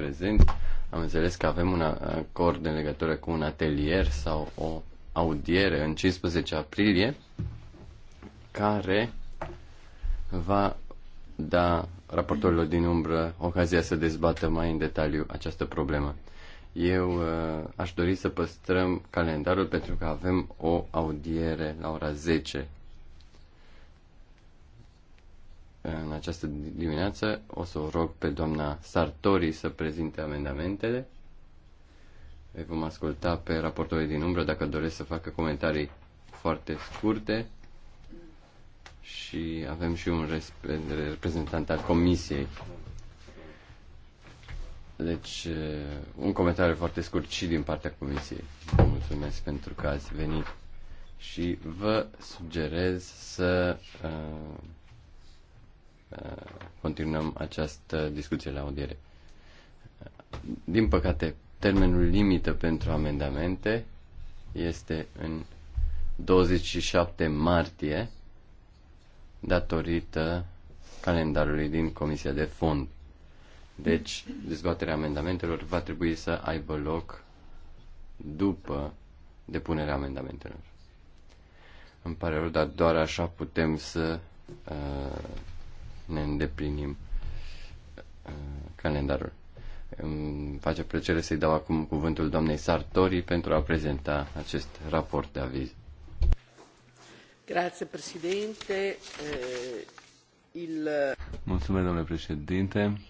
prezent. Am înțeles că avem un acord în legătură cu un atelier sau o audiere în 15 aprilie care va da raportorilor din umbră ocazia să dezbată mai în detaliu această problemă. Eu uh, aș dori să păstrăm calendarul pentru că avem o audiere la ora 10 în această dimineață. O să o rog pe doamna Sartori să prezinte amendamentele. Îi vom asculta pe raportorii din umbră dacă doresc să facă comentarii foarte scurte și avem și un reprezentant al comisiei. Deci, uh, un comentariu foarte scurt și din partea comisiei. Vă mulțumesc pentru că ați venit și vă sugerez să uh, continuăm această discuție la audiere. Din păcate, termenul limită pentru amendamente este în 27 martie, datorită calendarului din Comisia de Fond. Deci, dezbaterea amendamentelor va trebui să aibă loc după depunerea amendamentelor. Îmi pare rău, dar doar așa putem să uh, ne îndeplinim uh, calendarul. Îmi face plăcere să-i dau acum cuvântul doamnei Sartori pentru a prezenta acest raport de aviz. Grazie, președinte. Eh, il... Mulțumesc, domnule președinte.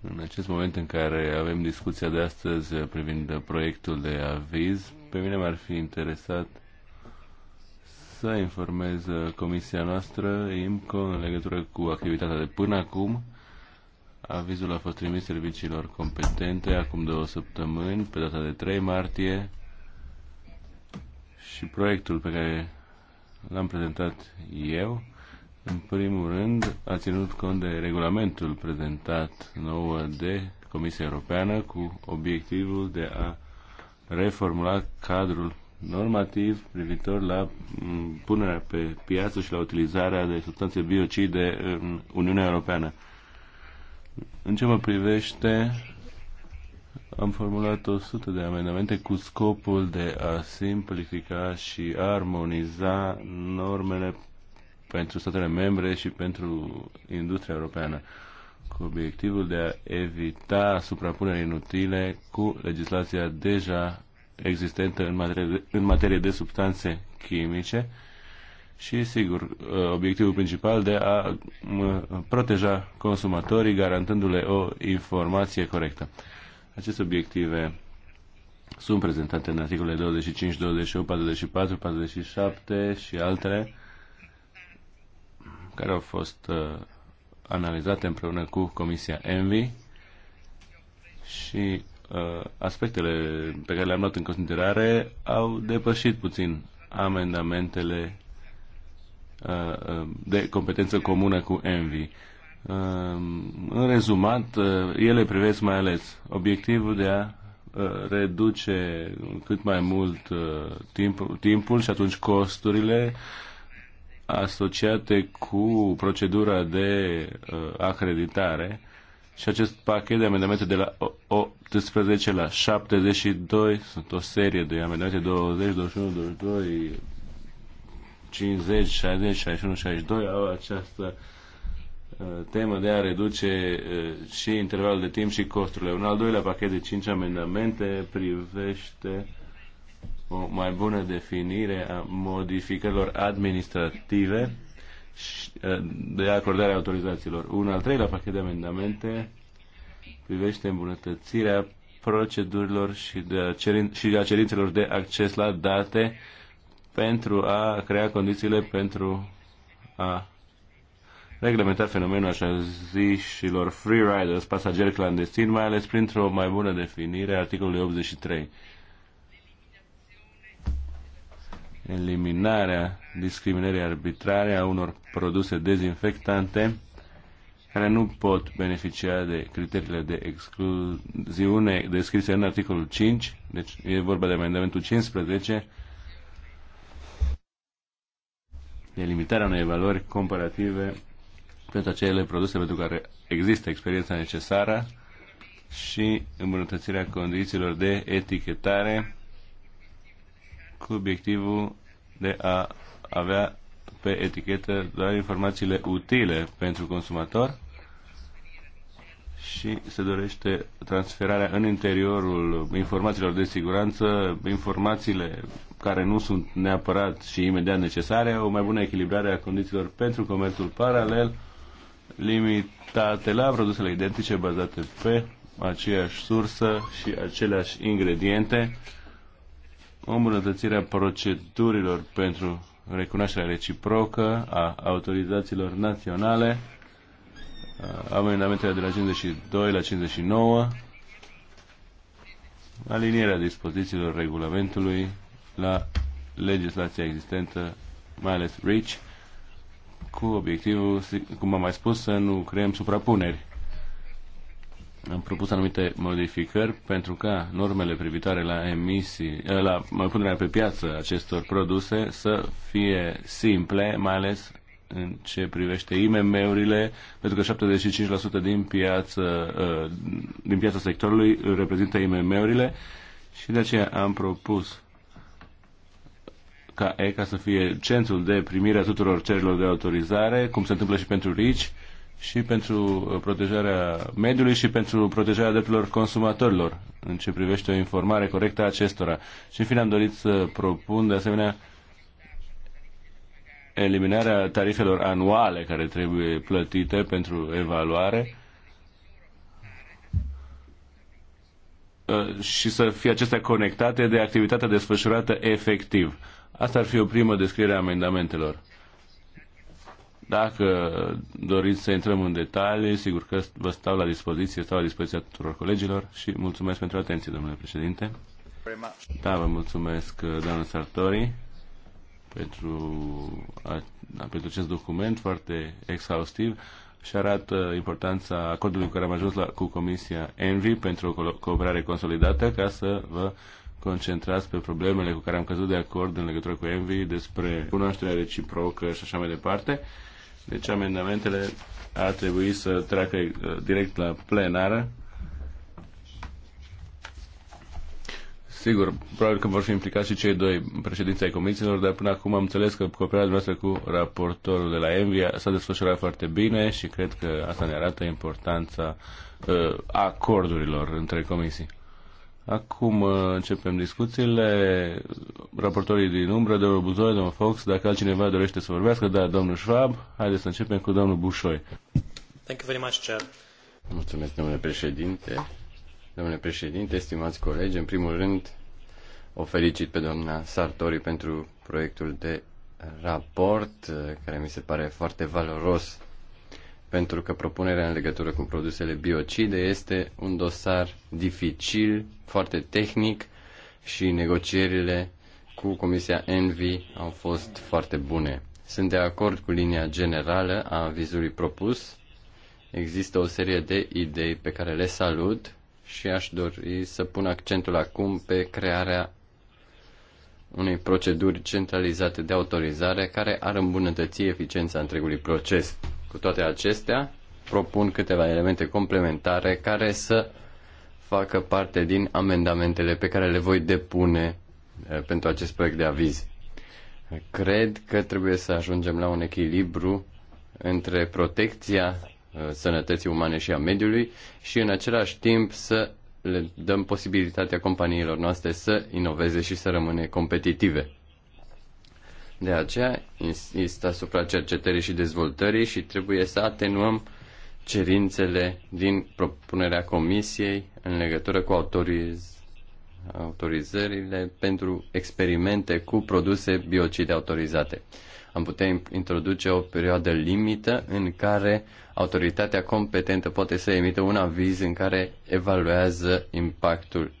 În acest moment în care avem discuția de astăzi privind proiectul de aviz, pe mine m-ar fi interesat să informez comisia noastră IMCO în legătură cu activitatea de până acum. Avizul a fost trimis serviciilor competente acum două săptămâni, pe data de 3 martie, și proiectul pe care l-am prezentat eu, în primul rând, a ținut cont de regulamentul prezentat nouă de Comisia Europeană cu obiectivul de a reformula cadrul normativ privitor la mm, punerea pe piață și la utilizarea de substanțe biocide în Uniunea Europeană. În ce mă privește, am formulat 100 de amendamente cu scopul de a simplifica și armoniza normele pentru statele membre și pentru industria europeană, cu obiectivul de a evita suprapuneri inutile cu legislația deja existentă în materie, în materie de substanțe chimice și, sigur, obiectivul principal de a proteja consumatorii, garantându-le o informație corectă. Aceste obiective sunt prezentate în articolele 25, 28, 44, 47 și altele care au fost uh, analizate împreună cu Comisia Envi și Uh, aspectele pe care le-am luat în considerare au depășit puțin amendamentele uh, uh, de competență comună cu Envi. În rezumat, ele privesc mai ales obiectivul de a reduce cât mai mult timpul, timpul și atunci costurile asociate cu procedura de acreditare și acest pachet de amendamente de la 18 la 72 sunt o serie de amendamente 20, 21, 22, 50, 60, 61, 62 au această uh, temă de a reduce uh, și intervalul de timp și costurile. Un al doilea pachet de 5 amendamente privește o mai bună definire a modificărilor administrative de acordarea autorizațiilor. Un al treilea pachet de amendamente privește îmbunătățirea procedurilor și, de cerin- și a cerințelor de acces la date pentru a crea condițiile pentru a reglementa fenomenul așa zișilor free riders, pasageri clandestini, mai ales printr-o mai bună definire a articolului 83 eliminarea discriminării arbitrare a unor produse dezinfectante care nu pot beneficia de criteriile de excluziune descrise în articolul 5, deci e vorba de amendamentul 15, de limitarea unei valori comparative pentru acele produse pentru care există experiența necesară și îmbunătățirea condițiilor de etichetare cu obiectivul de a avea pe etichetă doar informațiile utile pentru consumator și se dorește transferarea în interiorul informațiilor de siguranță, informațiile care nu sunt neapărat și imediat necesare, o mai bună echilibrare a condițiilor pentru comerțul paralel, limitate la produsele identice bazate pe aceeași sursă și aceleași ingrediente, o îmbunătățire a procedurilor pentru recunoașterea reciprocă a autorizațiilor naționale, amendamentele de la 52 la 59, alinierea dispozițiilor regulamentului la legislația existentă, mai ales REACH, cu obiectivul, cum am mai spus, să nu creăm suprapuneri am propus anumite modificări pentru ca normele privitoare la emisii, eh, la punerea pe piață acestor produse să fie simple, mai ales în ce privește IMM-urile, pentru că 75% din piață, eh, din piața sectorului reprezintă IMM-urile și de aceea am propus ca ECA să fie centrul de primire a tuturor cererilor de autorizare, cum se întâmplă și pentru RICI, și pentru uh, protejarea mediului și pentru protejarea drepturilor consumatorilor în ce privește o informare corectă a acestora. Și în fine am dorit să propun de asemenea eliminarea tarifelor anuale care trebuie plătite pentru evaluare uh, și să fie acestea conectate de activitatea desfășurată efectiv. Asta ar fi o primă descriere a amendamentelor. Dacă doriți să intrăm în detalii, sigur că vă stau la dispoziție, stau la dispoziția tuturor colegilor și mulțumesc pentru atenție, domnule președinte. Da, vă mulțumesc, doamnă Sartori, pentru, a, da, pentru acest document foarte exhaustiv și arată importanța acordului cu care am ajuns la, cu Comisia ENVI pentru o cooperare consolidată ca să vă concentrați pe problemele cu care am căzut de acord în legătură cu ENVI despre cunoașterea reciprocă și așa mai departe. Deci amendamentele ar trebui să treacă uh, direct la plenară. Sigur, probabil că vor fi implicați și cei doi președinți ai comisiilor, dar până acum am înțeles că cooperarea noastră cu raportorul de la Envia s-a desfășurat foarte bine și cred că asta ne arată importanța uh, acordurilor între comisii. Acum uh, începem discuțiile. Raportorii din umbră, domnul Buzoi, domnul Fox, dacă altcineva dorește să vorbească, da, domnul Schwab, haideți să începem cu domnul Bușoi. Thank you very much, Chair. Mulțumesc, domnule președinte. Domnule președinte, stimați colegi, în primul rând o felicit pe doamna Sartori pentru proiectul de raport uh, care mi se pare foarte valoros pentru că propunerea în legătură cu produsele biocide este un dosar dificil, foarte tehnic și negocierile cu Comisia Envi au fost foarte bune. Sunt de acord cu linia generală a avizului propus. Există o serie de idei pe care le salut și aș dori să pun accentul acum pe crearea unei proceduri centralizate de autorizare care ar îmbunătăți eficiența întregului proces. Cu toate acestea, propun câteva elemente complementare care să facă parte din amendamentele pe care le voi depune eh, pentru acest proiect de aviz. Cred că trebuie să ajungem la un echilibru între protecția eh, sănătății umane și a mediului și în același timp să le dăm posibilitatea companiilor noastre să inoveze și să rămâne competitive. De aceea insist asupra cercetării și dezvoltării și trebuie să atenuăm cerințele din propunerea comisiei în legătură cu autoriz- autorizările pentru experimente cu produse biocide autorizate. Am putea introduce o perioadă limită în care autoritatea competentă poate să emită un aviz în care evaluează impactul.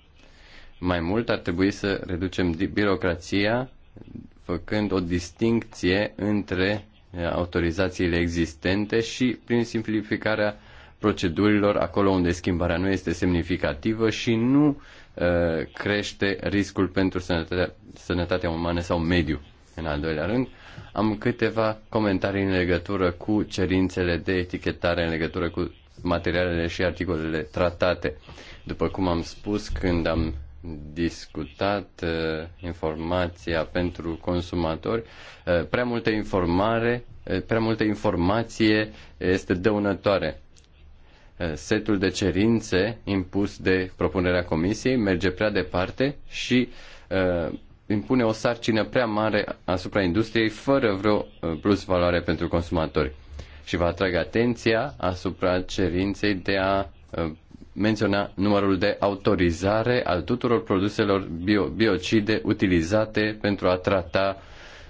Mai mult ar trebui să reducem birocrația făcând o distincție între eh, autorizațiile existente și prin simplificarea procedurilor acolo unde schimbarea nu este semnificativă și nu eh, crește riscul pentru sănătatea, sănătatea umană sau mediu. În al doilea rând, am câteva comentarii în legătură cu cerințele de etichetare în legătură cu materialele și articolele tratate. După cum am spus când am discutat uh, informația pentru consumatori. Uh, prea multă informare, uh, prea multă informație este dăunătoare. Setul de cerințe impus de propunerea comisiei merge prea departe și impune o sarcină prea mare asupra industriei fără vreo plus valoare pentru consumatori. Și vă atrag atenția asupra cerinței de a menționa numărul de autorizare al tuturor produselor bio, biocide utilizate pentru a trata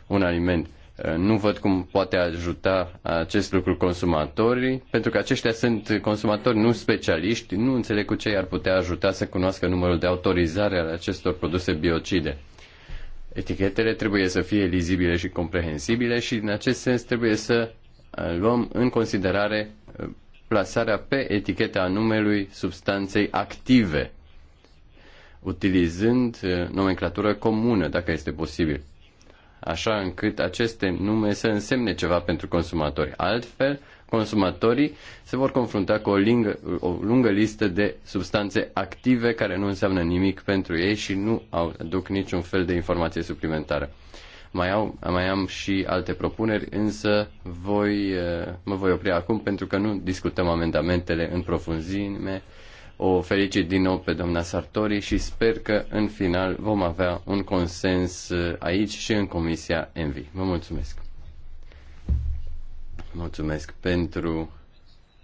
un aliment. Uh, nu văd cum poate ajuta acest lucru consumatorii, pentru că aceștia sunt consumatori, nu specialiști, nu înțeleg cu ce ar putea ajuta să cunoască numărul de autorizare al acestor produse biocide. Etichetele trebuie să fie lizibile și comprehensibile și în acest sens trebuie să uh, luăm în considerare uh, plasarea pe eticheta numelui substanței active, utilizând uh, nomenclatură comună, dacă este posibil, așa încât aceste nume să însemne ceva pentru consumatori. Altfel, consumatorii se vor confrunta cu o, lingă, o lungă listă de substanțe active care nu înseamnă nimic pentru ei și nu aduc niciun fel de informație suplimentară. Mai, au, mai am și alte propuneri, însă voi, eh, mă voi opri acum pentru că nu discutăm amendamentele în profunzime. O felicit din nou pe doamna Sartori și sper că în final vom avea un consens eh, aici și în Comisia Envi. Vă mulțumesc! Mulțumesc pentru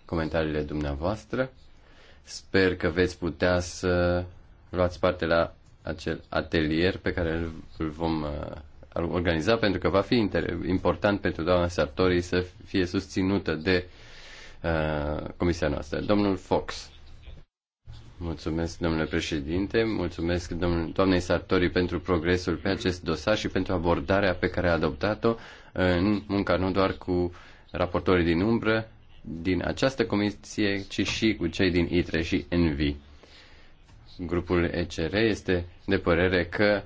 comentariile dumneavoastră. Sper că veți putea să luați parte la acel atelier pe care îl vom eh, organiza pentru că va fi important pentru doamna Sartori să fie susținută de uh, comisia noastră. Domnul Fox. Mulțumesc, domnule președinte, mulțumesc domn- doamnei Sartori pentru progresul pe acest dosar și pentru abordarea pe care a adoptat-o în munca nu doar cu raportorii din umbră din această comisie, ci și cu cei din ITRE și ENVI. Grupul ECR este de părere că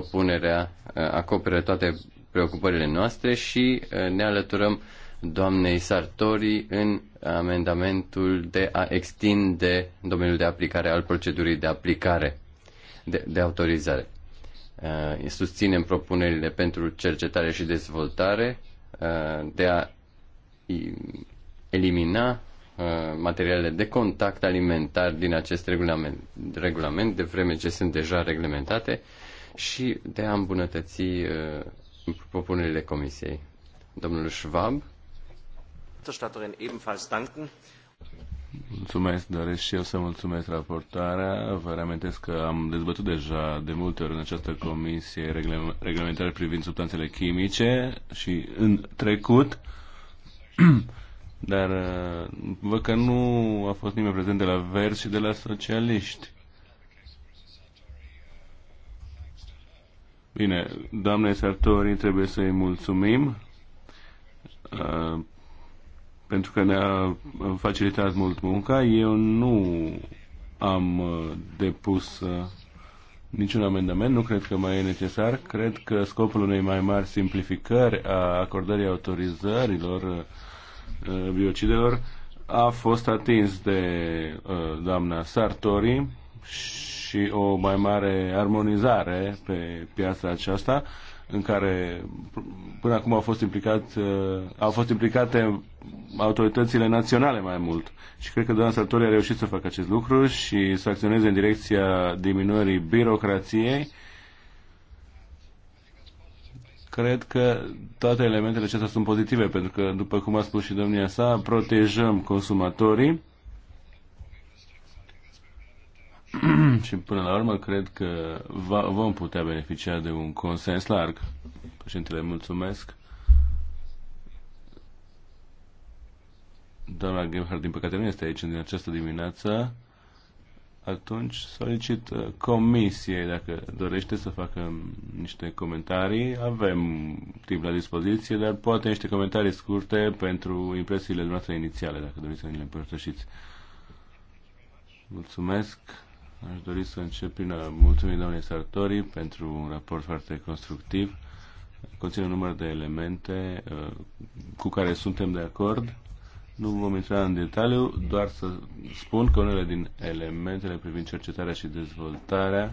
propunerea uh, acoperă toate preocupările noastre și uh, ne alăturăm doamnei Sartori în amendamentul de a extinde domeniul de aplicare al procedurii de aplicare, de, de autorizare. Uh, susținem propunerile pentru cercetare și dezvoltare de a elimina materialele de contact alimentar din acest regulament, regulament de vreme ce sunt deja reglementate și de a îmbunătăți uh, propunerile Comisiei. Domnul Schwab. Mulțumesc, doresc și eu să mulțumesc raportarea. Vă reamintesc că am dezbătut deja de multe ori în această comisie reglementare privind substanțele chimice și în trecut, dar uh, văd că nu a fost nimeni prezent de la Verzi și de la socialiști. Bine, doamne Sartori, trebuie să-i mulțumim uh, pentru că ne-a facilitat mult munca. Eu nu am uh, depus uh, niciun amendament, nu cred că mai e necesar. Cred că scopul unei mai mari simplificări a acordării autorizărilor uh, biocidelor a fost atins de doamna Sartori și o mai mare armonizare pe piața aceasta în care până acum au fost, implicat, uh, au fost implicate autoritățile naționale mai mult. Și cred că doamna Sartori a reușit să facă acest lucru și să acționeze în direcția diminuării birocrației. Cred că toate elementele acestea sunt pozitive, pentru că, după cum a spus și domnia sa, protejăm consumatorii și până la urmă cred că va, vom putea beneficia de un consens larg. Președintele, mulțumesc. Doamna Gebhardt, din păcate, nu este aici în această dimineață. Atunci solicit uh, comisiei, dacă dorește să facă niște comentarii. Avem timp la dispoziție, dar poate niște comentarii scurte pentru impresiile noastre inițiale, dacă doriți să ne le împărtășiți. Mulțumesc. Aș dori să încep prin a mulțumi doamnei Sartori pentru un raport foarte constructiv. Conține un număr de elemente uh, cu care suntem de acord. Nu vom intra în detaliu, doar să spun că unele din elementele privind cercetarea și dezvoltarea,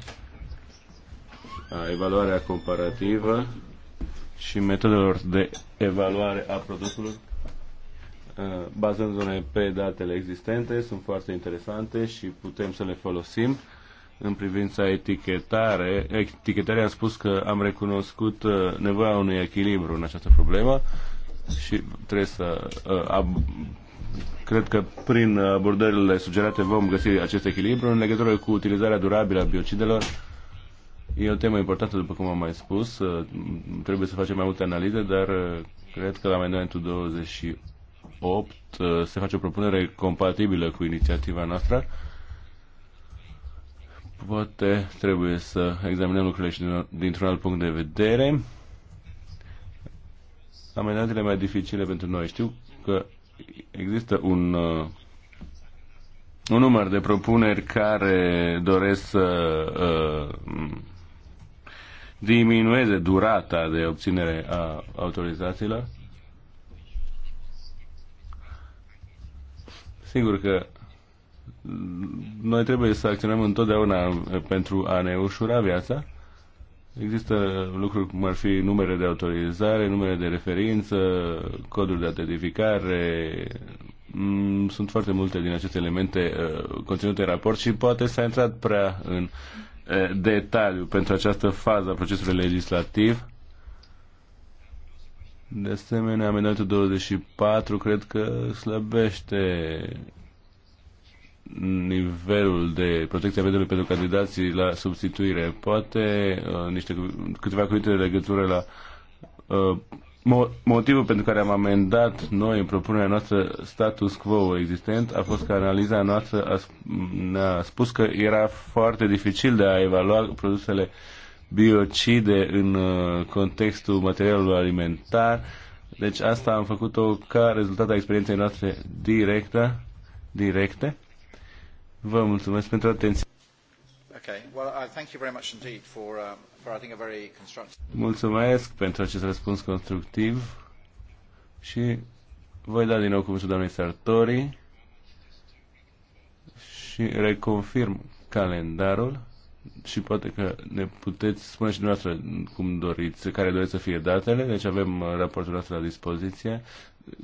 uh, evaluarea comparativă și metodelor de evaluare a produsului Uh, bazându-ne pe datele existente, sunt foarte interesante și putem să le folosim. În privința etichetare, etichetarea am spus că am recunoscut uh, nevoia unui echilibru în această problemă și trebuie să uh, ab- cred că prin abordările sugerate vom găsi acest echilibru în legătură cu utilizarea durabilă a biocidelor. E o temă importantă, după cum am mai spus. Trebuie să facem mai multe analize, dar cred că la amendamentul 28 8 uh, se face o propunere compatibilă cu inițiativa noastră. Poate trebuie să examinăm lucrurile și dintr-un alt punct de vedere. Amenajele mai dificile pentru noi. Știu că există un, uh, un număr de propuneri care doresc să uh, diminueze durata de obținere a autorizațiilor Sigur că noi trebuie să acționăm întotdeauna pentru a ne ușura viața. Există lucruri cum ar fi numere de autorizare, numere de referință, coduri de autentificare. Mm, sunt foarte multe din aceste elemente uh, conținute în raport și poate s-a intrat prea în uh, detaliu pentru această fază a procesului legislativ de asemenea, amendamentul 24 cred că slăbește nivelul de protecție a vederii pentru candidații la substituire. Poate uh, niște, câteva cuvinte de legătură la uh, mo- motivul pentru care am amendat noi în propunerea noastră status quo existent a fost că analiza noastră a, ne-a spus că era foarte dificil de a evalua produsele uh, biocide în uh, contextul materialului alimentar. Deci asta am făcut-o ca rezultat a experienței noastre directă, directe. Vă mulțumesc pentru atenție. Mulțumesc pentru acest răspuns constructiv și voi da din nou cuvântul doamnei Sartori și reconfirm calendarul și poate că ne puteți spune și dumneavoastră cum doriți, care doriți să fie datele, deci avem uh, raportul nostru la dispoziție,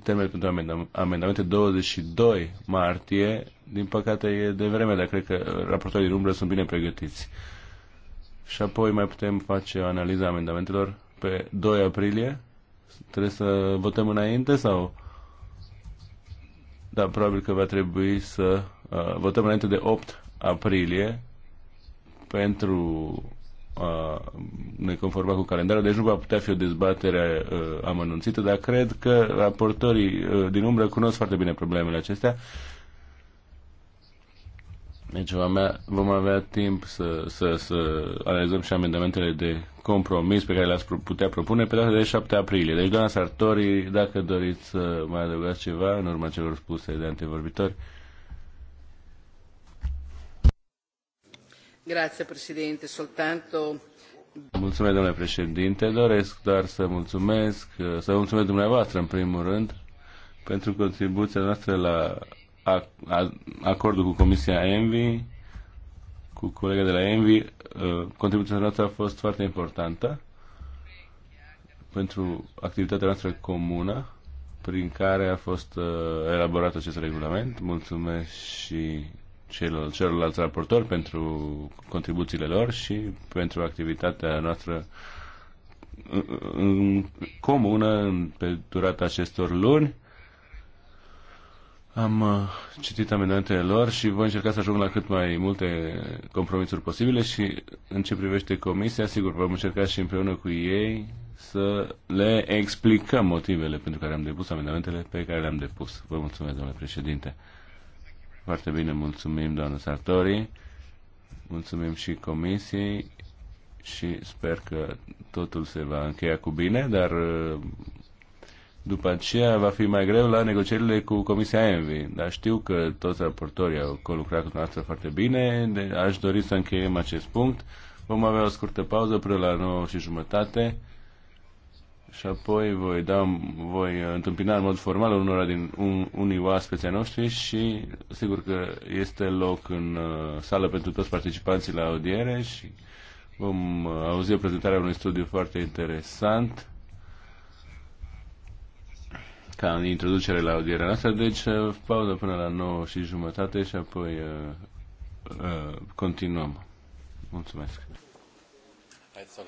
termenul pentru amendamente 22 martie, din păcate e de vreme, dar cred că uh, raportorii din umbră sunt bine pregătiți. Și apoi mai putem face o analiză amendamentelor pe 2 aprilie. Trebuie să votăm înainte sau? Da, probabil că va trebui să uh, votăm înainte de 8 aprilie pentru a ne conforma cu calendarul, deci nu va putea fi o dezbatere uh, amănunțită, dar cred că raportorii uh, din umbră cunosc foarte bine problemele acestea. Deci vom avea, vom avea timp să, să, să analizăm și amendamentele de compromis pe care le-ați putea propune pe data de 7 aprilie. Deci, doamna Sartori, dacă doriți să mai adăugați ceva în urma celor spuse de antevorbitori, uh, Mulțumesc, domnule președinte. Doresc doar să mulțumesc, să mulțumesc dumneavoastră, în primul rând, pentru contribuția noastră la acordul cu Comisia Envi, cu colega de la Envi. Uh, contribuția noastră a fost foarte importantă pentru activitatea noastră comună prin care a fost uh, elaborat acest regulament. Mulțumesc și celor, celorlalți raportori pentru contribuțiile lor și pentru activitatea noastră în comună pe durata acestor luni. Am uh, citit amendamentele lor și voi încerca să ajung la cât mai multe compromisuri posibile și în ce privește comisia, sigur, vom încerca și împreună cu ei să le explicăm motivele pentru care am depus amendamentele pe care le-am depus. Vă mulțumesc, domnule președinte. Foarte bine, mulțumim, doamnă Sartori. Mulțumim și comisiei și sper că totul se va încheia cu bine, dar uh, după aceea va fi mai greu la negocierile cu Comisia Envi. Dar știu că toți raportorii au colucrat cu noastră foarte bine. Aș dori să încheiem acest punct. Vom avea o scurtă pauză până la 9 și jumătate și apoi voi, da, voi întâmpina în mod formal unora din un, unii oaspeții noștri și sigur că este loc în uh, sală pentru toți participanții la audiere și vom uh, auzi o prezentare a unui studiu foarte interesant ca în introducere la audierea noastră, deci uh, pauză până la 9 și jumătate și apoi uh, uh, continuăm. Mulțumesc! Hai să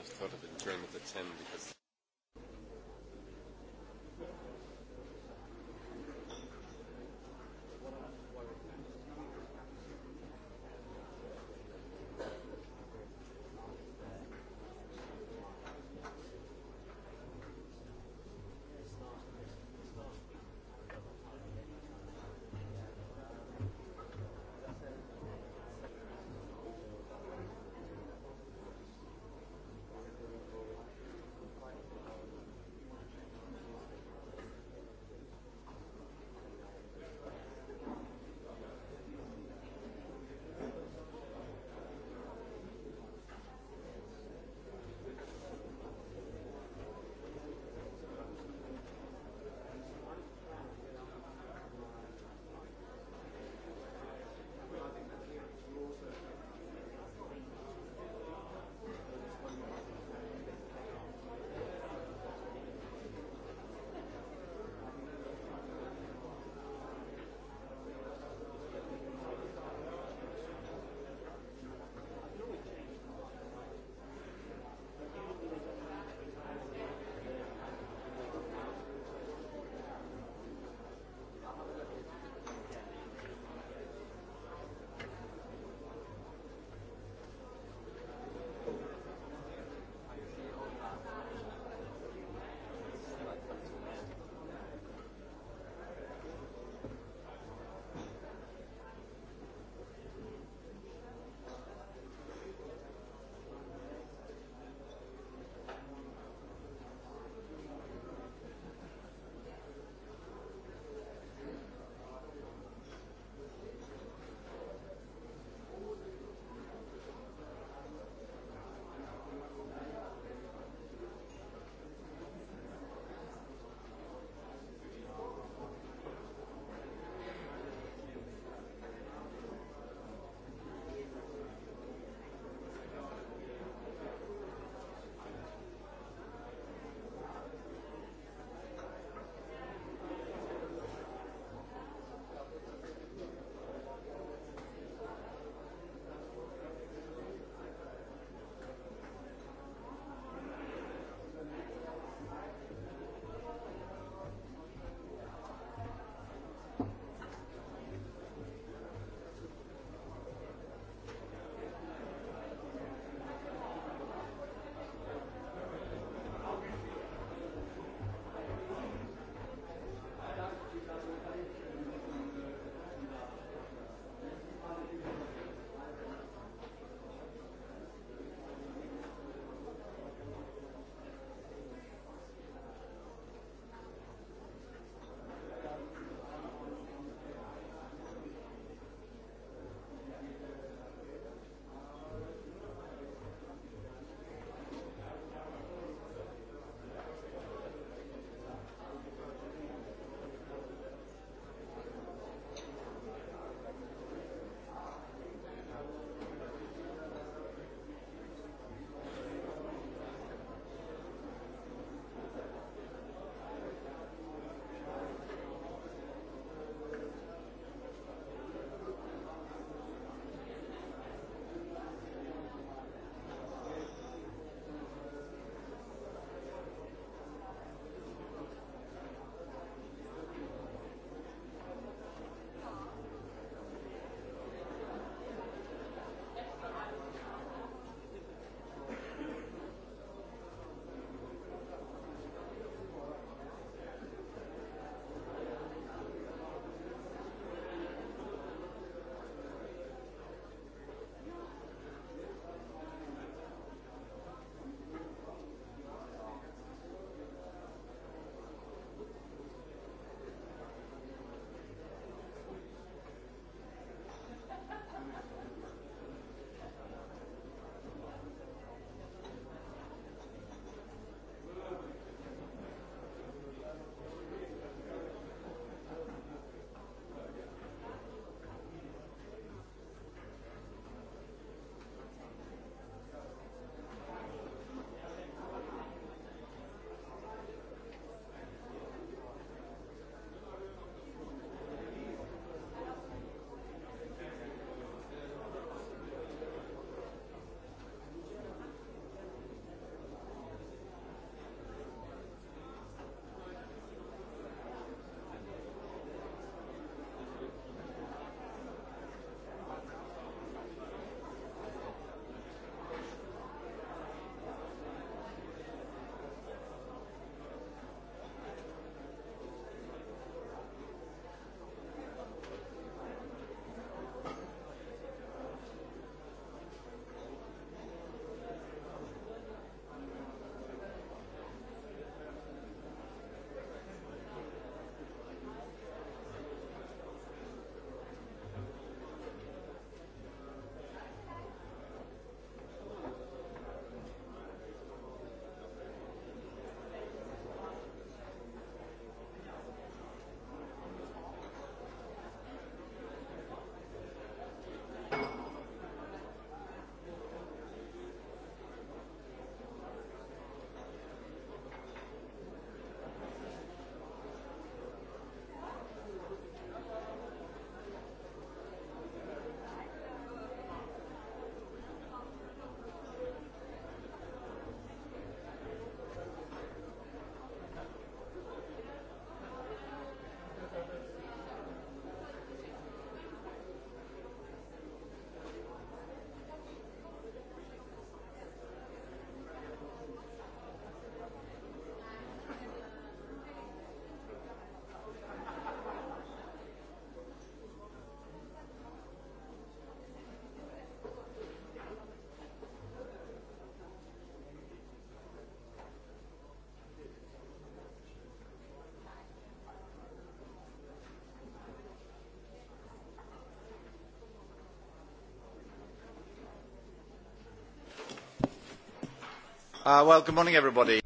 Uh,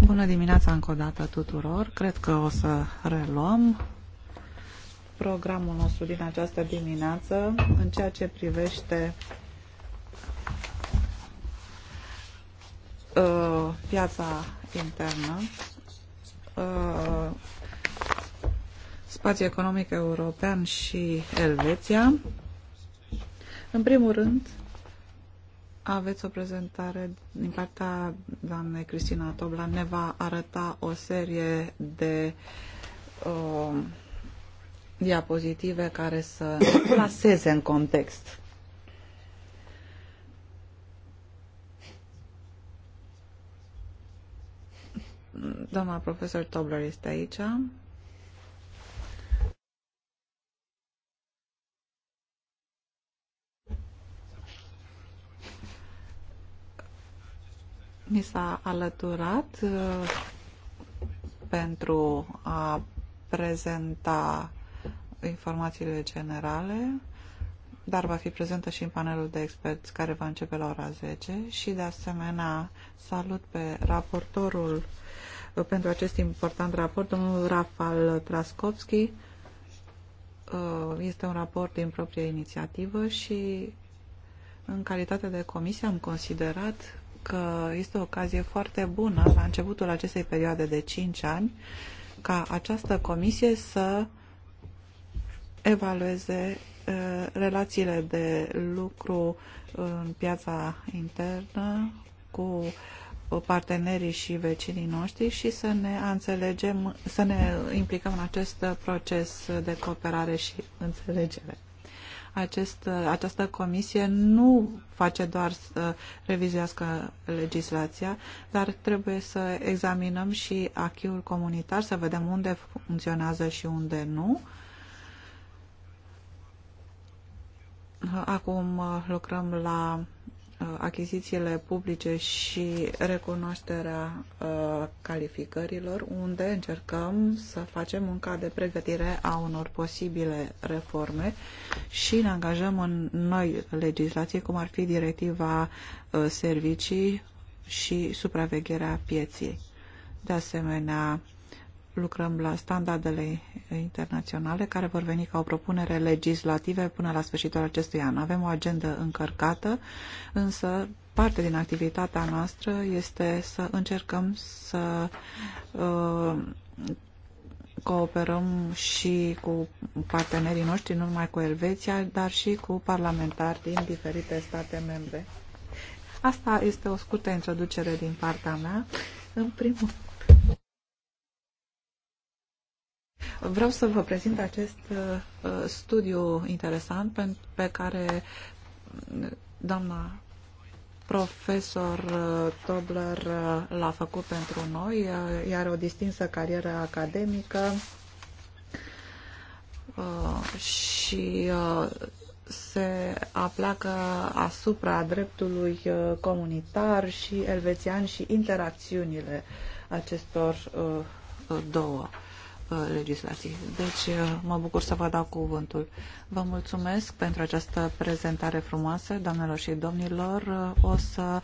Bună dimineața încă o dată tuturor. Cred că o să reluăm programul nostru din această dimineață în ceea ce privește uh, piața internă, uh, spațiul economic european și Elveția. În primul rând, aveți o prezentare din partea doamnei Cristina Tobla. Ne va arăta o serie de uh, diapozitive care să ne plaseze în context. Doamna profesor Tobler este aici. mi s-a alăturat uh, pentru a prezenta informațiile generale, dar va fi prezentă și în panelul de experți care va începe la ora 10 și de asemenea salut pe raportorul pentru acest important raport, domnul Rafal Traskovski. Uh, este un raport din proprie inițiativă și în calitate de comisie am considerat că este o ocazie foarte bună la începutul acestei perioade de 5 ani ca această comisie să evalueze uh, relațiile de lucru în piața internă cu partenerii și vecinii noștri și să ne înțelegem, să ne implicăm în acest proces de cooperare și înțelegere. Acest, această comisie nu face doar să revizuiască legislația, dar trebuie să examinăm și achiul comunitar, să vedem unde funcționează și unde nu. Acum uh, lucrăm la Uh, achizițiile publice și recunoașterea uh, calificărilor, unde încercăm să facem un cad de pregătire a unor posibile reforme și ne angajăm în noi legislații, cum ar fi directiva uh, servicii și supravegherea pieței. De asemenea, lucrăm la standardele internaționale care vor veni ca o propunere legislative până la sfârșitul acestui an. Avem o agendă încărcată, însă parte din activitatea noastră este să încercăm să uh, cooperăm și cu partenerii noștri, nu numai cu Elveția, dar și cu parlamentari din diferite state membre. Asta este o scurtă introducere din partea mea. În primul Vreau să vă prezint acest uh, studiu interesant pe, pe care mm, doamna profesor uh, Tobler uh, l-a făcut pentru noi, iar uh, o distinsă carieră academică uh, și uh, se aplacă asupra dreptului comunitar și elvețian și interacțiunile acestor două. Uh, legislației. Deci uh, mă bucur să vă dau cuvântul. Vă mulțumesc pentru această prezentare frumoasă, doamnelor și domnilor. Uh, o să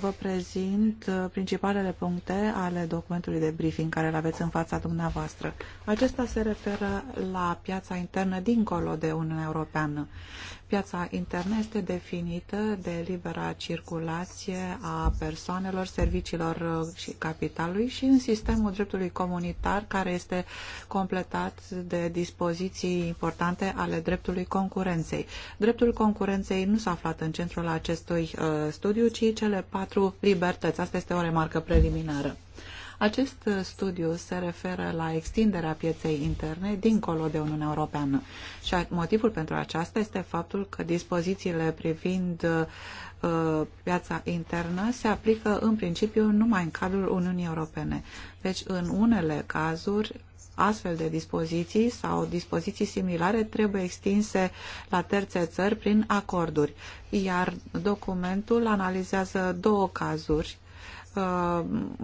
vă prezint principalele puncte ale documentului de briefing care îl aveți în fața dumneavoastră. Acesta se referă la piața internă dincolo de Uniunea Europeană. Piața internă este definită de libera circulație a persoanelor, serviciilor uh, și capitalului și în sistemul dreptului comunitar, care este completat de dispoziții importante ale dreptului concurenței. Dreptul concurenței nu s-a aflat în centrul acestui uh, studiu, ci cele patru libertăți. Asta este o remarcă preliminară. Acest studiu se referă la extinderea pieței interne dincolo de Uniunea Europeană și motivul pentru aceasta este faptul că dispozițiile privind uh, piața internă se aplică în principiu numai în cadrul Uniunii Europene. Deci, în unele cazuri, astfel de dispoziții sau dispoziții similare trebuie extinse la terțe țări prin acorduri. Iar documentul analizează două cazuri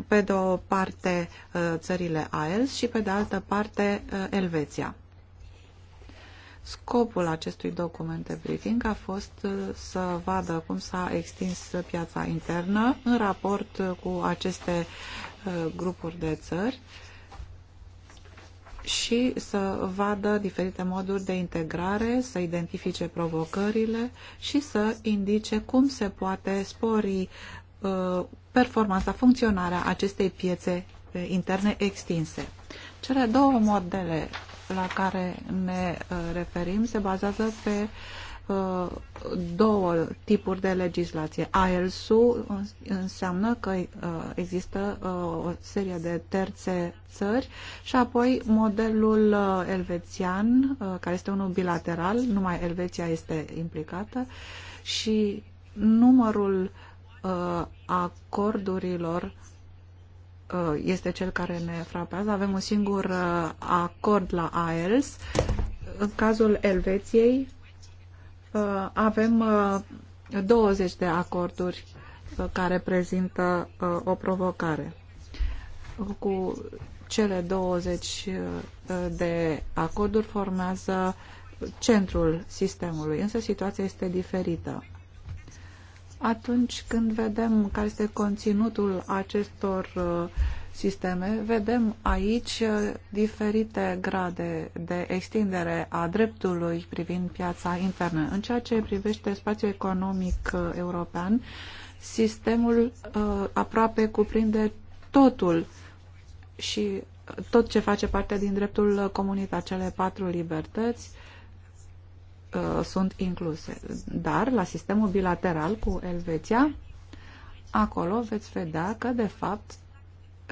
pe de o parte uh, țările AELS și pe de altă parte uh, Elveția. Scopul acestui document de briefing a fost uh, să vadă cum s-a extins piața internă în raport cu aceste grupuri de țări și să vadă diferite moduri de integrare, să identifice provocările și să indice cum se poate spori Uh, performanța, funcționarea acestei piețe interne extinse. Cele două modele la care ne uh, referim se bazează pe uh, două tipuri de legislație. ALSU înseamnă că există o serie de terțe țări și apoi modelul elvețian, care este unul bilateral, numai Elveția este implicată și numărul uh, Uh, acordurilor uh, este cel care ne frapează. Avem un singur uh, acord la AELS. În cazul Elveției avem 20 de acorduri care prezintă o provocare. Cu cele 20 de acorduri formează centrul sistemului, însă situația este diferită. Atunci când vedem care este conținutul acestor uh, sisteme, vedem aici uh, diferite grade de extindere a dreptului privind piața internă. În ceea ce privește spațiul economic uh, european, sistemul aproape cuprinde totul și tot ce face parte din dreptul comunitar, cele patru libertăți, Uh, sunt incluse. Dar la sistemul bilateral cu Elveția, acolo veți vedea că, de fapt,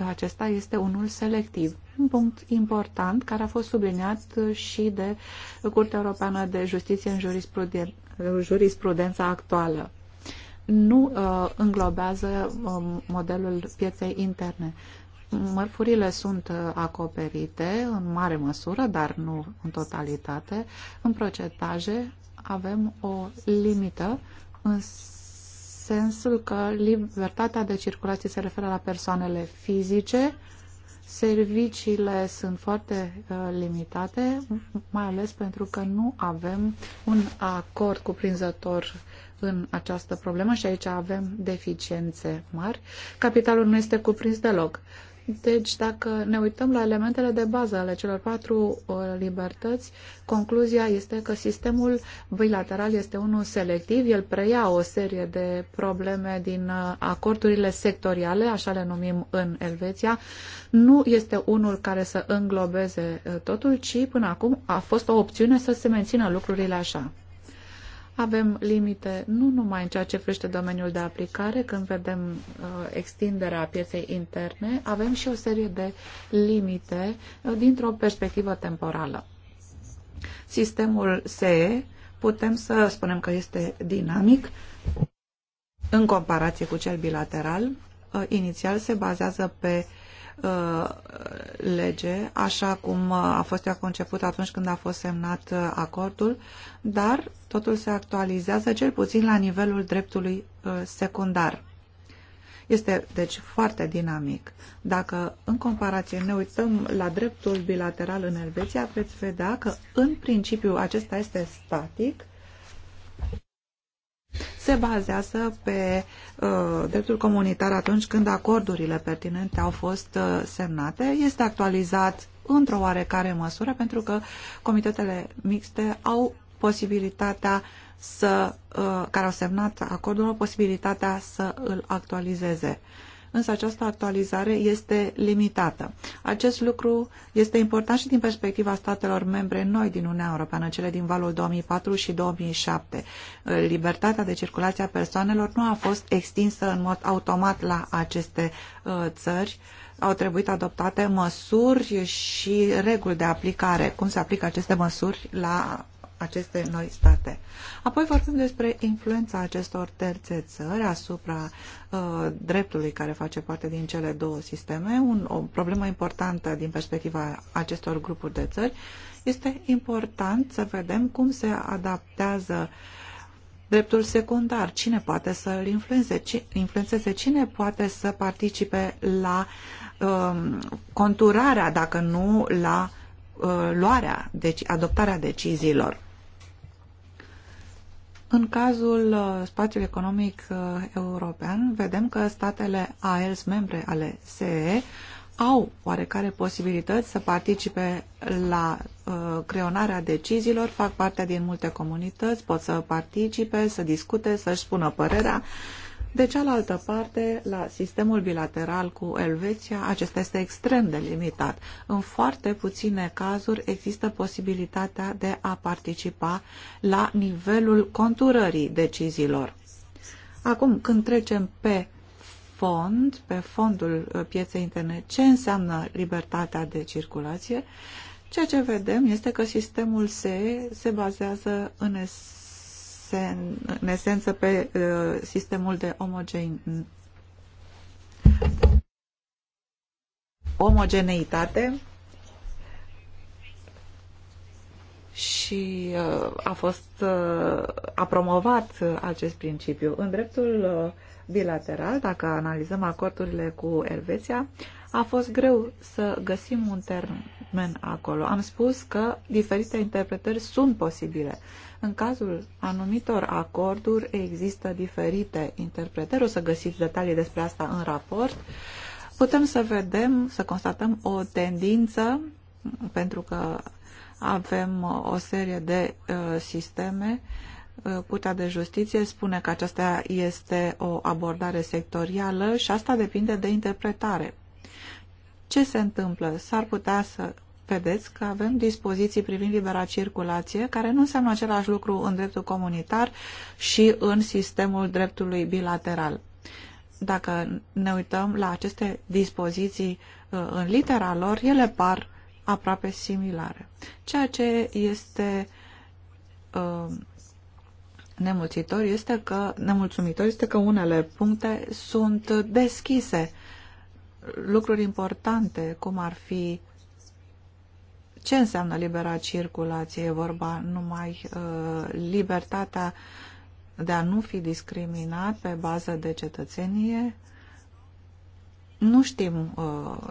acesta este unul selectiv. Un punct important care a fost subliniat și de Curtea Europeană de Justiție în jurisprudența, jurisprudența actuală. Nu uh, înglobează uh, modelul pieței interne. Mărfurile sunt uh, acoperite în mare măsură, dar nu în totalitate. În procentaje avem o limită în sensul că libertatea de circulație se referă la persoanele fizice, serviciile sunt foarte uh, limitate, mai ales pentru că nu avem un acord cuprinzător în această problemă și aici avem deficiențe mari. Capitalul nu este cuprins deloc. Deci, dacă ne uităm la elementele de bază ale celor patru uh, libertăți, concluzia este că sistemul bilateral este unul selectiv, el preia o serie de probleme din uh, acordurile sectoriale, așa le numim în Elveția, nu este unul care să înglobeze uh, totul, ci până acum a fost o opțiune să se mențină lucrurile așa. Avem limite nu numai în ceea ce privește domeniul de aplicare, când vedem uh, extinderea pieței interne, avem și o serie de limite uh, dintr-o perspectivă temporală. Sistemul SE putem să spunem că este dinamic în comparație cu cel bilateral. Uh, inițial se bazează pe uh, Uh, lege, așa cum uh, a fost ea conceput atunci când a fost semnat uh, acordul, dar totul se actualizează cel puțin la nivelul dreptului secundar. Este, deci, foarte dinamic. Dacă, în comparație, ne uităm la dreptul bilateral în Elveția, veți vedea că, în principiu, acesta este static, se bazează pe uh, dreptul comunitar atunci când acordurile pertinente au fost uh, semnate. Este actualizat într-o oarecare măsură pentru că comitetele mixte au posibilitatea să, uh, care au semnat acordul, au posibilitatea să îl actualizeze. Uh, însă această actualizare este limitată. Acest lucru este important și din perspectiva statelor membre noi din Uniunea Europeană, cele din valul 2004 și 2007. Libertatea de circulație a persoanelor nu a fost extinsă în mod automat la aceste uh, țări, au trebuit adoptate măsuri și reguli de aplicare. Cum se aplică aceste măsuri la aceste noi state. Apoi vorbim despre influența acestor terțe țări asupra uh, dreptului care face parte din cele două sisteme. Un, o problemă importantă din perspectiva acestor grupuri de țări este important să vedem cum se adaptează dreptul secundar, cine poate să îl influențeze, influențeze, cine poate să participe la uh, conturarea, dacă nu la uh, luarea, deci adoptarea deciziilor. În cazul uh, spațiului economic uh, european, vedem că statele AELS, membre ale SE, au oarecare posibilități să participe la uh, creonarea deciziilor, fac parte din multe comunități, pot să participe, să discute, să-și spună părerea, de cealaltă parte, la sistemul bilateral cu Elveția, acesta este extrem de limitat. În foarte puține cazuri există posibilitatea de a participa la nivelul conturării deciziilor. Acum, când trecem pe fond, pe fondul uh, pieței interne, ce înseamnă libertatea de circulație, ceea ce vedem este că sistemul SE se bazează în esență bazeze în esență pe uh, sistemul de omogen... omogeneitate și uh, a fost uh, a promovat acest principiu. În dreptul bilateral, dacă analizăm acordurile cu Elveția, a fost greu să găsim un termen Chapman acolo. Am spus că diferite interpretări sunt posibile. În cazul anumitor acorduri există diferite interpretări, o să găsiți detalii despre asta în raport. Putem să vedem, să constatăm o tendință, pentru că avem o serie de uh, sisteme uh, Curtea de Justiție spune că aceasta este o abordare sectorială și asta depinde de interpretare. Ce se întâmplă? S-ar putea să vedeți că avem dispoziții privind libera circulație, care nu înseamnă același lucru în dreptul comunitar și în sistemul dreptului bilateral. Dacă ne uităm la aceste dispoziții uh, în litera lor, ele par aproape similare. Ceea ce este uh, nemulțitor este că, nemulțumitor este că unele puncte sunt deschise lucruri importante, cum ar fi ce înseamnă libera circulație, e vorba numai uh, libertatea de a nu fi discriminat pe bază de cetățenie. Nu știm uh,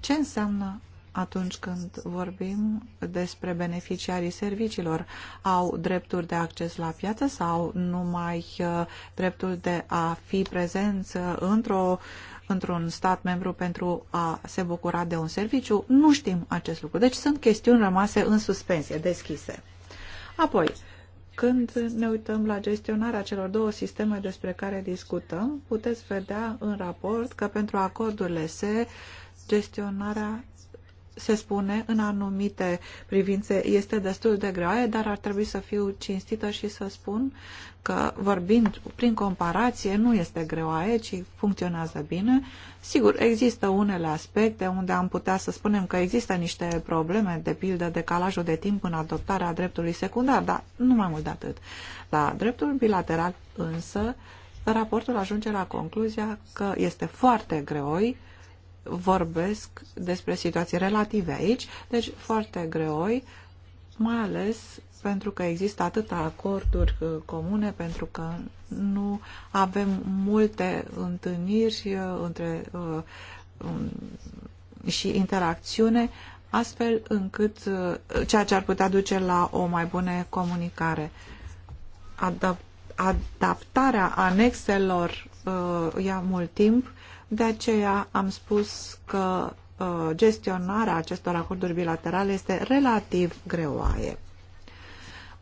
ce înseamnă atunci când vorbim despre beneficiarii serviciilor. Au drepturi de acces la piață sau numai uh, dreptul de a fi prezenți uh, într-o uh, într-un stat membru pentru a se bucura de un serviciu, nu știm acest lucru. Deci sunt chestiuni rămase în suspensie, deschise. Apoi, când ne uităm la gestionarea celor două sisteme despre care discutăm, puteți vedea în raport că pentru acordurile SE gestionarea se spune în anumite privințe este destul de graie, dar ar trebui să fiu cinstită și să spun că vorbind prin comparație nu este greoaie, ci funcționează bine. Sigur, există unele aspecte unde am putea să spunem că există niște probleme, de pildă decalajul de timp în adoptarea dreptului secundar, dar nu mai mult de atât. La dreptul bilateral însă, raportul ajunge la concluzia că este foarte greoi vorbesc despre situații relative aici, deci foarte greoi, mai ales pentru că există atâta acorduri uh, comune, pentru că nu avem multe întâlniri uh, între, uh, și interacțiune, astfel încât ceea ce ar putea duce la o mai bună comunicare. Adap adaptarea anexelor ia mult timp de aceea am spus că uh, gestionarea acestor acorduri bilaterale este relativ greoaie.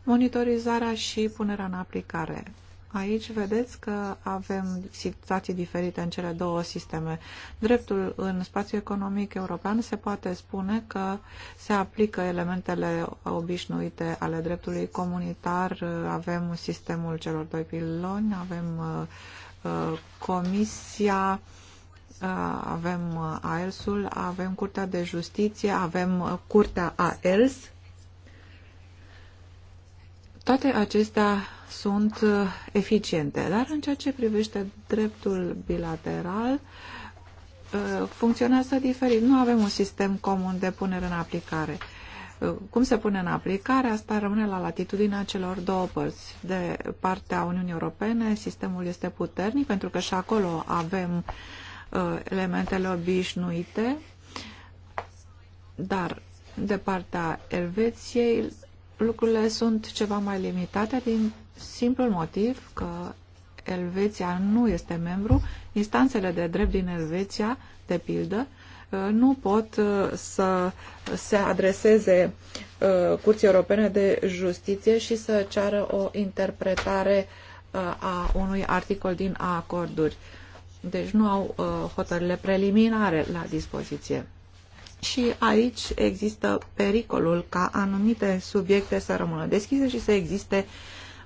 Monitorizarea și punerea în aplicare. Aici vedeți că avem situații diferite în cele două sisteme. Dreptul în spațiul economic european se poate spune că se aplică elementele obișnuite ale dreptului comunitar, avem sistemul celor doi piloni, avem uh, uh, comisia, avem AELS-ul, avem Curtea de Justiție, avem Curtea AELS. Toate acestea sunt eficiente, dar în ceea ce privește dreptul bilateral, funcționează diferit. Nu avem un sistem comun de punere în aplicare. Cum se pune în aplicare, asta rămâne la latitudinea celor două părți. De partea Uniunii Europene, sistemul este puternic pentru că și acolo avem uh, Uh, elementele obișnuite, dar de partea Elveției lucrurile sunt ceva mai limitate din simplul motiv că Elveția nu este membru, instanțele de drept din Elveția, de pildă, uh, nu pot uh, să se adreseze Curții Europene de Justiție și să ceară o interpretare a unui articol din acorduri deci nu au uh, hotările preliminare la dispoziție. Și aici există pericolul ca anumite subiecte să rămână deschise și să existe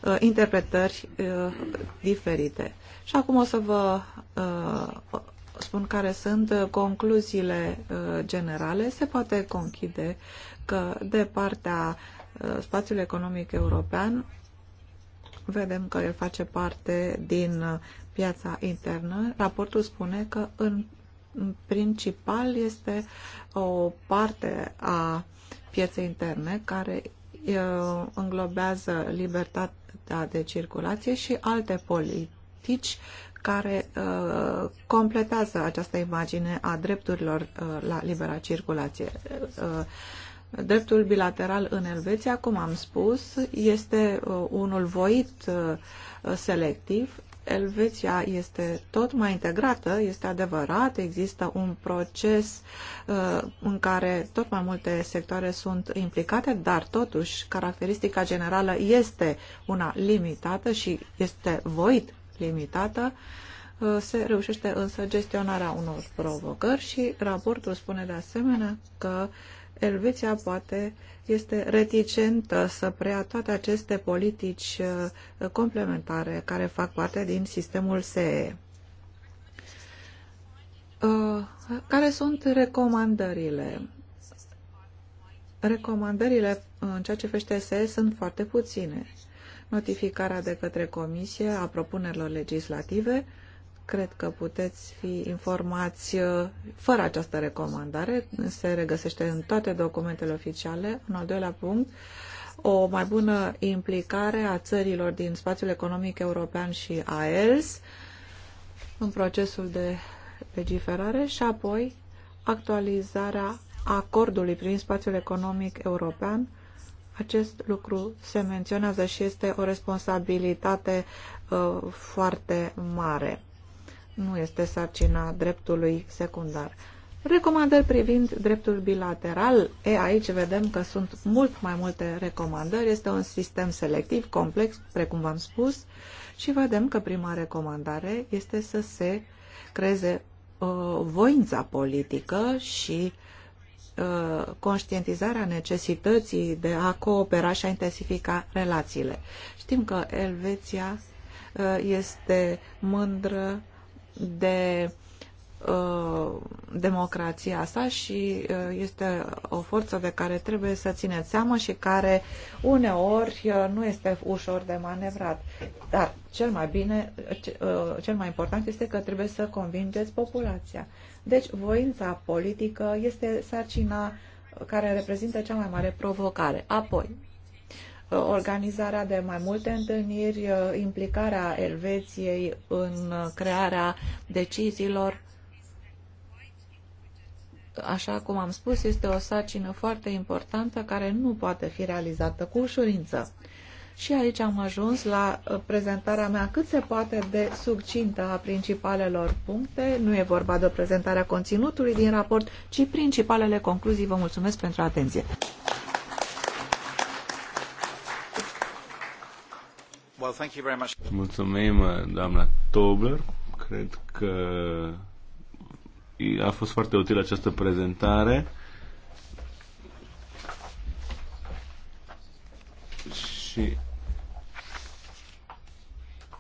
uh, interpretări uh, diferite. Și acum o să vă uh, spun care sunt concluziile uh, generale. Se poate conchide că de partea uh, spațiului economic european vedem că el face parte din uh, piața internă, raportul spune că în principal este o parte a pieței interne care înglobează libertatea de circulație și alte politici care completează această imagine a drepturilor la libera circulație. dreptul bilateral în Elveția, cum am spus, este unul voit selectiv, Elveția este tot mai integrată, este adevărat, există un proces uh, în care tot mai multe sectoare sunt implicate, dar totuși caracteristica generală este una limitată și este voit limitată. Uh, se reușește însă gestionarea unor provocări și raportul spune de asemenea că Elveția poate uh, este reticentă să preia toate aceste politici uh, complementare care fac parte din sistemul SE. Uh, care sunt recomandările? Recomandările în ceea ce fește SE sunt foarte puține. Notificarea de către Comisie a propunerilor legislative, cred că puteți fi informați uh, fără această recomandare. Se regăsește în toate documentele oficiale. În al doilea punct, o mai bună implicare a țărilor din spațiul economic european și a ELS în procesul de legiferare și apoi actualizarea acordului prin spațiul economic european. Acest lucru se menționează și este o responsabilitate uh, foarte mare nu este sarcina dreptului secundar. Recomandări privind dreptul bilateral. E, aici vedem că sunt mult mai multe recomandări. Este un sistem selectiv, complex, precum v-am spus, și vedem că prima recomandare este să se creeze uh, voința politică și uh, conștientizarea necesității de a coopera și a intensifica relațiile. Știm că Elveția uh, este mândră de uh, democrația asta și uh, este o forță de care trebuie să țineți seama și care uneori uh, nu este ușor de manevrat. Dar cel mai bine, cel mai important este că trebuie să convingeți populația. Deci voința politică este sarcina care reprezintă cea mai mare provocare. Apoi, organizarea de mai multe întâlniri, uh, implicarea Elveției în crearea deciziilor. Așa cum am spus, este o sacină foarte importantă care nu poate fi realizată cu ușurință. Și aici am ajuns la uh, prezentarea mea cât se poate de succintă a principalelor puncte. Nu e vorba de prezentarea conținutului din raport, ci principalele concluzii. Vă mulțumesc pentru atenție. Well, thank you very much. Mulțumim, uh, doamna Tobler. Cred că a fost foarte utilă această prezentare. Și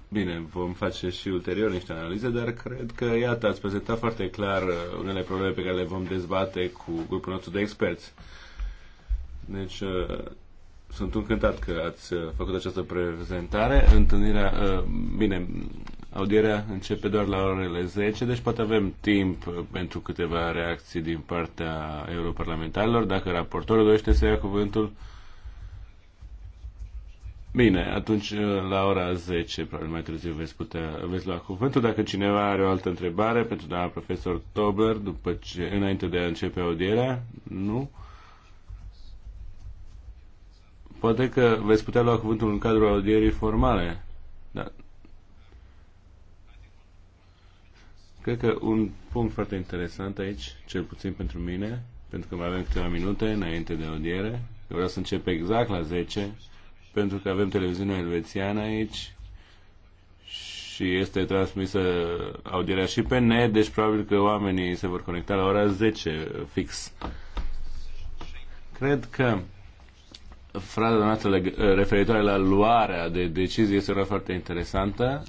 Bine, vom face și ulterior niște analize, dar cred că, iată, ați prezentat foarte clar uh, unele probleme pe care le vom dezbate cu grupul nostru de experți. Deci, uh, sunt încântat că ați uh, făcut această prezentare. Întâlnirea, uh, bine, audierea începe doar la orele 10, deci poate avem timp uh, pentru câteva reacții din partea europarlamentarilor. Dacă raportorul dorește să ia cuvântul, Bine, atunci la ora 10, probabil mai târziu, veți, putea, veți lua cuvântul. Dacă cineva are o altă întrebare pentru doamna profesor Tobler, după ce, înainte de a începe audierea, nu? Poate că veți putea lua cuvântul în cadrul audierii formale. Da. Cred că un punct foarte interesant aici, cel puțin pentru mine, pentru că mai avem câteva minute înainte de audiere, eu vreau să încep exact la 10, pentru că avem televiziunea elvețiană aici și este transmisă audierea și pe net, deci probabil că oamenii se vor conecta la ora 10 fix. Cred că fraza noastră referitoare la luarea de decizie este una foarte interesantă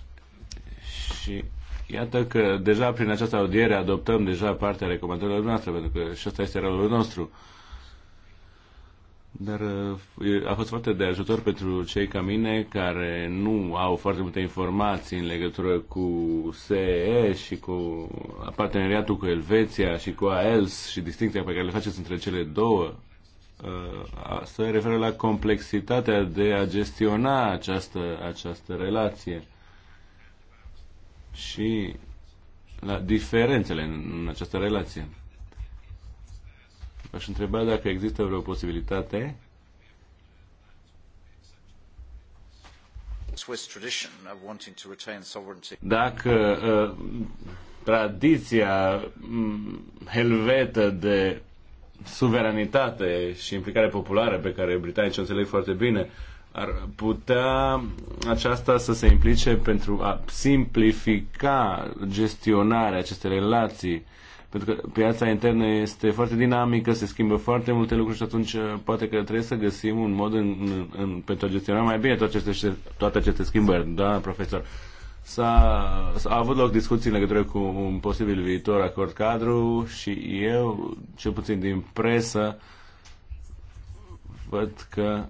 și iată că deja prin această audiere adoptăm deja partea recomandărilor noastre, pentru că și asta este rolul nostru. Dar uh, a fost foarte de ajutor pentru cei ca mine care nu au foarte multe informații în legătură cu SE și cu parteneriatul cu Elveția și cu AELS și distinția pe care le faceți între cele două se referă la complexitatea de a gestiona această, această relație și la diferențele în, în această relație. Aș întreba dacă există vreo posibilitate Dacă uh, tradiția mm, helvetă de suveranitate și implicare populară pe care britanicii o înțeleg foarte bine, ar putea aceasta să se implice pentru a simplifica gestionarea acestei relații pentru că piața internă este foarte dinamică, se schimbă foarte multe lucruri și atunci uh, poate că trebuie să găsim un mod în, în, în, pentru a gestiona mai bine toate aceste, toate aceste schimbări. Da, profesor. S-a, a avut loc discuții în legătură cu un posibil viitor acord cadru și eu, cel puțin din presă, văd că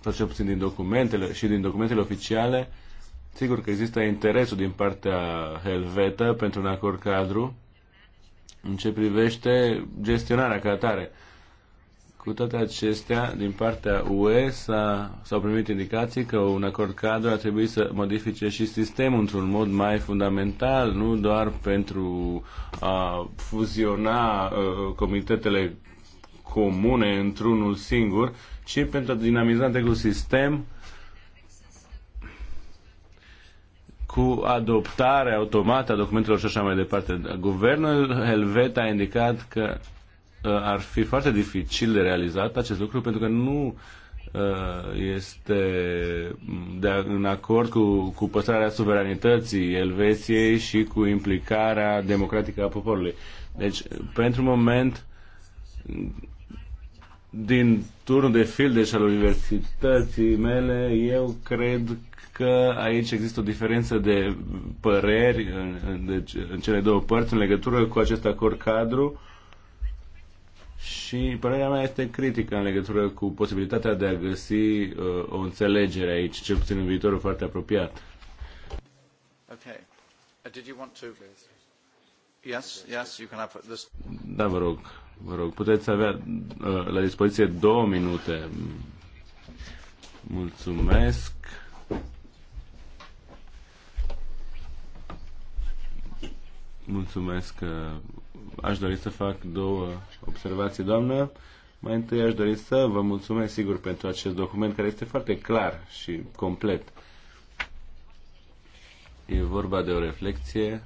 sau cel puțin din documentele și din documentele oficiale, sigur că există interesul din partea helvetă pentru un acord cadru în ce privește gestionarea ca atare. Cu toate acestea, din partea UE s-au primit indicații că un acord cadru ar trebui să modifice și sistemul într-un mod mai fundamental, nu doar pentru a fuziona uh, comitetele comune într-unul singur, ci pentru a dinamiza întregul sistem cu adoptarea automată a documentelor și așa mai departe. Guvernul Helvet a indicat că Uh, ar fi foarte dificil de realizat acest lucru pentru că nu uh, este de, în acord cu, cu păstrarea suveranității Elveției și cu implicarea democratică a poporului. Deci, pentru moment, din turnul de fildeș al universității mele, eu cred că aici există o diferență de păreri în, în, deci, în cele două părți în legătură cu acest acord cadru și părerea mea este critică în legătură cu posibilitatea de a găsi uh, o înțelegere aici, cel puțin în viitorul foarte apropiat. Okay. Uh, did you want to, yes, yes, you can have this. Da, vă rog, vă rog, puteți avea uh, la dispoziție două minute. Mulțumesc. Mulțumesc uh, aș dori să fac două observații, doamnă. Mai întâi aș dori să vă mulțumesc, sigur, pentru acest document care este foarte clar și complet. E vorba de o reflexie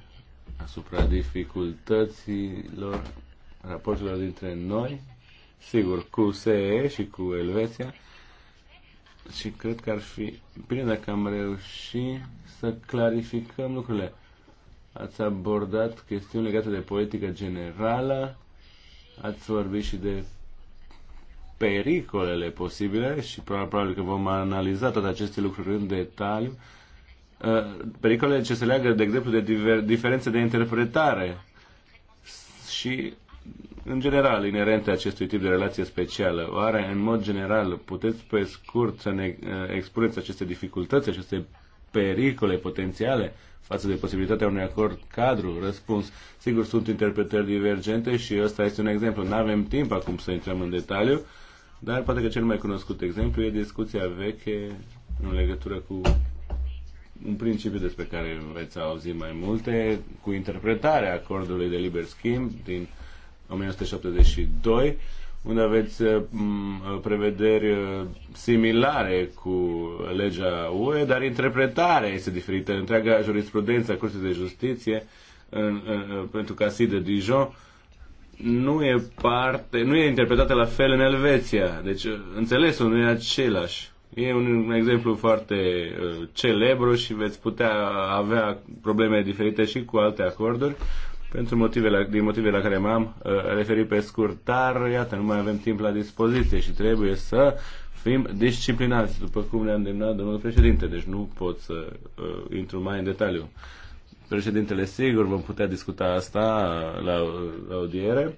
asupra dificultăților raporturilor dintre noi, sigur, cu SE și cu Elveția, și cred că ar fi bine dacă am reușit să clarificăm lucrurile ați abordat chestiuni legate de politică generală, ați vorbit și de pericolele posibile și probabil că vom analiza toate aceste lucruri în detaliu, uh, pericolele ce se leagă, de exemplu, de diver, diferențe de interpretare și, în general, inerente acestui tip de relație specială. Oare, în mod general, puteți pe scurt să ne uh, expuneți aceste dificultăți, aceste pericole potențiale față de posibilitatea unui acord cadru? Răspuns, sigur sunt interpretări divergente și ăsta este un exemplu. Nu avem timp acum să intrăm în detaliu, dar poate că cel mai cunoscut exemplu e discuția veche în legătură cu un principiu despre care veți auzi mai multe, cu interpretarea acordului de liber schimb din 1972, unde aveți uh, uh, prevederi uh, similare cu legea UE, dar interpretarea este diferită. Întreaga jurisprudență a Curții de Justiție în, în, pentru Casi de Dijon nu e parte, nu e interpretată la fel în Elveția. Deci înțelesul nu e același. E un exemplu foarte celebru și veți putea avea probleme diferite și cu alte acorduri, pentru motivele, din motivele la care m-am uh, referit pe scurt, dar iată, nu mai avem timp la dispoziție și trebuie să fim disciplinați, după cum ne-a îndemnat domnul președinte, deci nu pot să uh, intru mai în detaliu. Președintele, sigur, vom putea discuta asta la, la audiere.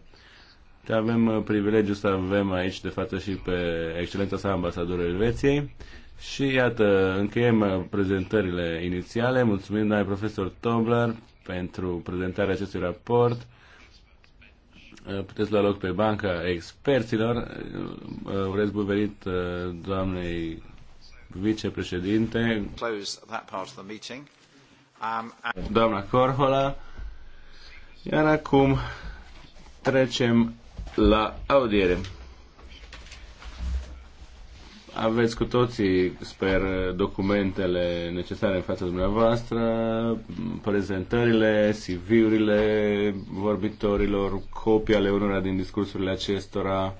Avem uh, privilegiu să avem aici de față și pe excelența sa ambasadorul Elveției. Și iată, încheiem uh, prezentările inițiale. Mulțumim, doamne profesor Tobler, pentru prezentarea acestui raport. Puteți lua loc pe banca experților. Urez bun venit uh, doamnei vicepreședinte. Um, Doamna Corhola. Iar acum trecem la audiere. Aveți cu toții, sper, documentele necesare în fața dumneavoastră, prezentările, CV-urile vorbitorilor, copii ale unora din discursurile acestora.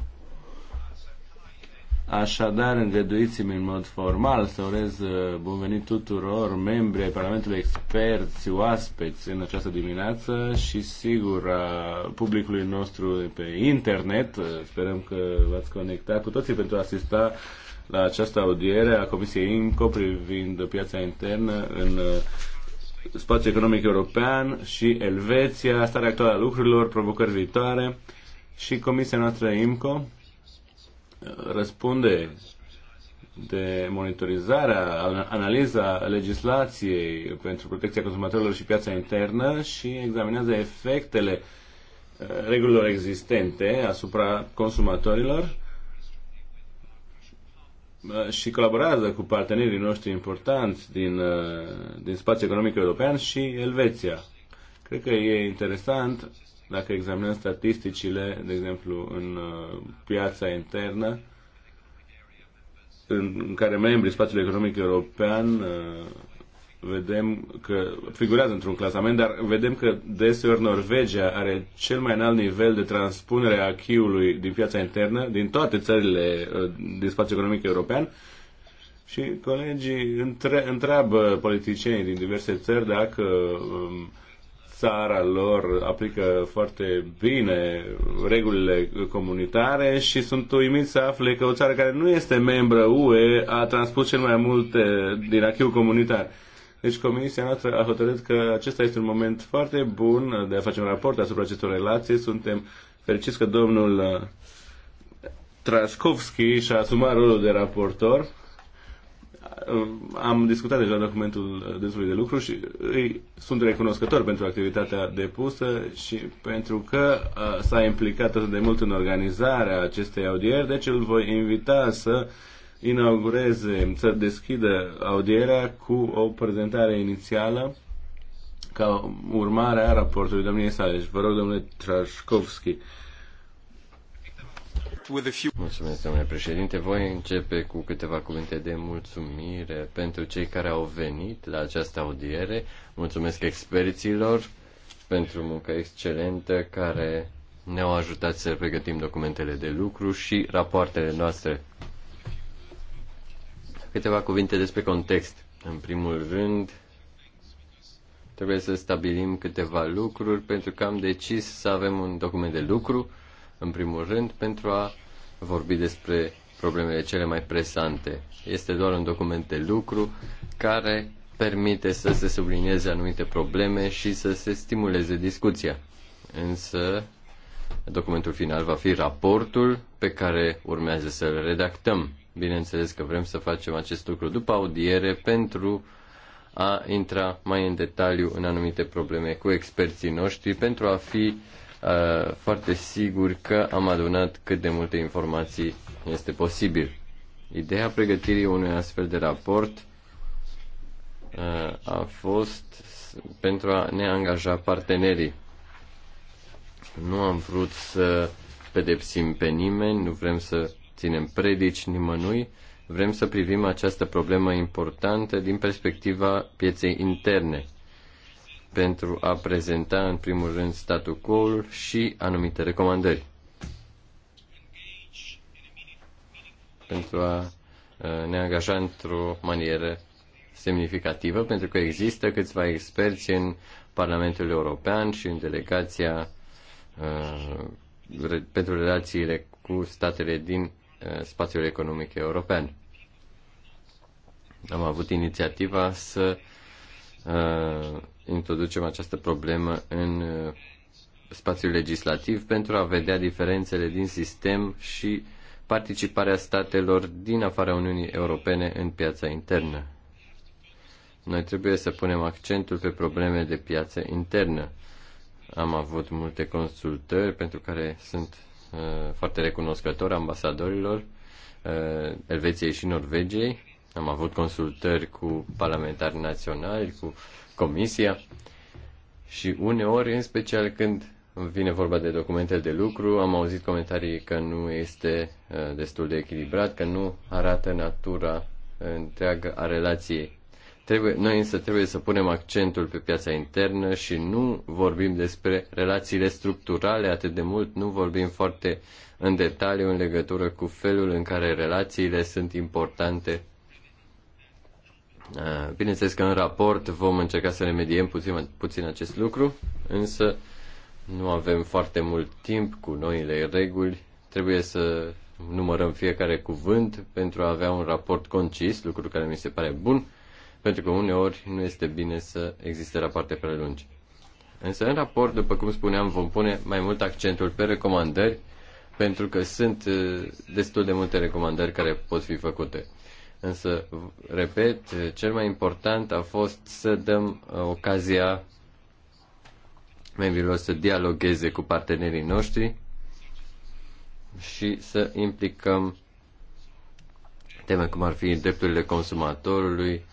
Așadar, îngăduiți-mi în mod formal să urez uh, bun venit tuturor membrii ai Parlamentului, experți, oaspeți în această dimineață și sigur a publicului nostru pe internet. Uh, sperăm că v-ați conectat cu toții pentru a asista la această audiere a Comisiei IMCO privind piața internă în uh, spațiul economic european și Elveția, starea actuală a lucrurilor, provocări viitoare și Comisia noastră IMCO uh, răspunde de monitorizarea, analiza legislației pentru protecția consumatorilor și piața internă și examinează efectele uh, regulilor existente asupra consumatorilor și colaborează cu partenerii noștri importanți din, uh, din spațiul economic european și Elveția. Cred că e interesant dacă examinăm statisticile, de exemplu, în uh, piața internă, în, care membrii spațiului economic european uh, vedem că figurează într-un clasament, dar vedem că deseori Norvegia are cel mai înalt nivel de transpunere a chiului din piața internă, din toate țările uh, din spațiul economic european, și colegii între, întreabă politicienii din diverse țări dacă um, țara lor aplică foarte bine regulile comunitare și sunt uimiți să afle că o țară care nu este membră UE a transpus cel mai mult din achiul comunitar. Deci Comisia noastră a hotărât că acesta este un moment foarte bun de a face un raport asupra acestor relații. Suntem fericiți că domnul uh, Traskovski și-a asumat rolul de raportor. Uh, am discutat deja documentul dânsului de lucru și îi sunt recunoscător pentru activitatea depusă și pentru că uh, s-a implicat atât de mult în organizarea acestei audieri, deci îl voi invita să uh, inaugureze, să deschidă audierea cu o prezentare inițială ca urmare a raportului domniei sale. Și vă rog, domnule Trașkovski. Mulțumesc, domnule președinte. Voi începe cu câteva cuvinte de mulțumire pentru cei care au venit la această audiere. Mulțumesc experților pentru munca excelentă care ne-au ajutat să pregătim documentele de lucru și rapoartele noastre Câteva cuvinte despre context. În primul rând, trebuie să stabilim câteva lucruri pentru că am decis să avem un document de lucru, în primul rând, pentru a vorbi despre problemele cele mai presante. Este doar un document de lucru care permite să se sublinieze anumite probleme și să se stimuleze discuția. Însă, documentul final va fi raportul pe care urmează să-l redactăm. Bineînțeles că vrem să facem acest lucru după audiere pentru a intra mai în detaliu în anumite probleme cu experții noștri pentru a fi uh, foarte siguri că am adunat cât de multe informații este posibil. Ideea pregătirii unui astfel de raport uh, a fost pentru a ne angaja partenerii. Nu am vrut să pedepsim pe nimeni, nu vrem să ținem predici nimănui, vrem să privim această problemă importantă din perspectiva pieței interne, pentru a prezenta în primul rând statul quo și anumite recomandări. Pentru a uh, ne angaja într-o manieră semnificativă, pentru că există câțiva experți în Parlamentul European și în delegația uh, pentru relațiile cu statele din Eh, spațiul economic european. Am avut inițiativa să uh, introducem această problemă în eh, spațiul legislativ pentru a vedea diferențele din sistem și participarea statelor din afara Uniunii Europene în piața internă. Noi trebuie să punem accentul pe probleme de piață internă. Am avut multe consultări pentru care sunt Eh, foarte recunoscător ambasadorilor eh, Elveției și Norvegiei. Am avut consultări cu parlamentari naționali, cu comisia și uneori, în special când vine vorba de documente de lucru, am auzit comentarii că nu este eh, destul de echilibrat, că nu arată natura întreagă a relației Trebuie, noi însă trebuie să punem accentul pe piața internă și nu vorbim despre relațiile structurale atât de mult, nu vorbim foarte în detaliu în legătură cu felul în care relațiile sunt importante. Ah, bineînțeles că în raport vom încerca să remediem puțin, puțin acest lucru, însă nu avem foarte mult timp cu noile reguli. Trebuie să numărăm fiecare cuvânt pentru a avea un raport concis, lucru care mi se pare bun pentru că uneori nu este bine să existe rapoarte prea lungi. Însă în raport, după cum spuneam, vom pune mai mult accentul pe recomandări, pentru că sunt uh, destul de multe recomandări care pot fi făcute. Însă, repet, uh, cel mai important a fost să dăm uh, ocazia membrilor să dialogueze cu partenerii noștri și să implicăm teme cum ar fi drepturile consumatorului,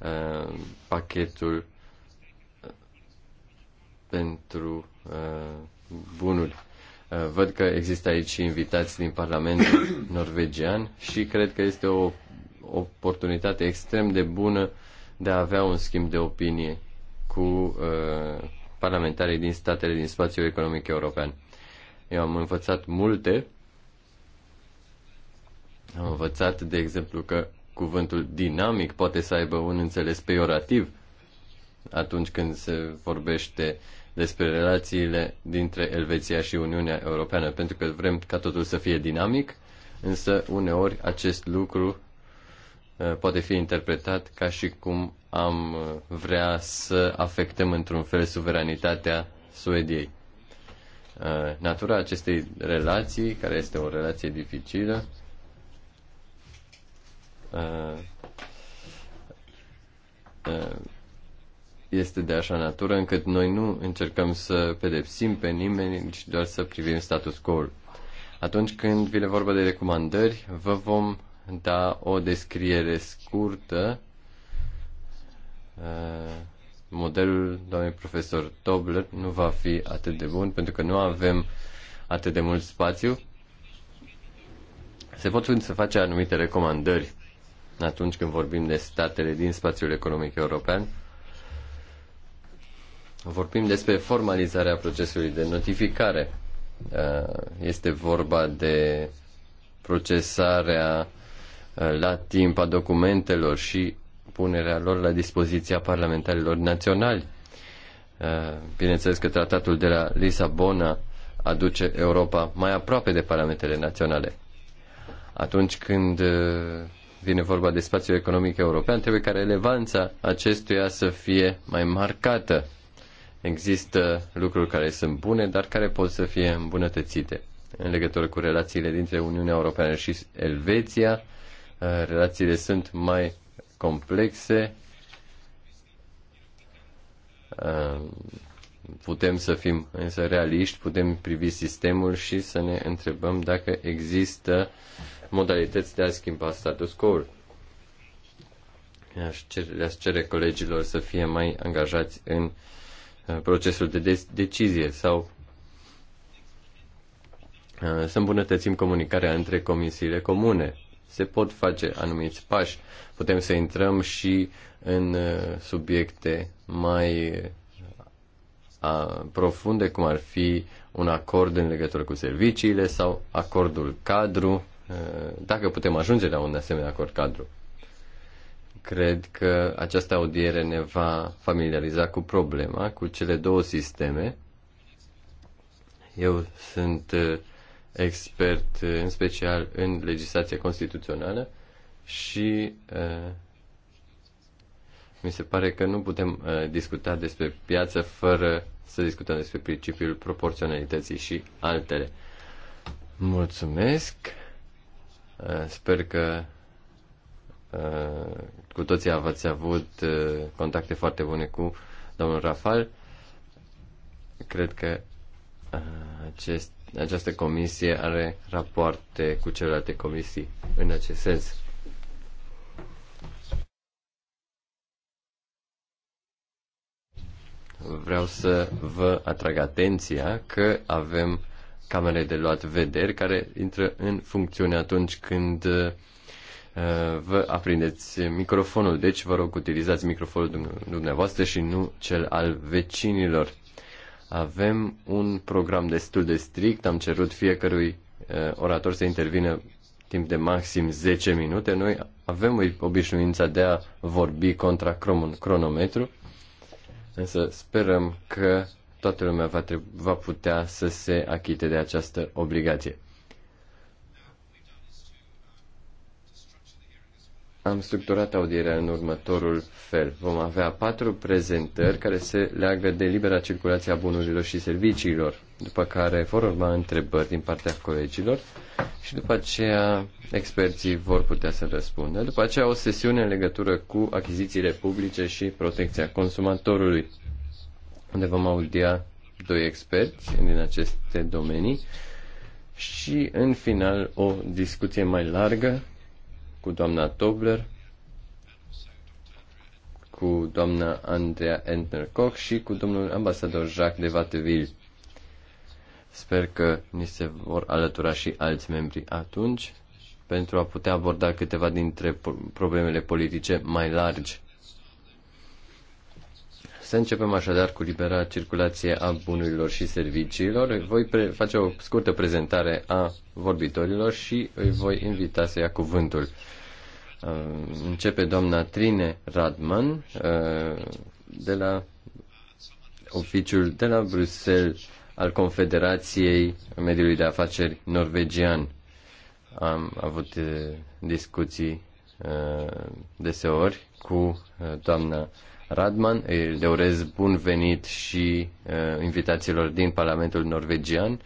Uh, pachetul uh, pentru uh, bunuri. Uh, văd că există aici invitați din Parlamentul norvegian și cred că este o oportunitate extrem de bună de a avea un schimb de opinie cu uh, parlamentarii din statele din spațiul economic european. Eu am învățat multe. Am învățat, de exemplu, că cuvântul dinamic poate să aibă un înțeles peiorativ atunci când se vorbește despre relațiile dintre Elveția și Uniunea Europeană, pentru că vrem ca totul să fie dinamic, însă uneori acest lucru uh, poate fi interpretat ca și cum am uh, vrea să afectăm într-un fel suveranitatea Suediei. Uh, natura acestei relații, care este o relație dificilă, Uh, uh, este de așa natură încât noi nu încercăm să pedepsim pe nimeni, ci doar să privim status quo. Atunci când vine vorba de recomandări, vă vom da o descriere scurtă uh, modelul doamnei profesor Tobler nu va fi atât de bun pentru că nu avem atât de mult spațiu. Se pot să face anumite recomandări atunci când vorbim de statele din spațiul economic european. Vorbim despre formalizarea procesului de notificare. Uh, este vorba de procesarea uh, la timp a documentelor și punerea lor la dispoziția parlamentarilor naționali. Uh, bineînțeles că tratatul de la Lisabona aduce Europa mai aproape de parlamentele naționale. Atunci când vine vorba de spațiul economic european, trebuie ca relevanța acestuia să fie mai marcată. Există lucruri care sunt bune, dar care pot să fie îmbunătățite. În legătură cu relațiile dintre Uniunea Europeană și Elveția, uh, relațiile sunt mai complexe. Uh, putem să fim însă realiști, putem privi sistemul și să ne întrebăm dacă există uh, modalități de a schimba status quo-ul. Le-aș cere, le cere colegilor să fie mai angajați în uh, procesul de decizie sau uh, să îmbunătățim comunicarea între comisiile comune. Se pot face anumiți pași. Putem să intrăm și în uh, subiecte mai profunde, cum ar fi un acord în legătură cu serviciile sau acordul cadru dacă putem ajunge la un asemenea acord cadru. Cred că această audiere ne va familiariza cu problema, cu cele două sisteme. Eu sunt uh, expert uh, în special în legislația constituțională și uh, mi se pare că nu putem uh, discuta despre piață fără să discutăm despre principiul proporționalității și altele. Mulțumesc! Uh, sper că uh, cu toții ați avut uh, contacte foarte bune cu domnul Rafal. Cred că acest, această comisie are rapoarte cu celelalte comisii în acest sens. Vreau să vă atrag atenția că avem camere de luat vederi care intră în funcțiune atunci când uh, vă aprindeți microfonul. Deci vă rog utilizați microfonul dumneavoastră și nu cel al vecinilor. Avem un program destul de strict, am cerut fiecărui uh, orator să intervină timp de maxim 10 minute. Noi avem obișnuința de a vorbi contra cronometru, însă sperăm că toată lumea va, va putea să se achite de această obligație. Am structurat audierea în următorul fel. Vom avea patru prezentări care se leagă de libera circulație a bunurilor și serviciilor, după care vor urma întrebări din partea colegilor și după aceea experții vor putea să răspundă. După aceea o sesiune în legătură cu achizițiile publice și protecția consumatorului unde vom audia doi experți din aceste domenii și, în final, o discuție mai largă cu doamna Tobler, cu doamna Andrea Entner Koch și cu domnul ambasador Jacques de Vatteville. Sper că ni se vor alătura și alți membri atunci pentru a putea aborda câteva dintre problemele politice mai largi să începem așadar cu libera circulație a bunurilor și serviciilor. Voi face o scurtă prezentare a vorbitorilor și îi voi invita să ia cuvântul. Uh, începe doamna Trine Radman uh, de la oficiul de la Bruxelles al Confederației Mediului de Afaceri Norvegian. Am avut uh, discuții deseori cu doamna Radman. Le urez bun venit și uh, invitațiilor din Parlamentul norvegian.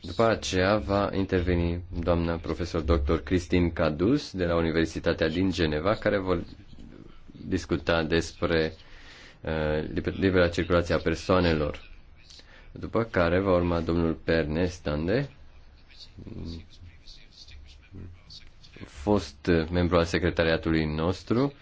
După aceea va interveni doamna profesor dr. Cristin Cadus de la Universitatea din Geneva, care vor discuta despre uh, libera circulație a persoanelor. După care va urma domnul Perne Stande, fost eh, membru al secretariatului nostru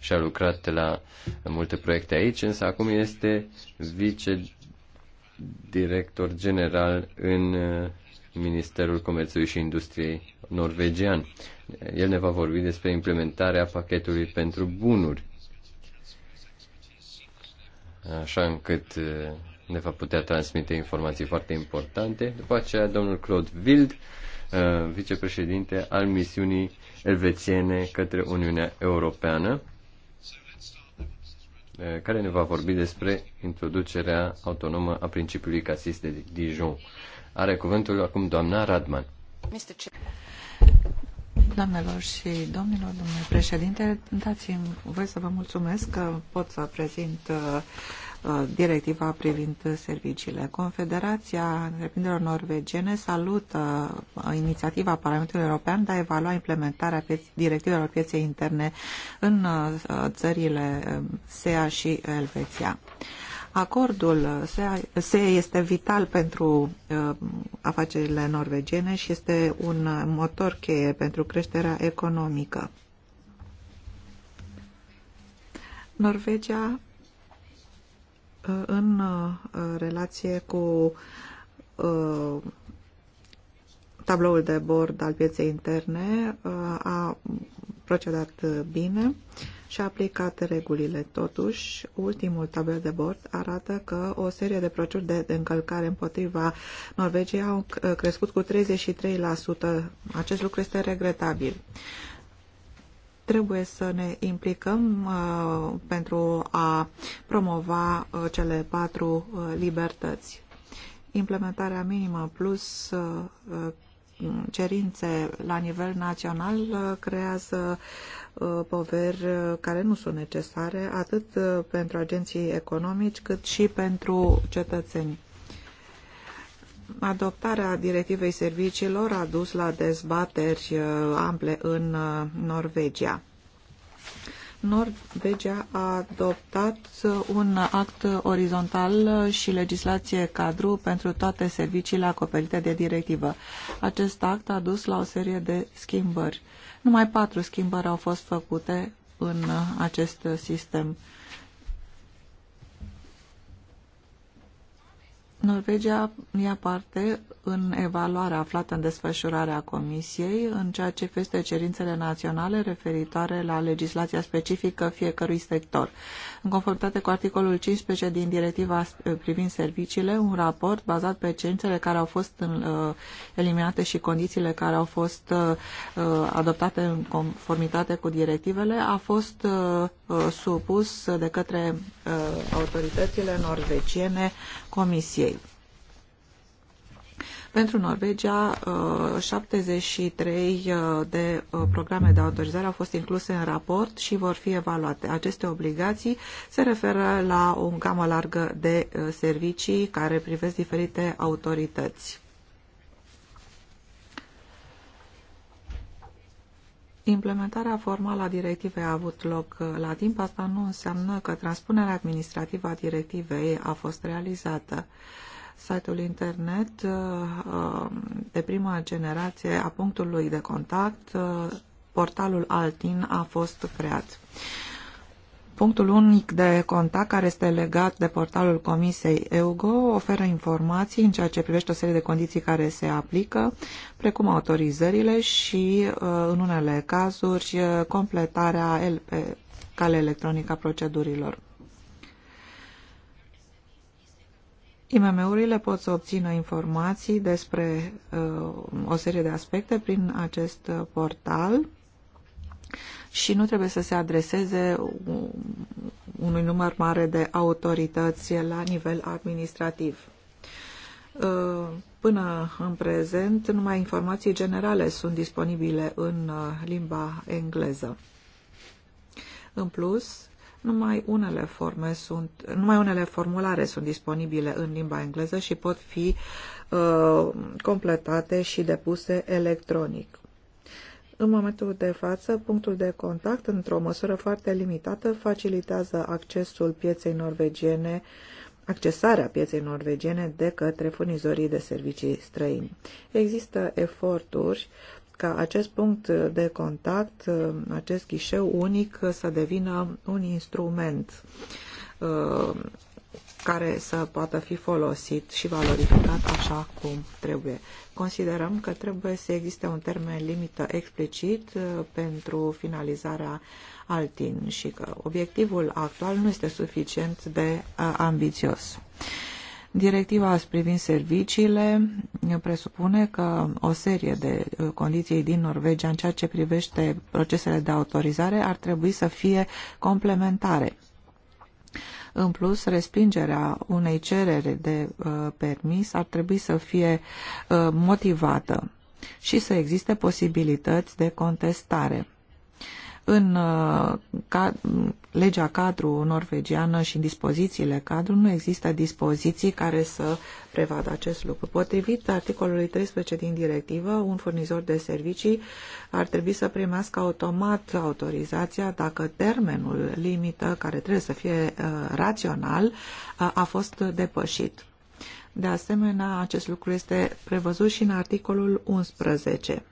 și a lucrat la multe proiecte aici, însă acum este vice-director general în eh, Ministerul Comerțului și Industriei norvegian. El ne va vorbi despre implementarea pachetului pentru bunuri, așa încât eh, ne va putea transmite informații foarte importante. După aceea, domnul Claude Wild, Uh, vicepreședinte al misiunii elvețiene către Uniunea Europeană, uh, care ne va vorbi despre introducerea autonomă a principiului casist de Dijon. Are cuvântul acum doamna Radman. Doamnelor și domnilor, domnule președinte, dați-mi voi să vă mulțumesc că pot să prezint uh, Uh, directiva privind serviciile. Confederația Întreprinderilor Norvegene salută uh, inițiativa Parlamentului European de a evalua implementarea directivelor pieței interne în uh, țările SEA și Elveția. Acordul SE este vital pentru afacerile norvegene și este un motor cheie pentru creșterea economică. Norvegia în uh, relație cu uh, tabloul de bord al pieței interne uh, a procedat bine și a aplicat regulile. Totuși, ultimul tabel de bord arată că o serie de proceduri de încălcare împotriva Norvegiei au crescut cu 33%. Acest lucru este regretabil. Trebuie să ne implicăm uh, pentru a promova uh, cele patru uh, libertăți. Implementarea minimă plus cerințe la nivel național creează poveri care nu sunt necesare atât pentru agenții economici cât și pentru cetățeni. Adoptarea directivei serviciilor a dus la dezbateri uh, ample în uh, Norvegia. Norvegia a adoptat uh, un act orizontal și legislație cadru pentru toate serviciile acoperite de directivă. Acest act a dus la o serie de schimbări. Numai patru schimbări au fost făcute în acest sistem. Norvegia ia parte în evaluarea aflată în desfășurarea Comisiei în ceea ce privește cerințele naționale referitoare la legislația specifică fiecărui sector în conformitate cu articolul 15 din directiva eh, privind serviciile, un raport bazat pe cerințele care au fost eh, eliminate și condițiile care au fost eh, adoptate în conformitate cu directivele a fost supus de către autoritățile norvegiene Comisiei. Pentru Norvegia, 73 uh, uh, de uh, programe de autorizare au fost incluse în raport și vor fi evaluate. Aceste obligații se referă la o gamă largă de servicii care privesc diferite autorități. Implementarea formală a directivei a avut loc la timp, asta nu înseamnă că transpunerea administrativă a directivei a fost realizată site-ul internet uh, uh, de prima generație a punctului de contact, uh, portalul Altin a fost creat. Punctul unic de contact care este legat de portalul Comisiei EUGO oferă informații în ceea ce privește o serie de condiții care se aplică, precum autorizările și, în unele cazuri, completarea LP, cale electronică a procedurilor. IMM-urile pot să obțină informații despre uh, o serie de aspecte prin acest uh, portal și nu trebuie să se adreseze unui număr mare de autorități la nivel administrativ. Uh, până în prezent, numai informații generale sunt disponibile în uh, limba engleză. În plus, numai unele, forme sunt, numai unele formulare sunt disponibile în limba engleză și pot fi uh, completate și depuse electronic. În momentul de față, punctul de contact, într-o măsură foarte limitată, facilitează accesul pieței norvegiene, accesarea pieței norvegiene de către furnizorii de servicii străini. Există eforturi ca acest punct de contact, acest ghișeu unic să devină un instrument uh, care să poată fi folosit și valorificat așa cum trebuie. Considerăm că trebuie să existe un termen limită explicit uh, pentru finalizarea Altin și că obiectivul actual nu este suficient de uh, ambițios. Directiva privind serviciile presupune că o serie de uh, condiții din Norvegia în ceea ce privește procesele de autorizare ar trebui să fie complementare. În plus, respingerea unei cereri de uh, permis ar trebui să fie uh, motivată și să existe posibilități de contestare în uh, ca, legea cadru norvegiană și în dispozițiile cadru nu există dispoziții care să prevadă acest lucru. Potrivit articolului 13 din directivă, un furnizor de servicii ar trebui să primească automat autorizația dacă termenul limită, care trebuie să fie uh, rațional, uh, a fost depășit. De asemenea, acest lucru este prevăzut și în articolul 11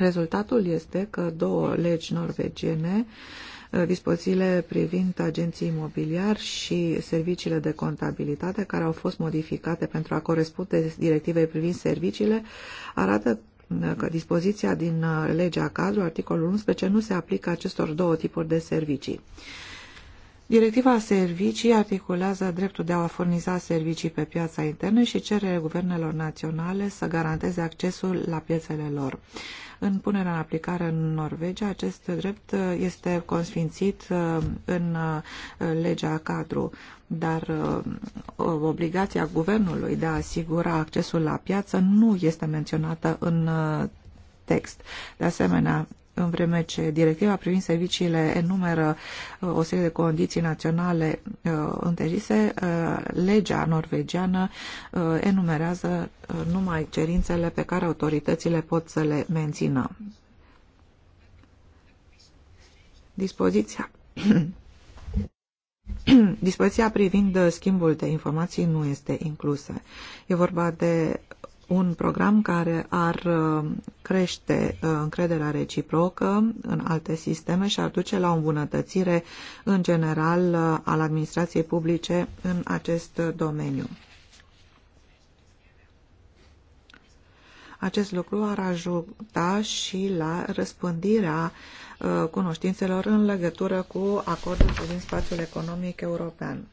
Rezultatul este că două legi norvegiene, uh, dispozițiile privind agenții imobiliari și serviciile de contabilitate care au fost modificate pentru a corespunde directivei privind serviciile, arată uh, că dispoziția din uh, legea cadru, articolul 11, nu se aplică acestor două tipuri de servicii. Directiva servicii articulează dreptul de a furniza servicii pe piața internă și cere guvernelor naționale să garanteze accesul la piețele lor. În punerea în aplicare în Norvegia, acest drept uh, este consfințit uh, în uh, legea cadru, dar obligația guvernului de a asigura accesul la piață nu este menționată în text. De asemenea, în vreme ce directiva privind serviciile enumeră uh, o serie de condiții naționale uh, întărise, uh, legea norvegiană enumerează numai cerințele pe care autoritățile pot să le mențină. Dispoziția Dispoziția privind schimbul de informații nu este inclusă. E vorba de un program care ar uh, crește uh, încrederea reciprocă în alte sisteme și ar duce la o îmbunătățire în general uh, al administrației publice în acest domeniu. Acest lucru ar ajuta și la răspândirea cunoștințelor în legătură cu acordul privind spațiul economic european.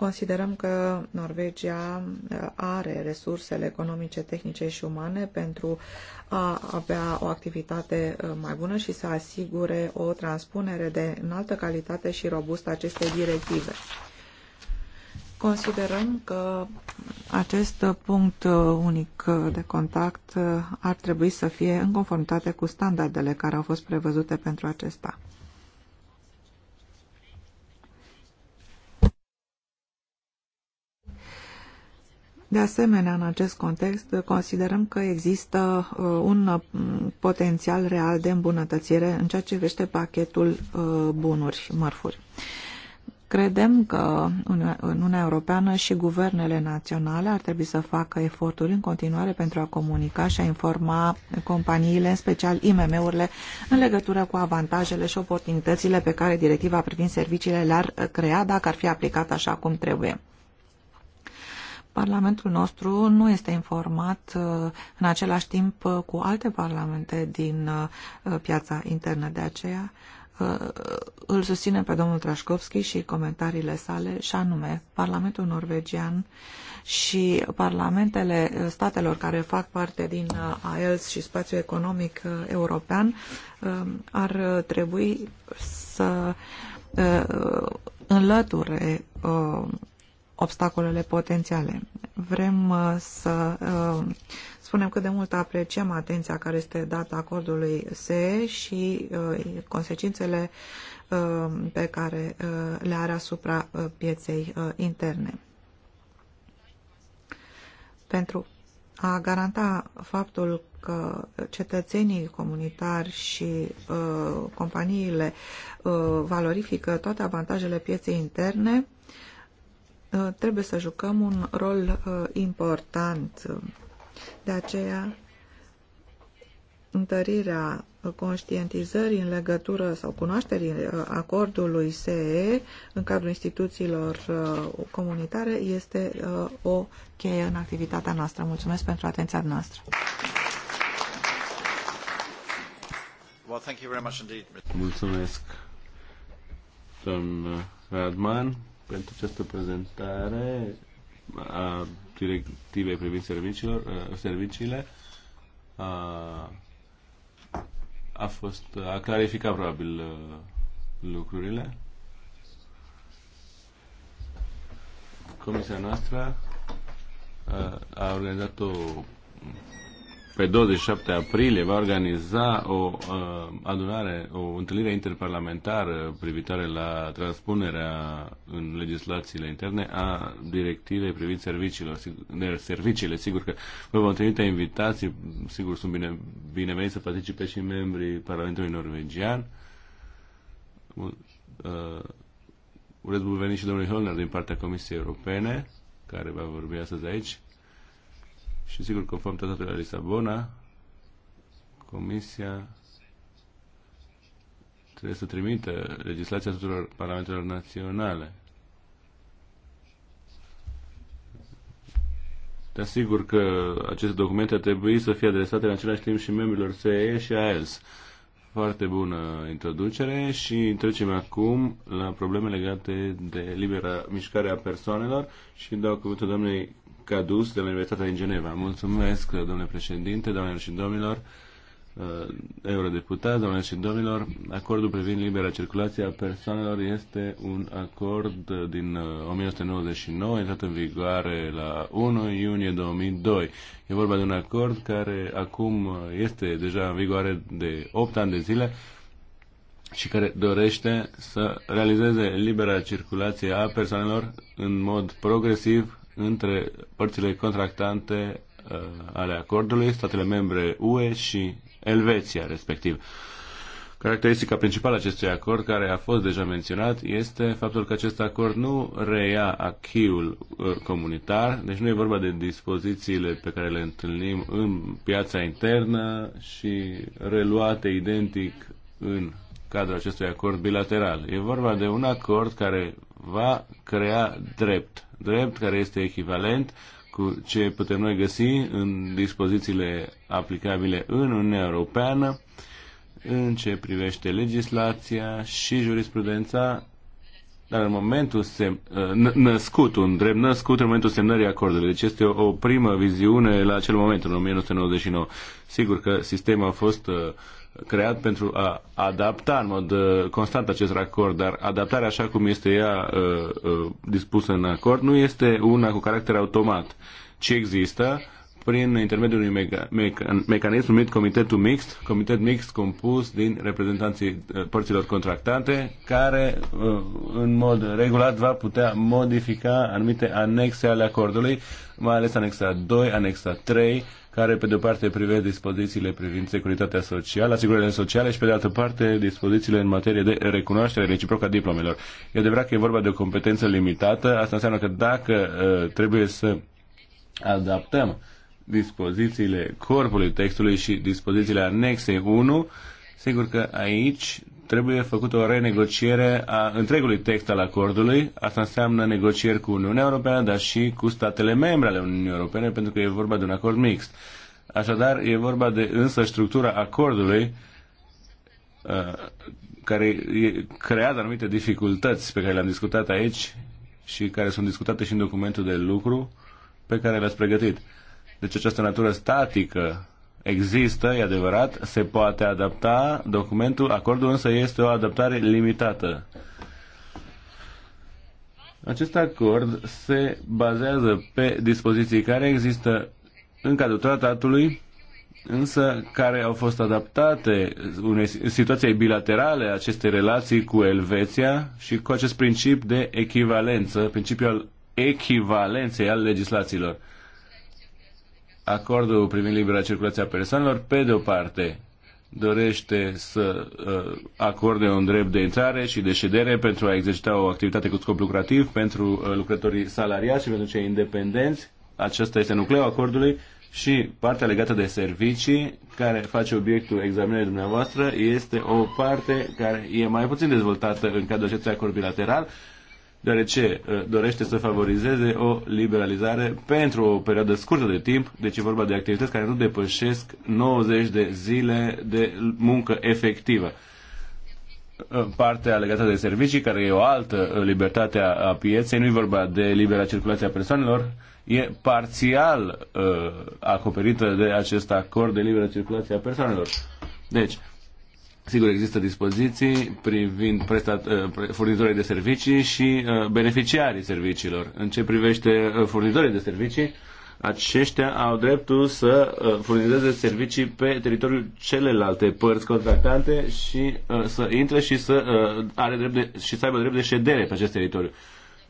Considerăm că Norvegia uh, are resursele economice, tehnice și umane pentru a avea o activitate uh, mai bună și să asigure o transpunere de înaltă calitate și robustă acestei directive. Considerăm că acest punct uh, unic de contact ar trebui să fie în conformitate cu standardele care au fost prevăzute pentru acesta. De asemenea, în acest context, considerăm că există uh, un uh, potențial real de îmbunătățire în ceea ce vește pachetul uh, bunuri, mărfuri. Credem că Uniunea Europeană și guvernele naționale ar trebui să facă eforturi în continuare pentru a comunica și a informa companiile, în special IMM-urile, în legătură cu avantajele și oportunitățile pe care directiva privind serviciile le-ar crea dacă ar fi aplicată așa cum trebuie. Parlamentul nostru nu este informat uh, în același timp uh, cu alte parlamente din uh, piața internă. De aceea îl susținem pe domnul Trașkovski și comentariile sale și anume Parlamentul norvegian și parlamentele statelor care fac parte din AELS și spațiul economic european ar trebui să înlăture obstacolele potențiale. Vrem uh, să uh, spunem cât de mult apreciem atenția care este dată acordului SE și uh, consecințele pe care le are asupra pieței interne. Pentru a garanta faptul că cetățenii comunitari și uh, companiile uh, valorifică toate avantajele pieței interne, Uh, trebuie să jucăm un rol uh, important. De aceea, întărirea uh, conștientizării în legătură sau cunoașterii acordului SE în cadrul instituțiilor comunitare este o cheie în activitatea noastră. Mulțumesc pentru atenția noastră. Mulțumesc, domn Radman pentru această prezentare a directivei privind serviciilor, serviciile. A, a fost, a clarificat probabil lucrurile. Comisia noastră a, a organizat o pe 27 aprilie va organiza o uh, adunare, o întâlnire interparlamentară privitoare la transpunerea în legislațiile interne a directivei privind serviciilor, serviciile. Sigur că vă vom trimite invitații, sigur sunt bine, bineveniți să participe și membrii Parlamentului Norvegian. Uh, urez bun venit și domnului Holner din partea Comisiei Europene, care va vorbi astăzi aici și sigur conform tratatului la Lisabona, Comisia trebuie să trimită legislația tuturor parlamentelor naționale. Dar sigur că aceste documente ar trebui să fie adresate în același timp și membrilor CE și AELS. Foarte bună introducere și trecem acum la probleme legate de libera mișcare a persoanelor și dau cuvântul doamnei Cadus de la Universitatea din Geneva. Mulțumesc, domnule președinte, doamnelor și domnilor, uh, eurodeputați, doamnelor și domnilor. Acordul privind libera circulație a persoanelor este un acord din 1999, uh, intrat în vigoare la 1 iunie 2002. E vorba de un acord care acum uh, este deja în vigoare de 8 ani de zile, și care dorește să realizeze libera circulație a persoanelor în mod progresiv, între părțile contractante uh, ale acordului, statele membre UE și Elveția, respectiv. Caracteristica principală a acestui acord, care a fost deja menționat, este faptul că acest acord nu reia achiul uh, comunitar, deci nu e vorba de dispozițiile pe care le întâlnim în piața internă și reluate identic în cadrul acestui acord bilateral. E vorba de un acord care va crea drept. Drept care este echivalent cu ce putem noi găsi în dispozițiile aplicabile în Uniunea Europeană în ce privește legislația și jurisprudența, dar în momentul sem- uh, născut, un drept născut în momentul semnării acordului. Deci este o, o primă viziune la acel moment, în 1999. Sigur că sistemul a fost uh, creat pentru a adapta în mod uh, constant acest acord, dar adaptarea așa cum este ea uh, uh, dispusă în acord nu este una cu caracter automat, ci există prin intermediul unui meca- meca- mecanism numit Comitetul Mixt, Comitet Mixt compus din reprezentanții părților contractante, care în mod regulat va putea modifica anumite anexe ale acordului, mai ales anexa 2, anexa 3, care pe de o parte privește dispozițiile privind securitatea socială, asigurările sociale și pe de altă parte dispozițiile în materie de recunoaștere reciprocă a diplomelor. E adevărat că e vorba de o competență limitată, asta înseamnă că dacă uh, trebuie să adaptăm dispozițiile corpului textului și dispozițiile anexei 1, sigur că aici trebuie făcută o renegociere a întregului text al acordului. Asta înseamnă negocieri cu Uniunea Europeană, dar și cu statele membre ale Uniunii Europene, pentru că e vorba de un acord mixt. Așadar, e vorba de însă structura acordului uh, care creează anumite dificultăți pe care le-am discutat aici și care sunt discutate și în documentul de lucru pe care l-ați pregătit. Deci această natură statică există, e adevărat, se poate adapta documentul, acordul însă este o adaptare limitată. Acest acord se bazează pe dispoziții care există în cadrul tratatului, însă care au fost adaptate unei situației bilaterale aceste relații cu Elveția și cu acest principiu de echivalență, principiul echivalenței al legislațiilor acordul privind libera circulație a persoanelor, pe de o parte, dorește să uh, acorde un drept de intrare și de ședere pentru a exercita o activitate cu scop lucrativ pentru uh, lucrătorii salariați și pentru cei independenți. Acesta este nucleul acordului și partea legată de servicii care face obiectul examinării dumneavoastră este o parte care e mai puțin dezvoltată în cadrul acestui acord bilateral deoarece uh, dorește să favorizeze o liberalizare pentru o perioadă scurtă de timp, deci e vorba de activități care nu depășesc 90 de zile de muncă efectivă. Uh, partea legată de servicii, care e o altă uh, libertate a pieței, nu e vorba de libera circulație a persoanelor, e parțial uh, acoperită de acest acord de liberă circulație a persoanelor. Deci, Sigur, există dispoziții privind prestat, uh, furnizorii de servicii și uh, beneficiarii serviciilor. În ce privește uh, furnizorii de servicii, aceștia au dreptul să furnizeze servicii pe teritoriul celelalte părți contractante și să intre și să, are drept de, și să aibă drept de ședere pe acest teritoriu.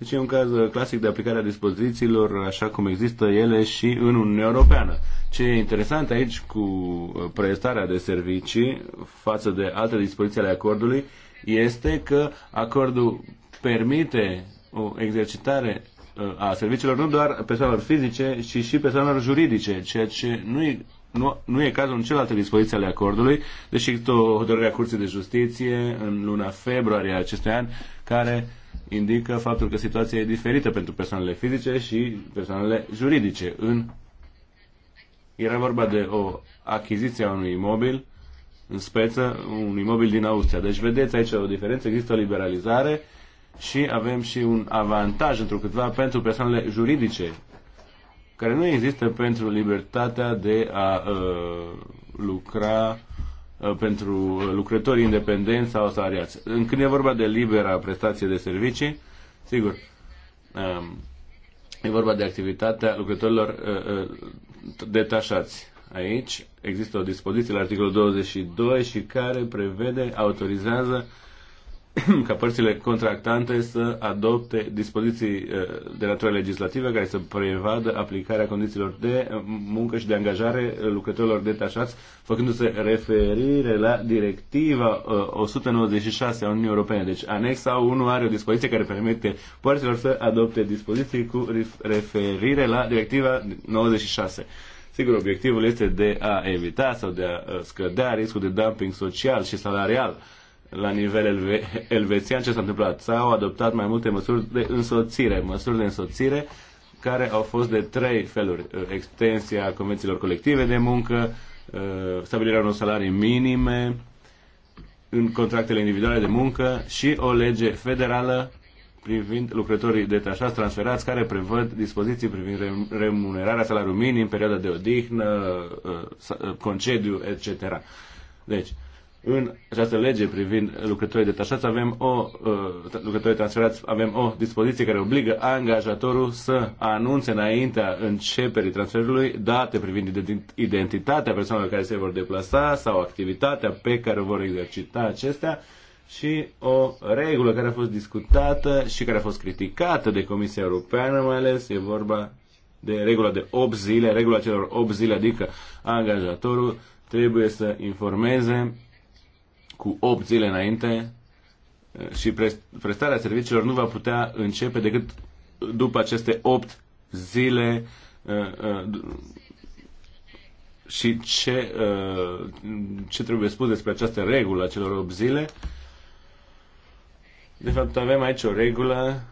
Deci e un caz uh, clasic de aplicare a dispozițiilor așa cum există ele și în Uniunea Europeană. Ce e interesant aici cu uh, prestarea de servicii față de alte dispoziții ale acordului este că acordul permite o exercitare uh, a serviciilor nu doar persoanelor fizice, ci și persoanelor juridice, ceea ce nu e, nu, nu e cazul în celelalte dispoziții ale acordului, deși există o hotărâre a Curții de Justiție în luna februarie a acestui an, care indică faptul că situația e diferită pentru persoanele fizice și persoanele juridice. În era vorba de o achiziție a unui imobil în speță, un imobil din Austria. Deci vedeți aici o diferență, există o liberalizare și avem și un avantaj într câtva pentru persoanele juridice care nu există pentru libertatea de a uh, lucra Uh, pentru lucrători independenți sau salariați. Când e vorba de libera prestație de servicii, sigur, um, e vorba de activitatea lucrătorilor uh, uh, detașați. Aici există o dispoziție la articolul 22 și care prevede, autorizează uh, ca părțile contractante să adopte dispoziții uh, de natură legislativă care să prevadă aplicarea condițiilor de muncă și de angajare lucrătorilor detașați, făcându-se referire la directiva 196 uh, a Uniunii Europene. Deci anexa 1 are o dispoziție care permite părților să adopte dispoziții cu referire la directiva 96. Sigur, obiectivul este de a evita sau de a uh, scădea riscul de dumping social și salarial la nivel elve- elvețian ce s-a întâmplat. S-au adoptat mai multe măsuri de însoțire, măsuri de însoțire care au fost de trei feluri. Uh, extensia convențiilor colective de muncă, uh, stabilirea unor salarii minime în contractele individuale de muncă și o lege federală privind lucrătorii detașați transferați care prevăd dispoziții privind remunerarea salariului minim, perioada de odihnă, uh, concediu, etc. Deci, în această lege privind lucrătorii detașați avem o, uh, lucrătorii transferați, avem o dispoziție care obligă angajatorul să anunțe înaintea începerii transferului date privind identitatea persoanelor care se vor deplasa sau activitatea pe care o vor exercita acestea și o regulă care a fost discutată și care a fost criticată de Comisia Europeană, mai ales e vorba de regula de 8 zile, regula celor 8 zile, adică angajatorul trebuie să informeze cu 8 zile înainte și prestarea serviciilor nu va putea începe decât după aceste 8 zile și ce, ce trebuie spus despre această regulă a celor 8 zile. De fapt, avem aici o regulă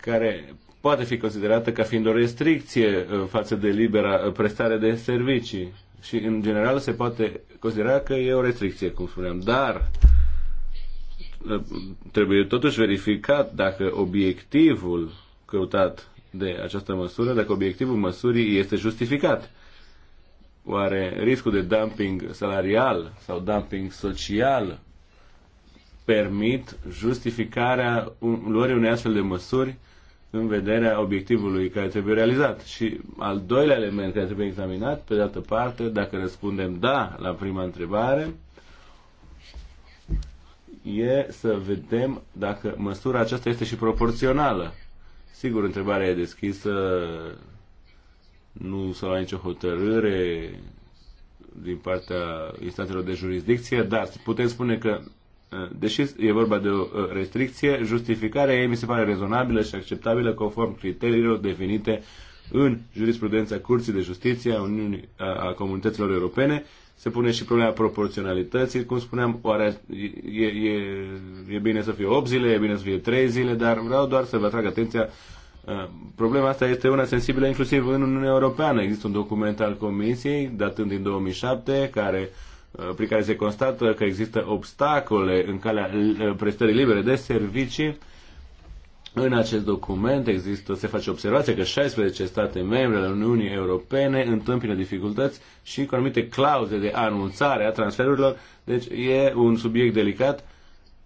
care poate fi considerată ca fiind o restricție față de libera prestare de servicii și în general se poate considera că e o restricție, cum spuneam, dar ă, trebuie totuși verificat dacă obiectivul căutat de această măsură, dacă obiectivul măsurii este justificat. Oare riscul de dumping salarial sau dumping social permit justificarea luării unei astfel de măsuri în vederea obiectivului care trebuie realizat. Și al doilea element care trebuie examinat, pe de altă parte, dacă răspundem da la prima întrebare, e să vedem dacă măsura aceasta este și proporțională. Sigur, întrebarea e deschisă, nu s-a luat nicio hotărâre din partea instanțelor de jurisdicție, dar putem spune că deși e vorba de o uh, restricție, justificarea ei mi se pare rezonabilă și acceptabilă conform criteriilor definite în jurisprudența Curții de Justiție a, Uniunii, a, a Comunităților Europene. Se pune și problema proporționalității. Cum spuneam, oare e, e, e bine să fie 8 zile, e bine să fie 3 zile, dar vreau doar să vă atrag atenția. Uh, problema asta este una sensibilă inclusiv în Uniunea Europeană. Există un document al Comisiei, datând din 2007, care uh, Uh, prin care se constată că există obstacole în calea uh, prestării libere de servicii. În acest document există, se face observația că 16 state membre ale Uniunii Europene întâmpină dificultăți și cu anumite clauze de anunțare a transferurilor. Deci e un subiect delicat,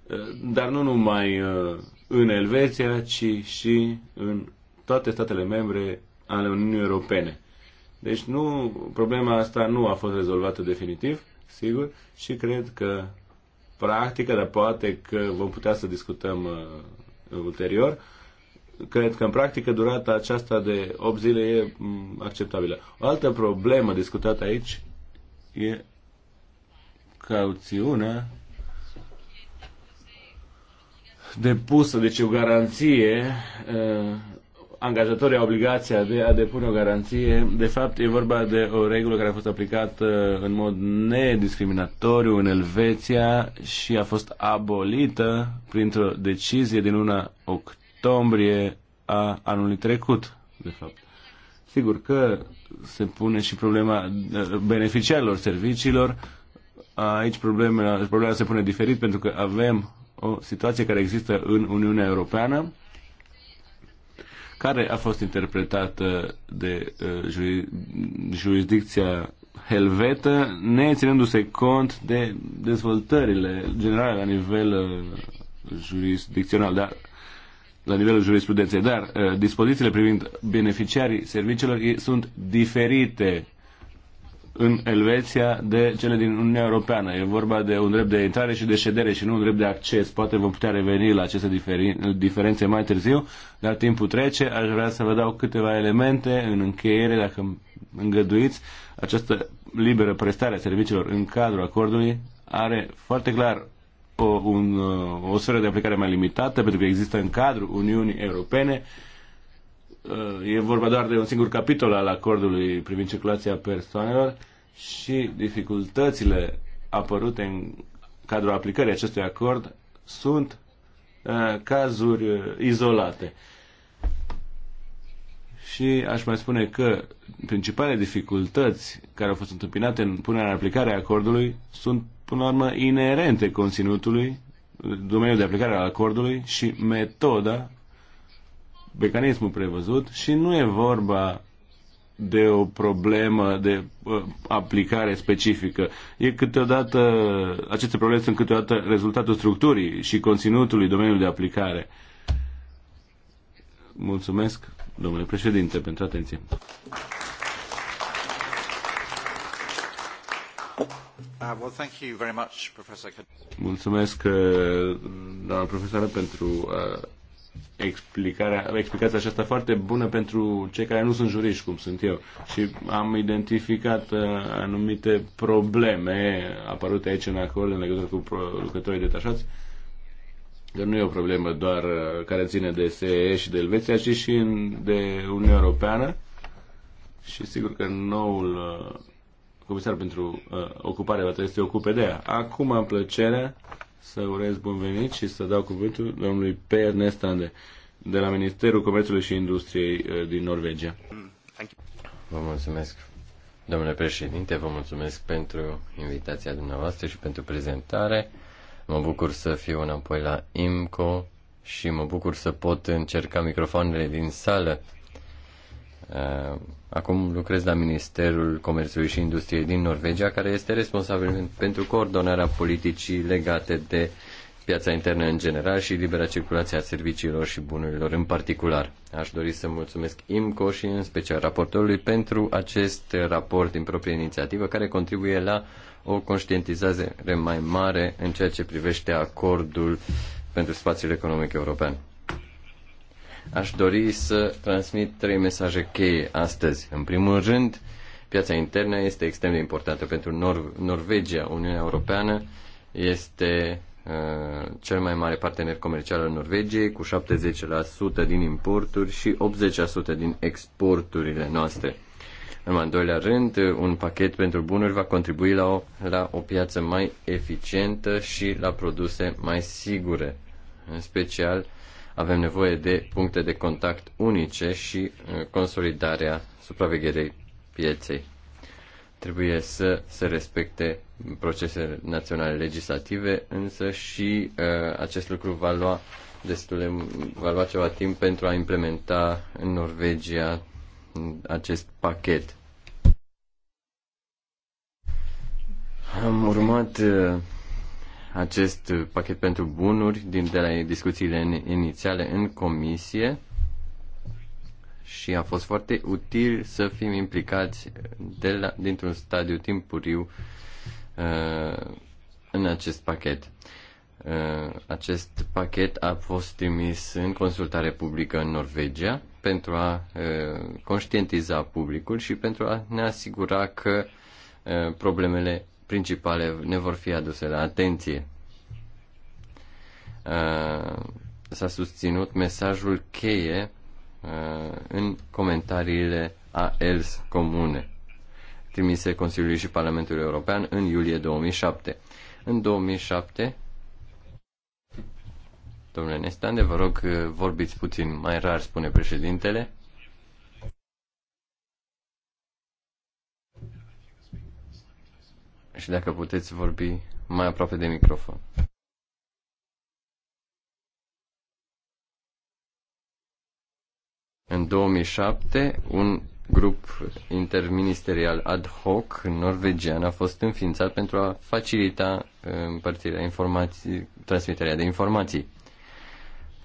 uh, dar nu numai în Elveția, ci și în toate statele membre ale Uniunii Europene. Deci nu, problema asta nu a fost rezolvată definitiv sigur, și cred că practică, dar poate că vom putea să discutăm uh, ulterior. Cred că în practică durata aceasta de 8 zile e um, acceptabilă. O altă problemă discutată aici e cauțiunea depusă, deci o garanție uh, angajatorii au obligația de a depune o garanție. De fapt, e vorba de o regulă care a fost aplicată uh, în mod nediscriminatoriu în Elveția și a fost abolită printr-o decizie din luna octombrie a anului trecut, de fapt. Sigur că se pune și problema uh, beneficiarilor serviciilor. Aici problema, problema se pune diferit pentru că avem o situație care există în Uniunea Europeană care a fost interpretată de uh, jurisdicția helvetă, ținându se cont de dezvoltările generale la nivel uh, jurisdicțional, dar la nivelul jurisprudenței, dar uh, dispozițiile privind beneficiarii serviciilor sunt diferite în Elveția de cele din Uniunea Europeană. E vorba de un drept de intrare și de ședere și nu un drept de acces. Poate vom putea reveni la aceste diferențe mai târziu, dar timpul trece. Aș vrea să vă dau câteva elemente în încheiere, dacă îngăduiți. Această liberă prestare a serviciilor în cadrul acordului are foarte clar o, un, o sferă de aplicare mai limitată, pentru că există în cadrul Uniunii Europene e vorba doar de un singur capitol al acordului privind circulația persoanelor și dificultățile apărute în cadrul aplicării acestui acord sunt uh, cazuri uh, izolate. Și aș mai spune că principalele dificultăți care au fost întâmpinate în punerea în aplicare a acordului sunt, până la urmă, inerente conținutului, domeniul de aplicare al acordului și metoda mecanismul prevăzut și nu e vorba de o problemă de uh, aplicare specifică. E câteodată, aceste probleme sunt câteodată rezultatul structurii și conținutului domeniului de aplicare. Mulțumesc, domnule președinte, pentru atenție. Uh, Mulțumesc, uh, doamna profesoară, pentru uh, explicarea, explicația aceasta foarte bună pentru cei care nu sunt juriști, cum sunt eu. Și am identificat uh, anumite probleme apărute aici în acord în legătură cu lucrătorii detașați, că nu e o problemă doar uh, care ține de SE și de Elveția, ci și de Uniunea Europeană. Și sigur că noul uh, comisar pentru uh, ocupare va trebui să se ocupe de ea. Acum am plăcerea să urez bun venit și să dau cuvântul domnului Per Nestande de la Ministerul Comerțului și Industriei uh, din Norvegia. Vă mulțumesc, domnule președinte, vă mulțumesc pentru invitația dumneavoastră și pentru prezentare. Mă bucur să fiu înapoi la IMCO și mă bucur să pot încerca microfoanele din sală Uh, acum lucrez la Ministerul Comerțului și Industriei din Norvegia, care este responsabil pentru coordonarea politicii legate de piața internă în general și libera circulație a serviciilor și bunurilor în particular. Aș dori să mulțumesc IMCO și în special raportorului pentru acest raport din proprie inițiativă care contribuie la o conștientizare mai mare în ceea ce privește acordul pentru spațiul economic european aș dori să transmit trei mesaje cheie astăzi. În primul rând, piața internă este extrem de importantă pentru Nor- Norvegia. Uniunea Europeană este uh, cel mai mare partener comercial al Norvegiei, cu 70% din importuri și 80% din exporturile noastre. În al doilea rând, un pachet pentru bunuri va contribui la o, la o piață mai eficientă și la produse mai sigure, în special uh, avem nevoie de puncte de contact unice și uh, consolidarea supravegherei pieței. Trebuie să se respecte procesele naționale legislative, însă și uh, acest lucru va lua destule, va lua ceva timp pentru a implementa în Norvegia acest pachet. Am urmat uh, acest pachet pentru bunuri din de la discuțiile inițiale în comisie și a fost foarte util să fim implicați de la, dintr-un stadiu timpuriu uh, în acest pachet. Uh, acest pachet a fost trimis în consultare publică în Norvegia pentru a uh, conștientiza publicul și pentru a ne asigura că uh, problemele principale ne vor fi aduse la atenție. S-a susținut mesajul cheie în comentariile a ELS comune, trimise Consiliului și Parlamentului European în iulie 2007. În 2007, domnule Nestande, vă rog vorbiți puțin mai rar, spune președintele, și dacă puteți vorbi mai aproape de microfon. În 2007, un grup interministerial ad hoc norvegian a fost înființat pentru a facilita uh, împărțirea informații, transmiterea de informații.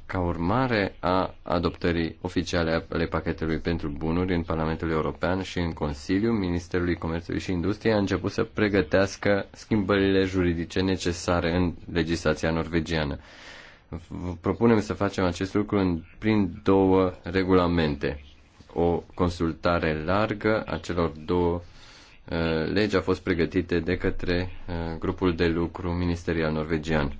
Ca urmare a adoptării oficiale ale pachetului pentru bunuri în Parlamentul European și în Consiliu, Ministerului Comerțului și Industriei a început să pregătească schimbările juridice necesare în legislația norvegiană. Propunem să facem acest lucru în, prin două regulamente. O consultare largă a celor două uh, legi a fost pregătite de către uh, grupul de lucru ministerial norvegian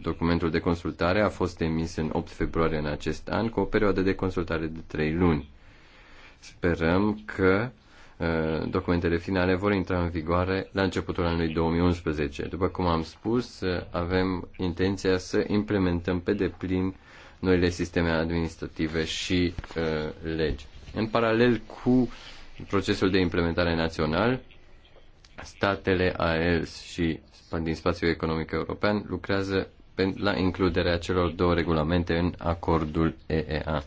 Documentul de consultare a fost emis în 8 februarie în acest an cu o perioadă de consultare de 3 luni. Sperăm că uh, documentele finale vor intra în vigoare la începutul anului 2011. După cum am spus, uh, avem intenția să implementăm pe deplin noile sisteme administrative și uh, legi. În paralel cu procesul de implementare național, statele AELS și din spațiul economic european lucrează la includerea celor două regulamente în acordul EEA.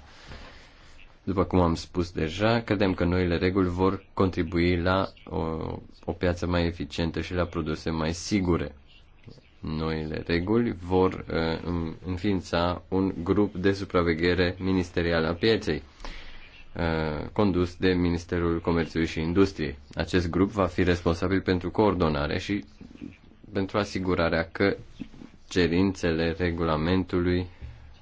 După cum am spus deja, credem că noile reguli vor contribui la o, o piață mai eficientă și la produse mai sigure. Noile reguli vor uh, înființa un grup de supraveghere ministerial a pieței, uh, condus de Ministerul Comerțului și Industriei. Acest grup va fi responsabil pentru coordonare și pentru asigurarea că cerințele regulamentului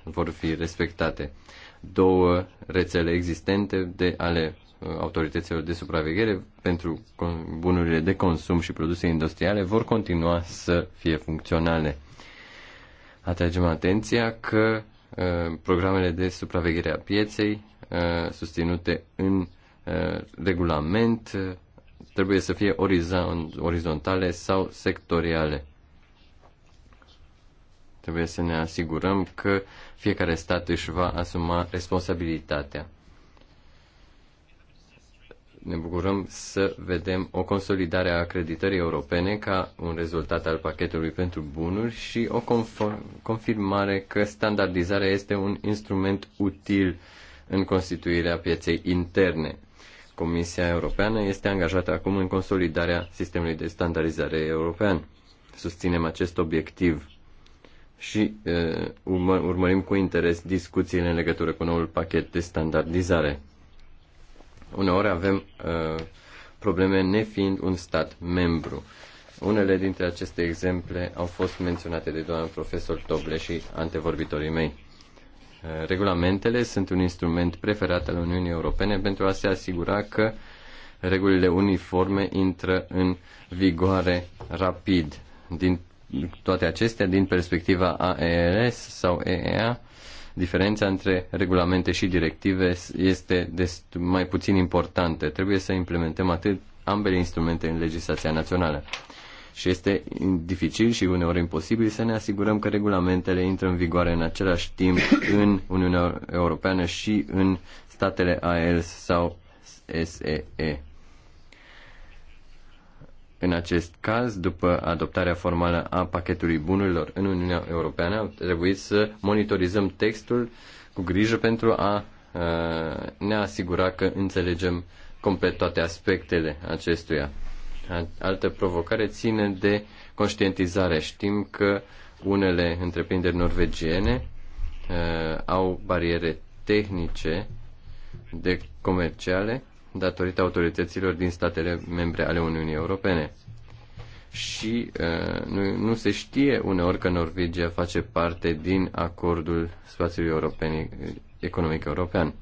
vor fi respectate. Două rețele existente de ale uh, autorităților de supraveghere pentru bunurile de consum și produse industriale vor continua să fie funcționale. Atragem atenția că uh, programele de supraveghere a pieței uh, susținute în uh, regulament uh, trebuie să fie orizontale sau sectoriale. Trebuie să ne asigurăm că fiecare stat își va asuma responsabilitatea. Ne bucurăm să vedem o consolidare a acreditării europene ca un rezultat al pachetului pentru bunuri și o confirmare că standardizarea este un instrument util în constituirea pieței interne. Comisia Europeană este angajată acum în consolidarea sistemului de standardizare european. Susținem acest obiectiv și uh, urmărim cu interes discuțiile în legătură cu noul pachet de standardizare. Uneori avem uh, probleme nefiind un stat membru. Unele dintre aceste exemple au fost menționate de doamna profesor Toble și antevorbitorii mei. Regulamentele sunt un instrument preferat al Uniunii Europene pentru a se asigura că regulile uniforme intră în vigoare rapid. Din toate acestea, din perspectiva AERS sau EEA, diferența între regulamente și directive este mai puțin importantă. Trebuie să implementăm atât ambele instrumente în legislația națională și este dificil și uneori imposibil să ne asigurăm că regulamentele intră în vigoare în același timp în Uniunea Europeană și în statele AELS sau SEE. În acest caz, după adoptarea formală a pachetului bunurilor în Uniunea Europeană, a trebuit să monitorizăm textul cu grijă pentru a uh, ne asigura că înțelegem complet toate aspectele acestuia. Altă provocare ține de conștientizare. Știm că unele întreprinderi norvegiene uh, au bariere tehnice de comerciale datorită autorităților din statele membre ale Uniunii Europene. Și uh, nu, nu se știe uneori că Norvegia face parte din acordul spațiului european, economic european.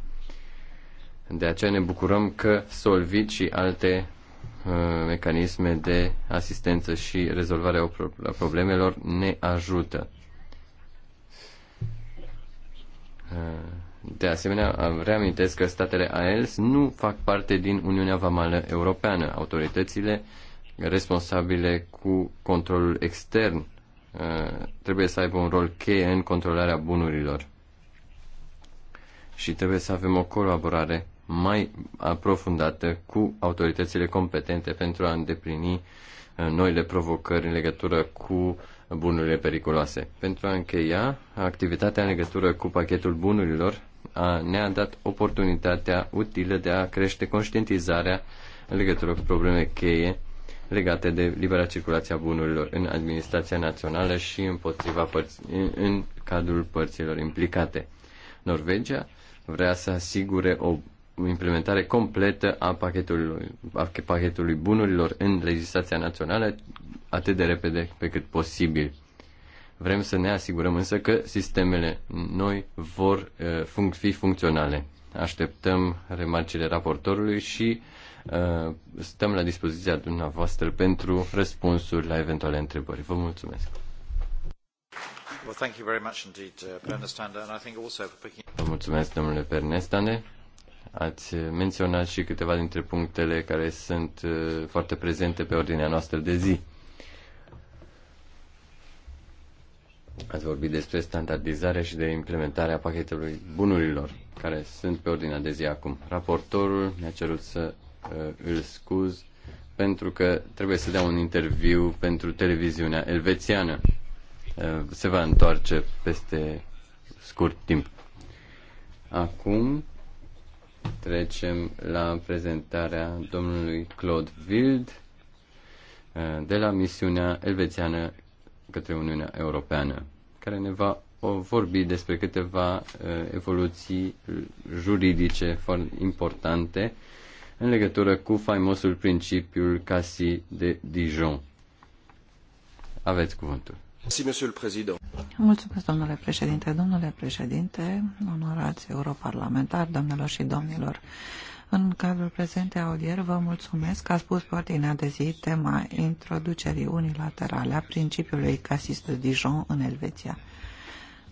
De aceea ne bucurăm că Solvit și alte Uh, mecanisme de asistență și rezolvarea problemelor ne ajută. Uh, de asemenea, reamintesc că statele AELS nu fac parte din Uniunea Vamală Europeană. Autoritățile responsabile cu controlul extern uh, trebuie să aibă un rol cheie în controlarea bunurilor. Și trebuie să avem o colaborare mai aprofundată cu autoritățile competente pentru a îndeplini uh, noile provocări în legătură cu bunurile periculoase. Pentru a încheia, activitatea în legătură cu pachetul bunurilor ne-a dat oportunitatea utilă de a crește conștientizarea în legătură cu probleme cheie legate de libera circulație a bunurilor în administrația națională și împotriva părți, în, în cadrul părților implicate. Norvegia vrea să asigure o implementare completă a pachetului, a pachetului bunurilor în legislația națională atât de repede pe cât posibil. Vrem să ne asigurăm însă că sistemele noi vor uh, func- fi funcționale. Așteptăm remarcile raportorului și uh, stăm la dispoziția dumneavoastră pentru răspunsuri la eventuale întrebări. Vă mulțumesc! Uh, Vă mulțumesc, domnule Pernestane. Ați menționat și câteva dintre punctele care sunt uh, foarte prezente pe ordinea noastră de zi. Ați vorbit despre standardizarea și de implementarea pachetelor bunurilor care sunt pe ordinea de zi acum. Raportorul mi-a cerut să uh, îl scuz pentru că trebuie să dea un interviu pentru televiziunea elvețiană. Uh, se va întoarce peste scurt timp. Acum Trecem la prezentarea domnului Claude Wild eh, de la misiunea elvețiană către Uniunea Europeană, care ne va vorbi despre câteva eh, evoluții juridice foarte importante în legătură cu faimosul principiul Casi de Dijon. Aveți cuvântul. Mulțumesc, domnule președinte. Domnule președinte, onorați europarlamentari, domnilor și domnilor, în cadrul prezentei audieri vă mulțumesc că a spus pe ordinea de zi tema introducerii unilaterale a principiului Casis de Dijon în Elveția.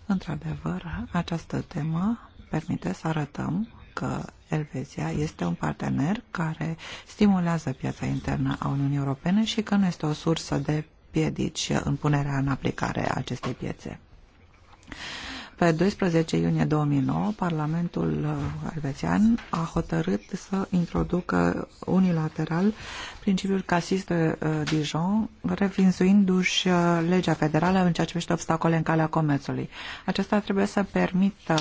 Într-adevăr, această temă permite să arătăm că Elveția este un partener care stimulează piața internă a Uniunii Europene și că nu este o sursă de piedici în punerea în aplicare a acestei piețe. Pe 12 iunie 2009, Parlamentul elvețian a hotărât să introducă unilateral principiul Casis de uh, Dijon, revinzuindu-și uh, legea federală în ceea ce privește obstacole în calea comerțului. Acesta trebuie să permită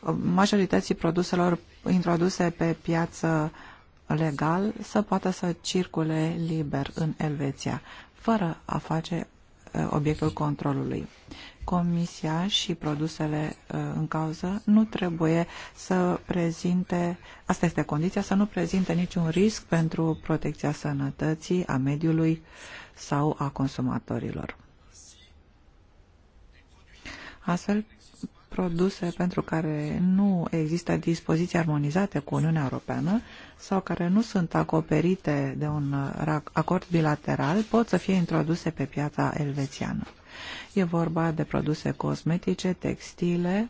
uh, majorității produselor introduse pe piață legal să poată să circule liber în Elveția fără a face uh, obiectul controlului. Comisia și produsele uh, în cauză nu trebuie să prezinte, asta este condiția, să nu prezinte niciun risc pentru protecția sănătății, a mediului sau a consumatorilor. Astfel, produse pentru care nu există dispoziții armonizate cu Uniunea Europeană sau care nu sunt acoperite de un acord bilateral pot să fie introduse pe piața elvețiană. E vorba de produse cosmetice, textile,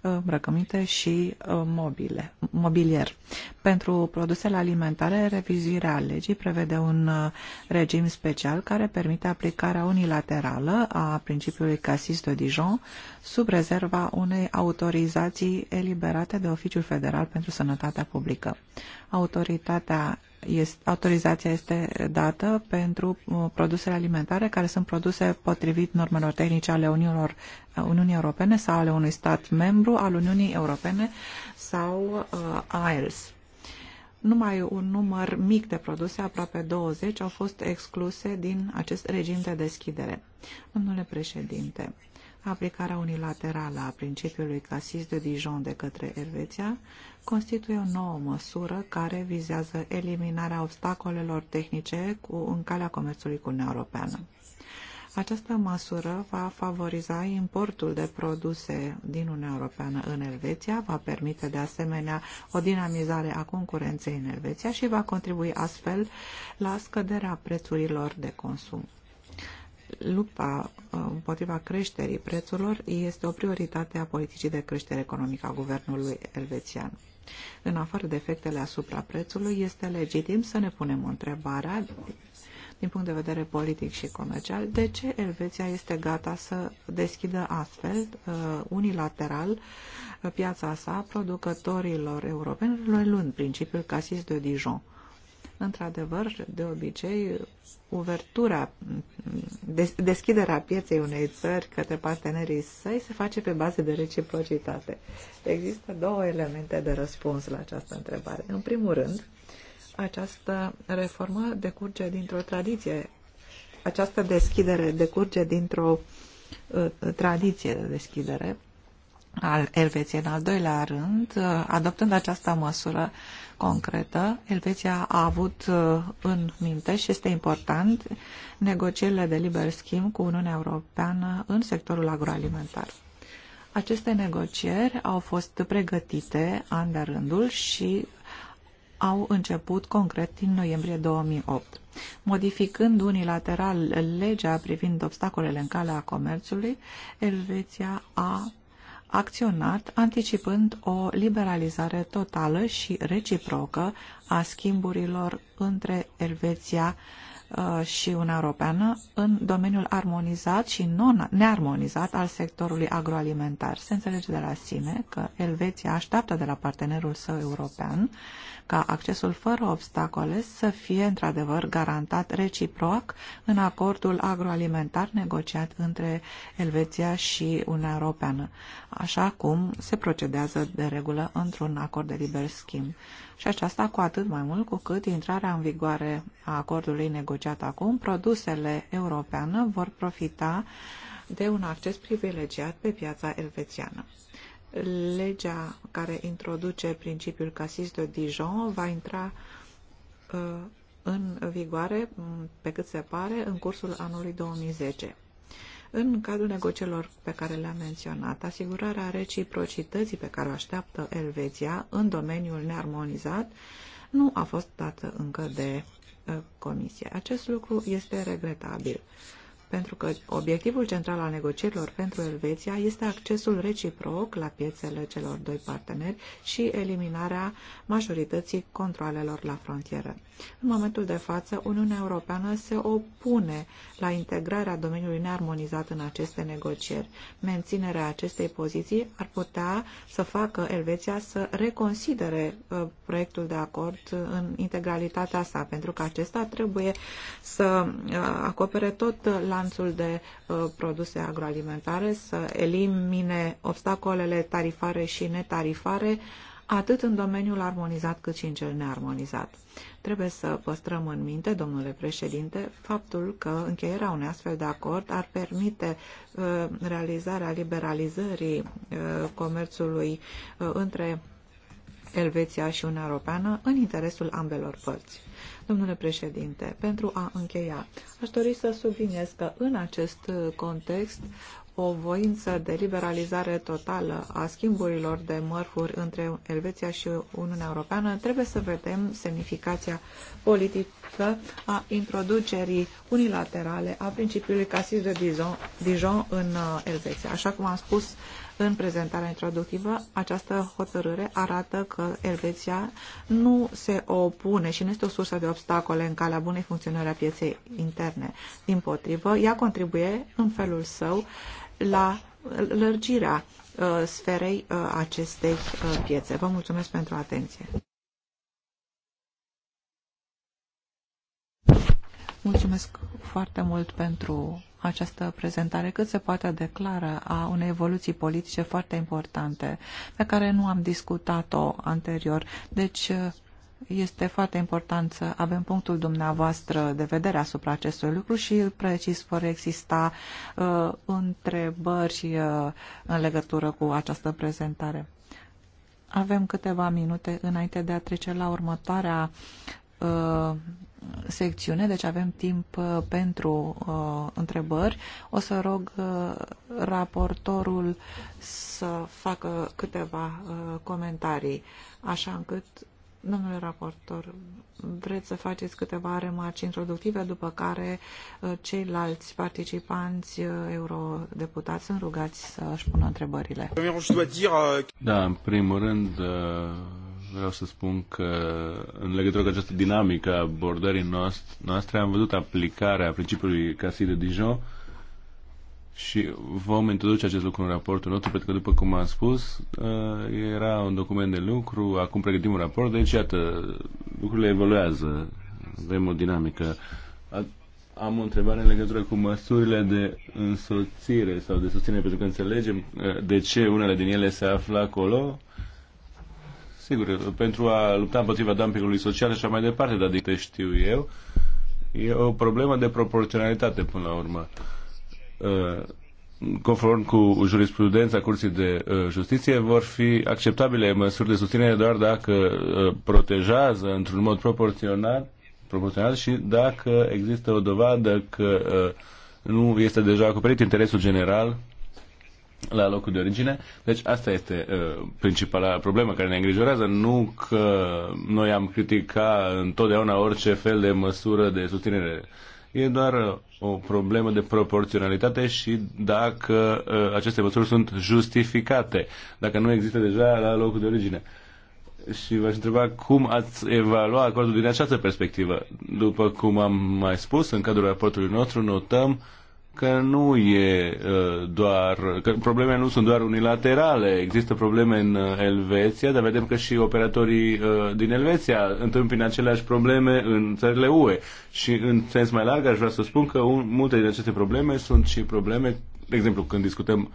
îmbrăcăminte și uh, mobile, mobilier. Pentru produsele alimentare, revizuirea legii prevede un uh, regim special care permite aplicarea unilaterală a principiului casis de Dijon sub rezerva unei autorizații eliberate de Oficiul Federal pentru Sănătatea Publică. Autoritatea este, autorizația este dată pentru uh, produsele alimentare care sunt produse potrivit normelor tehnice ale Uniunilor, uh, Uniunii Europene sau ale unui stat membru al Uniunii Europene sau uh, AELS. Numai un număr mic de produse, aproape 20, au fost excluse din acest regim de deschidere. Domnule președinte, aplicarea unilaterală a principiului Casis de Dijon de către Elveția constituie o nouă măsură care vizează eliminarea obstacolelor tehnice cu, în calea comerțului cu Uniunea Europeană. Această măsură va favoriza importul de produse din Uniunea Europeană în Elveția, va permite de asemenea o dinamizare a concurenței în Elveția și va contribui astfel la scăderea prețurilor de consum lupta uh, împotriva creșterii prețurilor este o prioritate a politicii de creștere economică a guvernului elvețian. În afară de efectele asupra prețului, este legitim să ne punem întrebarea, din punct de vedere politic și comercial, de ce Elveția este gata să deschidă astfel, uh, unilateral, piața sa producătorilor europeni, luând principiul Casis de Dijon Într-adevăr, de obicei, uvertura, deschiderea pieței unei țări către partenerii săi se face pe bază de reciprocitate. Există două elemente de răspuns la această întrebare. În primul rând, această reformă decurge dintr-o tradiție, această deschidere decurge dintr-o uh, tradiție de deschidere al Elveției. În al doilea rând, adoptând această măsură concretă, Elveția a avut uh, în minte și este important negocierile de liber schimb cu Uniunea Europeană în sectorul agroalimentar. Aceste negocieri au fost pregătite an de rândul și au început concret din noiembrie 2008. Modificând unilateral legea privind obstacolele în calea comerțului, Elveția a acționat anticipând o liberalizare totală și reciprocă a schimburilor între Elveția uh, și Uniunea Europeană în domeniul armonizat și non nearmonizat al sectorului agroalimentar. Se înțelege de la sine că Elveția așteaptă de la partenerul său european ca accesul fără obstacole să fie într-adevăr garantat reciproc în acordul agroalimentar negociat între Elveția și Uniunea Europeană, așa cum se procedează de regulă într-un acord de liber schimb. Și aceasta cu atât mai mult cu cât intrarea în vigoare a acordului negociat acum, produsele europeană vor profita de un acces privilegiat pe piața elvețiană legea care introduce principiul Casis de Dijon va intra uh, în vigoare, mm, pe cât se pare, în cursul anului 2010. În cadrul negocierilor pe care le-am menționat, asigurarea reciprocității pe care o așteaptă Elveția în domeniul nearmonizat nu a fost dată încă de uh, Comisie. Acest lucru este regretabil pentru că obiectivul central al negocierilor pentru Elveția este accesul reciproc la piețele celor doi parteneri și eliminarea majorității controlelor la frontieră. În momentul de față, Uniunea Europeană se opune la integrarea domeniului nearmonizat în aceste negocieri. Menținerea acestei poziții ar putea să facă Elveția să reconsidere uh, proiectul de acord în integralitatea sa, pentru că acesta trebuie să uh, acopere tot lanțul de uh, produse agroalimentare, să elimine obstacolele tarifare și netarifare, atât în domeniul armonizat cât și în cel nearmonizat. Trebuie să păstrăm în minte, domnule președinte, faptul că încheierea unui astfel de acord ar permite uh, realizarea liberalizării uh, comerțului uh, între Elveția și Uniunea Europeană în interesul ambelor părți. Domnule președinte, pentru a încheia, aș dori să subliniez că în acest context o voință de liberalizare totală a schimburilor de mărfuri între Elveția și Uniunea Europeană, trebuie să vedem semnificația politică a introducerii unilaterale a principiului Casis de Dijon, Dijon în uh, Elveția. Așa cum am spus în prezentarea introductivă, această hotărâre arată că Elveția nu se opune și nu este o sursă de obstacole în calea bunei funcționări a pieței interne. Din potrivă, ea contribuie în felul său la lărgirea uh, sferei uh, acestei uh, piețe. Vă mulțumesc pentru atenție. Mulțumesc foarte mult pentru această prezentare cât se poate declară a unei evoluții politice foarte importante pe care nu am discutat-o anterior. Deci este foarte important să avem punctul dumneavoastră de vedere asupra acestui lucru și precis vor exista uh, întrebări uh, în legătură cu această prezentare. Avem câteva minute înainte de a trece la următoarea uh, secțiune, deci avem timp uh, pentru uh, întrebări. O să rog uh, raportorul să facă câteva uh, comentarii, așa încât Domnule raportor, vreți să faceți câteva remarci introductive, după care uh, ceilalți participanți uh, eurodeputați sunt rugați să își pună întrebările. Uh, da, în primul rând vreau să spun că în legătură cu această dinamică a abordării noastre am văzut aplicarea principiului Casi de Dijon și vom introduce acest lucru în raportul nostru, pentru că, după cum am spus, uh, era un document de lucru, acum pregătim un raport, deci, iată, lucrurile evoluează, avem o dinamică. Am o întrebare în legătură cu măsurile de însoțire sau de susținere, pentru că înțelegem uh, de ce unele din ele se află acolo, sigur, pentru a lupta împotriva dumpingului social și așa mai departe, dar de știu eu, e o problemă de proporționalitate până la urmă. Uh, conform cu jurisprudența Curții de uh, Justiție, vor fi acceptabile măsuri de susținere doar dacă uh, protejează într-un mod proporțional, proporțional și dacă există o dovadă că nu este deja acoperit interesul general la locul de origine. Deci asta este uh, principala problemă care ne îngrijorează, nu că noi am criticat întotdeauna orice fel de măsură de susținere E doar uh, o problemă de proporționalitate și dacă uh, aceste măsuri sunt justificate, dacă nu există deja la locul de origine. Și v-aș întreba cum ați evalua acordul din această perspectivă. După cum am mai spus, în cadrul raportului nostru notăm uh, că nu e uh, doar, că problemele nu sunt doar unilaterale, există probleme în uh, Elveția, dar vedem că și operatorii uh, din Elveția întâmpină aceleași probleme în țările UE. Și în sens mai larg aș vrea să spun că multe din aceste probleme sunt și probleme, de exemplu, când discutăm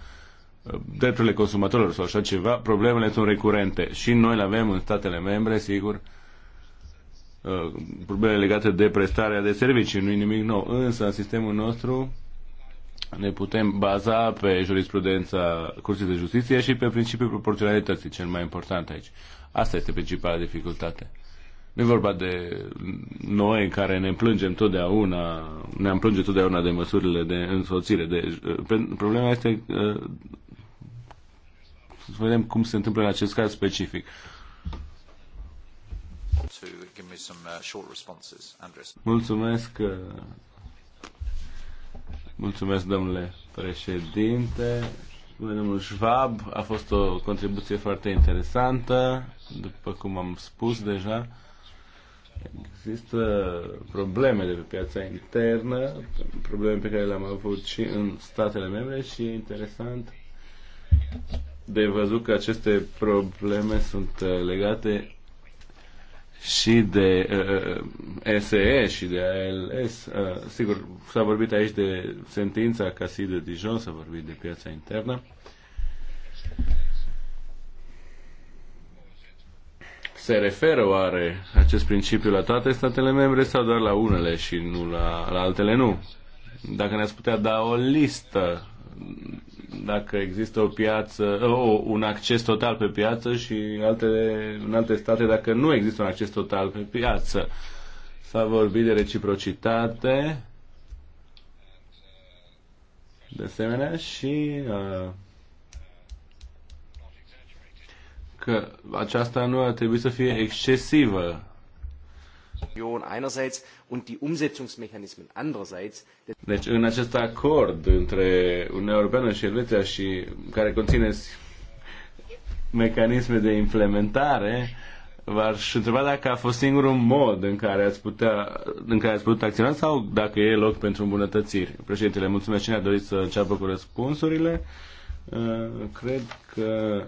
drepturile consumatorilor sau așa ceva, problemele sunt recurente și noi le avem în statele membre, sigur, probleme legate de prestarea de servicii, nu e nimic nou. Însă, în sistemul nostru, ne putem baza pe jurisprudența Curții de Justiție și pe principiul proporționalității, cel mai important aici. Asta este principala dificultate. Nu e vorba de noi care ne plângem totdeauna, ne-am plânge totdeauna de măsurile de însoțire. De, problema este uh, să vedem cum se întâmplă în acest caz specific. Uh, Mulțumesc uh, Mulțumesc, domnule președinte. domnul Schwab, a fost o contribuție foarte interesantă, după cum am spus deja. Există probleme de pe piața internă, probleme pe care le-am avut și în statele membre și e interesant de văzut că aceste probleme sunt legate și de uh, uh SE și de ALS. Uh, sigur, s-a vorbit aici de sentința Casi de Dijon, s-a vorbit de piața internă. Se referă oare acest principiu la toate statele membre sau doar la unele și nu la, la altele nu? Dacă ne-ați putea da o listă dacă există o piață, o, un acces total pe piață și în alte, în alte state dacă nu există un acces total pe piață. S-a vorbit de reciprocitate, de asemenea, și uh, că aceasta nu ar trebui să fie excesivă deci în acest acord între Uniunea Europeană și Elveția și care conține mecanisme de implementare, v-aș întreba dacă a fost singurul mod în care ați putea, în care ați putut acționa sau dacă e loc pentru îmbunătățiri. Președintele, mulțumesc cine a dorit să înceapă cu răspunsurile. Uh, cred că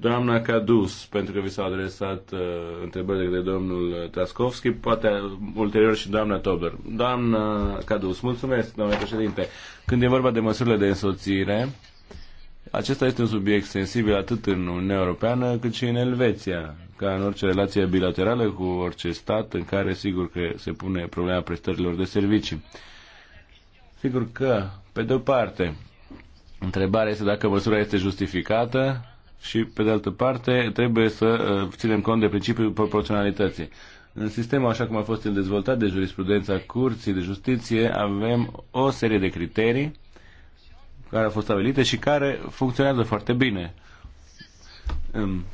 Doamna Cadus, pentru că vi s-au adresat uh, întrebările de domnul Traskovski, poate ulterior și doamna Tober. Doamna Cadus, mulțumesc, doamna președinte. Când e vorba de măsurile de însoțire, acesta este un subiect sensibil atât în Uniunea Europeană cât și în Elveția, ca în orice relație bilaterală cu orice stat în care sigur că se pune problema prestărilor de servicii. Sigur că, pe de o parte, întrebarea este dacă măsura este justificată și, pe de altă parte, trebuie să uh, ținem cont de principiul proporționalității. În sistemul așa cum a fost el dezvoltat de jurisprudența Curții de Justiție, avem o serie de criterii care au fost stabilite și care funcționează foarte bine. Um,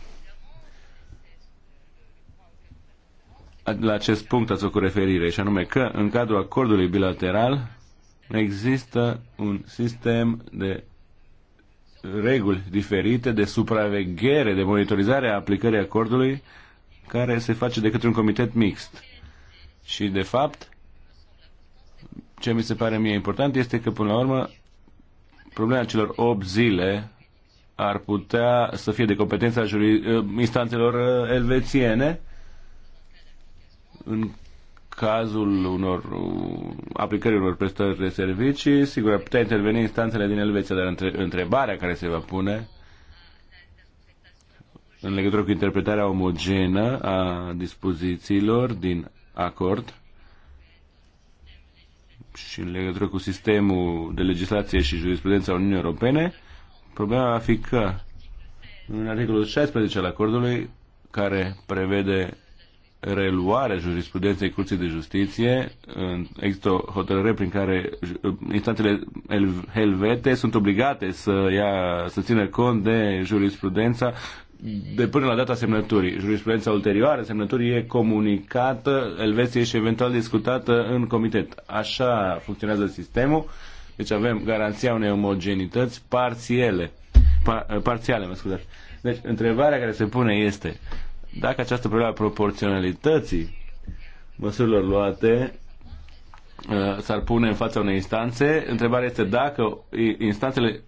la acest punct ați făcut referire, și anume că în cadrul acordului bilateral există un sistem de reguli diferite de supraveghere, de monitorizare a aplicării acordului, care se face de către un comitet mixt. Și, de fapt, ce mi se pare mie important este că, până la urmă, problema celor 8 zile ar putea să fie de competența juri... Eh, instanțelor eh, elvețiene în cazul unor aplicării unor prestări de servicii, sigur, ar putea interveni instanțele din Elveția, dar între, întrebarea care se va pune în legătură cu interpretarea omogenă a dispozițiilor din acord și în legătură cu sistemul de legislație și jurisprudența Uniunii Europene, problema va fi că în articolul 16 al acordului, care prevede reluare a jurisprudenței Curții de Justiție. Există o hotărâre prin care instanțele helvete sunt obligate să, ia, să țină cont de jurisprudența de până la data semnăturii. Jurisprudența ulterioară semnăturii e comunicată, elveție și eventual discutată în comitet. Așa funcționează sistemul. Deci avem garanția unei omogenități parțiale. Pa, parțiale, mă scuzați. Deci, întrebarea care se pune este, dacă această problemă a proporționalității măsurilor luate uh, s-ar pune în fața unei instanțe, întrebarea este dacă instanțele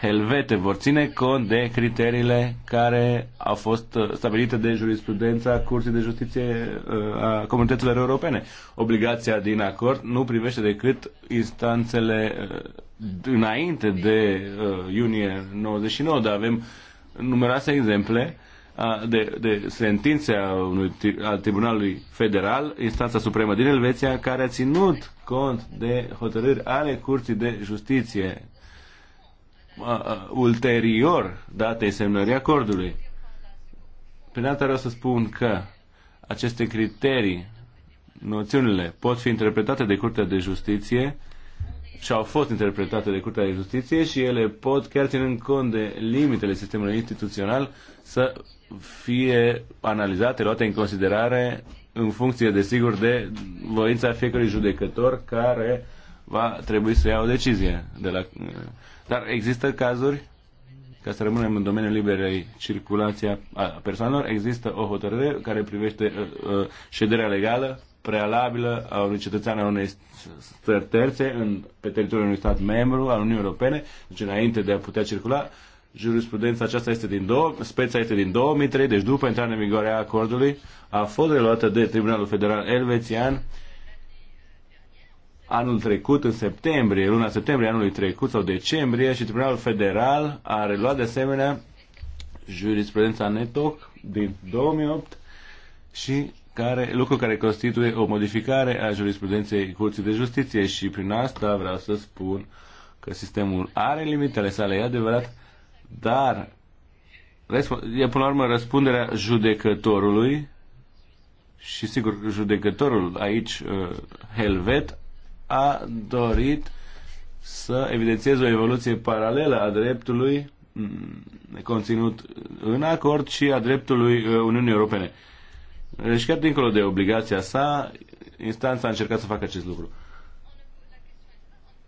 helvete vor ține cont de criteriile care au fost uh, stabilite de jurisprudența Curții de Justiție uh, a Comunităților Europene. Obligația din acord nu privește decât instanțele înainte de iunie 99, dar avem numeroase exemple de, de sentințe a unui, al Tribunalului Federal, instanța supremă din Elveția, care a ținut cont de hotărâri ale Curții de Justiție ulterior datei semnării acordului. Prin altă vreau să spun că aceste criterii, noțiunile, pot fi interpretate de Curtea de Justiție și au fost interpretate de Curtea de Justiție și ele pot, chiar ținând cont de limitele sistemului instituțional, să fie analizate, luate în considerare în funcție, desigur, de voința fiecărui judecător care va trebui să ia o decizie. De la... Dar există cazuri, ca să rămânem în domeniul liberei circulația a persoanelor, există o hotărâre care privește uh, uh, șederea legală prealabilă a unui cetățean al unei stări terțe în, pe teritoriul unui stat membru al Uniunii Europene, deci înainte de a putea circula, jurisprudența aceasta este din două, speța este din 2003, deci după intrarea în vigoare a acordului, a fost reluată de Tribunalul Federal Elvețian anul trecut, în septembrie, luna septembrie anului trecut sau decembrie și Tribunalul Federal a reluat de asemenea jurisprudența NETOC din 2008 și care, lucru care constituie o modificare a jurisprudenței Curții de Justiție și prin asta vreau să spun că sistemul are limitele sale, e adevărat, dar e până la urmă răspunderea judecătorului și sigur judecătorul aici, uh, Helvet, a dorit să evidențieze o evoluție paralelă a dreptului mm, conținut în acord și a dreptului uh, Uniunii Europene. Deci chiar dincolo de obligația sa, instanța a încercat să facă acest lucru.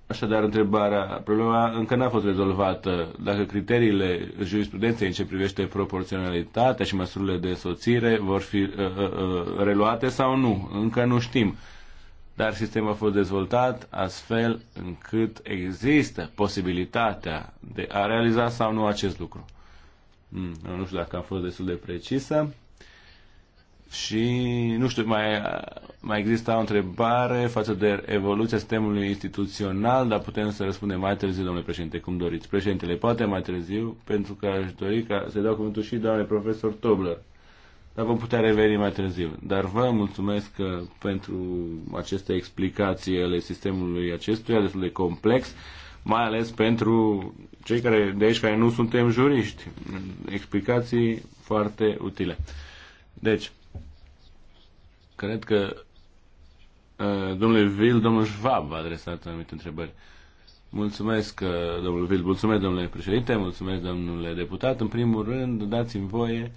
Așadar, întrebarea, problema încă n-a fost rezolvată. Dacă criteriile jurisprudenței în ce privește proporționalitatea și măsurile de soțire vor fi uh, uh, uh, reluate sau nu, încă nu știm. Dar sistemul a fost dezvoltat astfel încât există posibilitatea de a realiza sau nu acest lucru. Hmm, nu știu dacă am fost destul de precisă. Și, nu știu, mai, mai există o întrebare față de evoluția sistemului instituțional, dar putem să răspundem mai târziu, domnule președinte, cum doriți. Președintele, poate mai târziu, pentru că aș dori ca să dau cuvântul și doamne profesor Tobler. Dar vom putea reveni mai târziu. Dar vă mulțumesc uh, pentru aceste explicații ale sistemului acestuia, destul de complex, mai ales pentru cei care de aici care nu suntem juriști. Explicații foarte utile. Deci, Cred că uh, domnule Vil, domnul Schwab a adresat anumite întrebări. Mulțumesc, uh, domnul Vil, mulțumesc, domnule președinte, mulțumesc, domnule deputat. În primul rând, dați-mi voie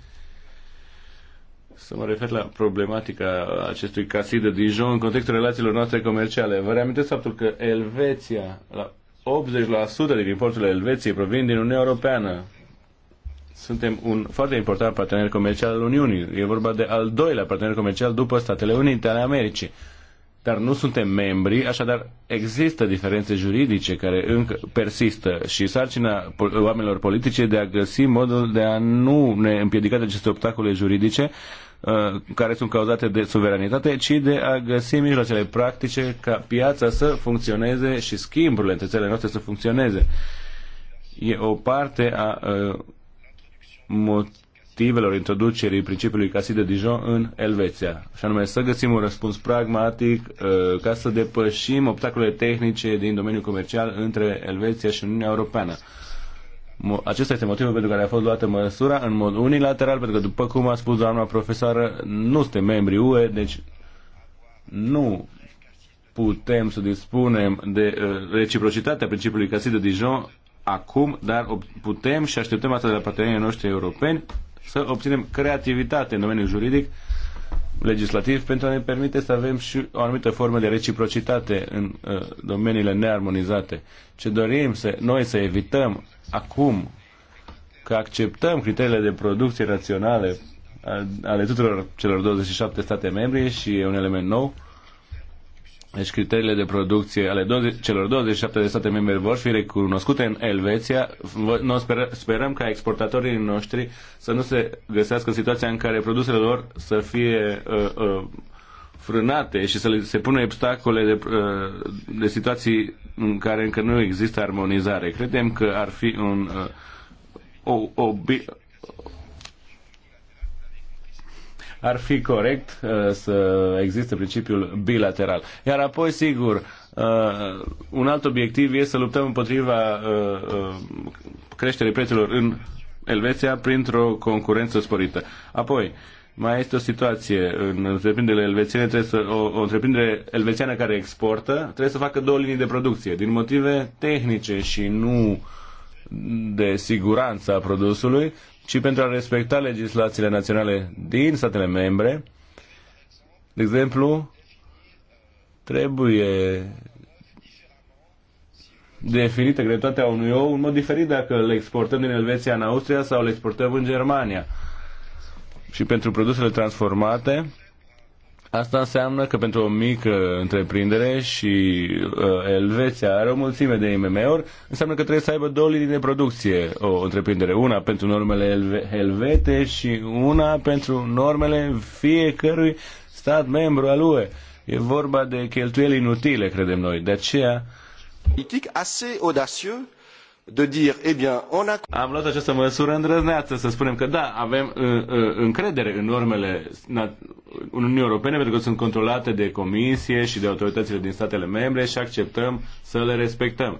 să mă refer la problematica acestui casid de Dijon în contextul relațiilor noastre comerciale. Vă reamintesc faptul că Elveția, la 80% din importurile Elveției provin din Uniunea Europeană. Suntem un foarte important partener comercial al Uniunii. E vorba de al doilea partener comercial după Statele Unite ale Americii. Dar nu suntem membri, așadar există diferențe juridice care încă persistă și sarcina oamenilor politice de a găsi modul de a nu ne împiedica de aceste obstacole juridice uh, care sunt cauzate de suveranitate, ci de a găsi mijloacele practice ca piața să funcționeze și schimburile între țările noastre să funcționeze. E o parte a uh, motivelor introducerii principiului Casi de Dijon în Elveția. Și anume să găsim un răspuns pragmatic uh, ca să depășim obstacolele tehnice din domeniul comercial între Elveția și Uniunea Europeană. Acesta este motivul pentru care a fost luată măsura în mod unilateral, pentru că, după cum a spus doamna profesoară, nu suntem membri UE, deci nu putem să dispunem de uh, reciprocitatea principiului Casi de Dijon acum, dar putem și așteptăm asta de la partenerii noștri europeni să obținem creativitate în domeniul juridic legislativ pentru a ne permite să avem și o anumită formă de reciprocitate în uh, domeniile nearmonizate. Ce dorim să, noi să evităm acum că acceptăm criteriile de producție raționale ale tuturor celor 27 state membre și e un element nou, deci criteriile de producție ale 20, celor 27 de state membre vor fi recunoscute în Elveția. Noi speră, sperăm ca exportatorii noștri să nu se găsească în situația în care produsele lor să fie uh, uh, frânate și să le, se pună obstacole de, uh, de situații în care încă nu există armonizare. Credem că ar fi un, uh, o, o, ar fi corect uh, să existe principiul bilateral. Iar apoi, sigur, uh, un alt obiectiv este să luptăm împotriva uh, creșterii prețurilor în Elveția printr-o concurență sporită. Apoi, mai este o situație în întreprinderile elvețiene, trebuie să, o, o întreprindere elvețiană care exportă trebuie să facă două linii de producție din motive tehnice și nu de siguranță a produsului, ci pentru a respecta legislațiile naționale din statele membre. De exemplu, trebuie definită greutatea unui ou în mod diferit dacă le exportăm din Elveția în Austria sau le exportăm în Germania. Și pentru produsele transformate, Asta înseamnă că pentru o mică întreprindere și uh, Elveția are o mulțime de IMM-uri, înseamnă că trebuie să aibă două linii de producție o întreprindere. Una pentru normele elve- elvete și una pentru normele fiecărui stat membru al UE. E vorba de cheltuieli inutile, credem noi. De aceea... Politic assez audacieux de dire, eh bien, on a... Am luat această măsură îndrăzneață, să spunem că da, avem uh, uh, încredere în normele Uniunii Europene pentru că sunt controlate de Comisie și de autoritățile din statele membre și acceptăm să le respectăm.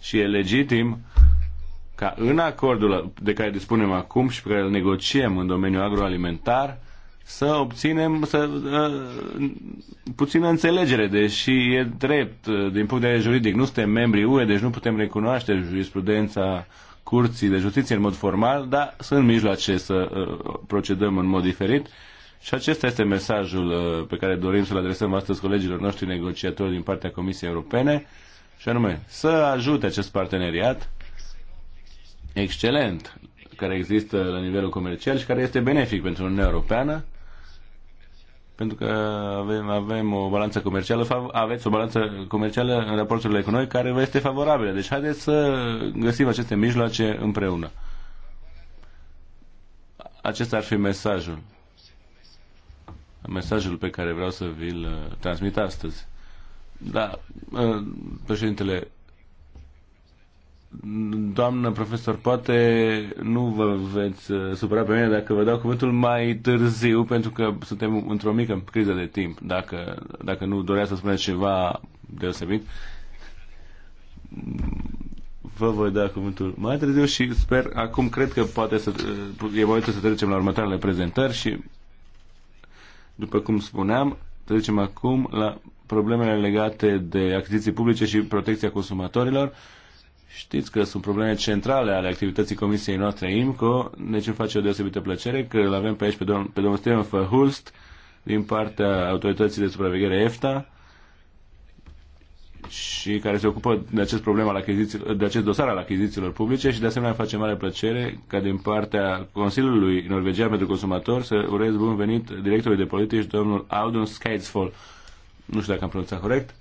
Și e legitim ca în acordul de care dispunem acum și pe care îl negociem în domeniul agroalimentar, să obținem să, uh, puțină înțelegere, deși e drept ă, din punct de vedere juridic. Nu suntem membri UE, deci nu putem recunoaște jurisprudența curții de justiție în mod formal, dar sunt mijloace să uh, procedăm în mod diferit. Și acesta este mesajul uh, pe care dorim să-l adresăm astăzi colegilor noștri negociatori din partea Comisiei Europene, și anume să ajute acest parteneriat excelent care există la nivelul comercial și care este benefic pentru Uniunea Europeană, pentru că avem, avem o balanță comercială, aveți o balanță comercială în raporturile cu noi care vă este favorabilă. Deci haideți să găsim aceste mijloace împreună. Acesta ar fi mesajul. Mesajul pe care vreau să vi-l transmit astăzi. Da, uh, președintele, Doamnă profesor, poate nu vă veți uh, supăra pe mine dacă vă dau cuvântul mai târziu, pentru că suntem într-o mică criză de timp, dacă, dacă nu dorea să spuneți ceva deosebit. Vă voi da cuvântul mai târziu și sper, acum cred că poate să, uh, e momentul să trecem la următoarele prezentări și, după cum spuneam, trecem acum la problemele legate de achiziții publice și protecția consumatorilor Știți că sunt probleme centrale ale activității comisiei noastre IMCO, deci îmi face o deosebită plăcere că îl avem pe aici pe, domn, pe domnul Steven Verhulst din partea autorității de supraveghere EFTA și care se ocupă de acest problem al de acest dosar al achizițiilor publice și de asemenea face mare plăcere ca din partea Consiliului Norvegian pentru Consumator să urez bun venit directorului de politici, domnul Audun Skeidsfall. Nu știu dacă am pronunțat corect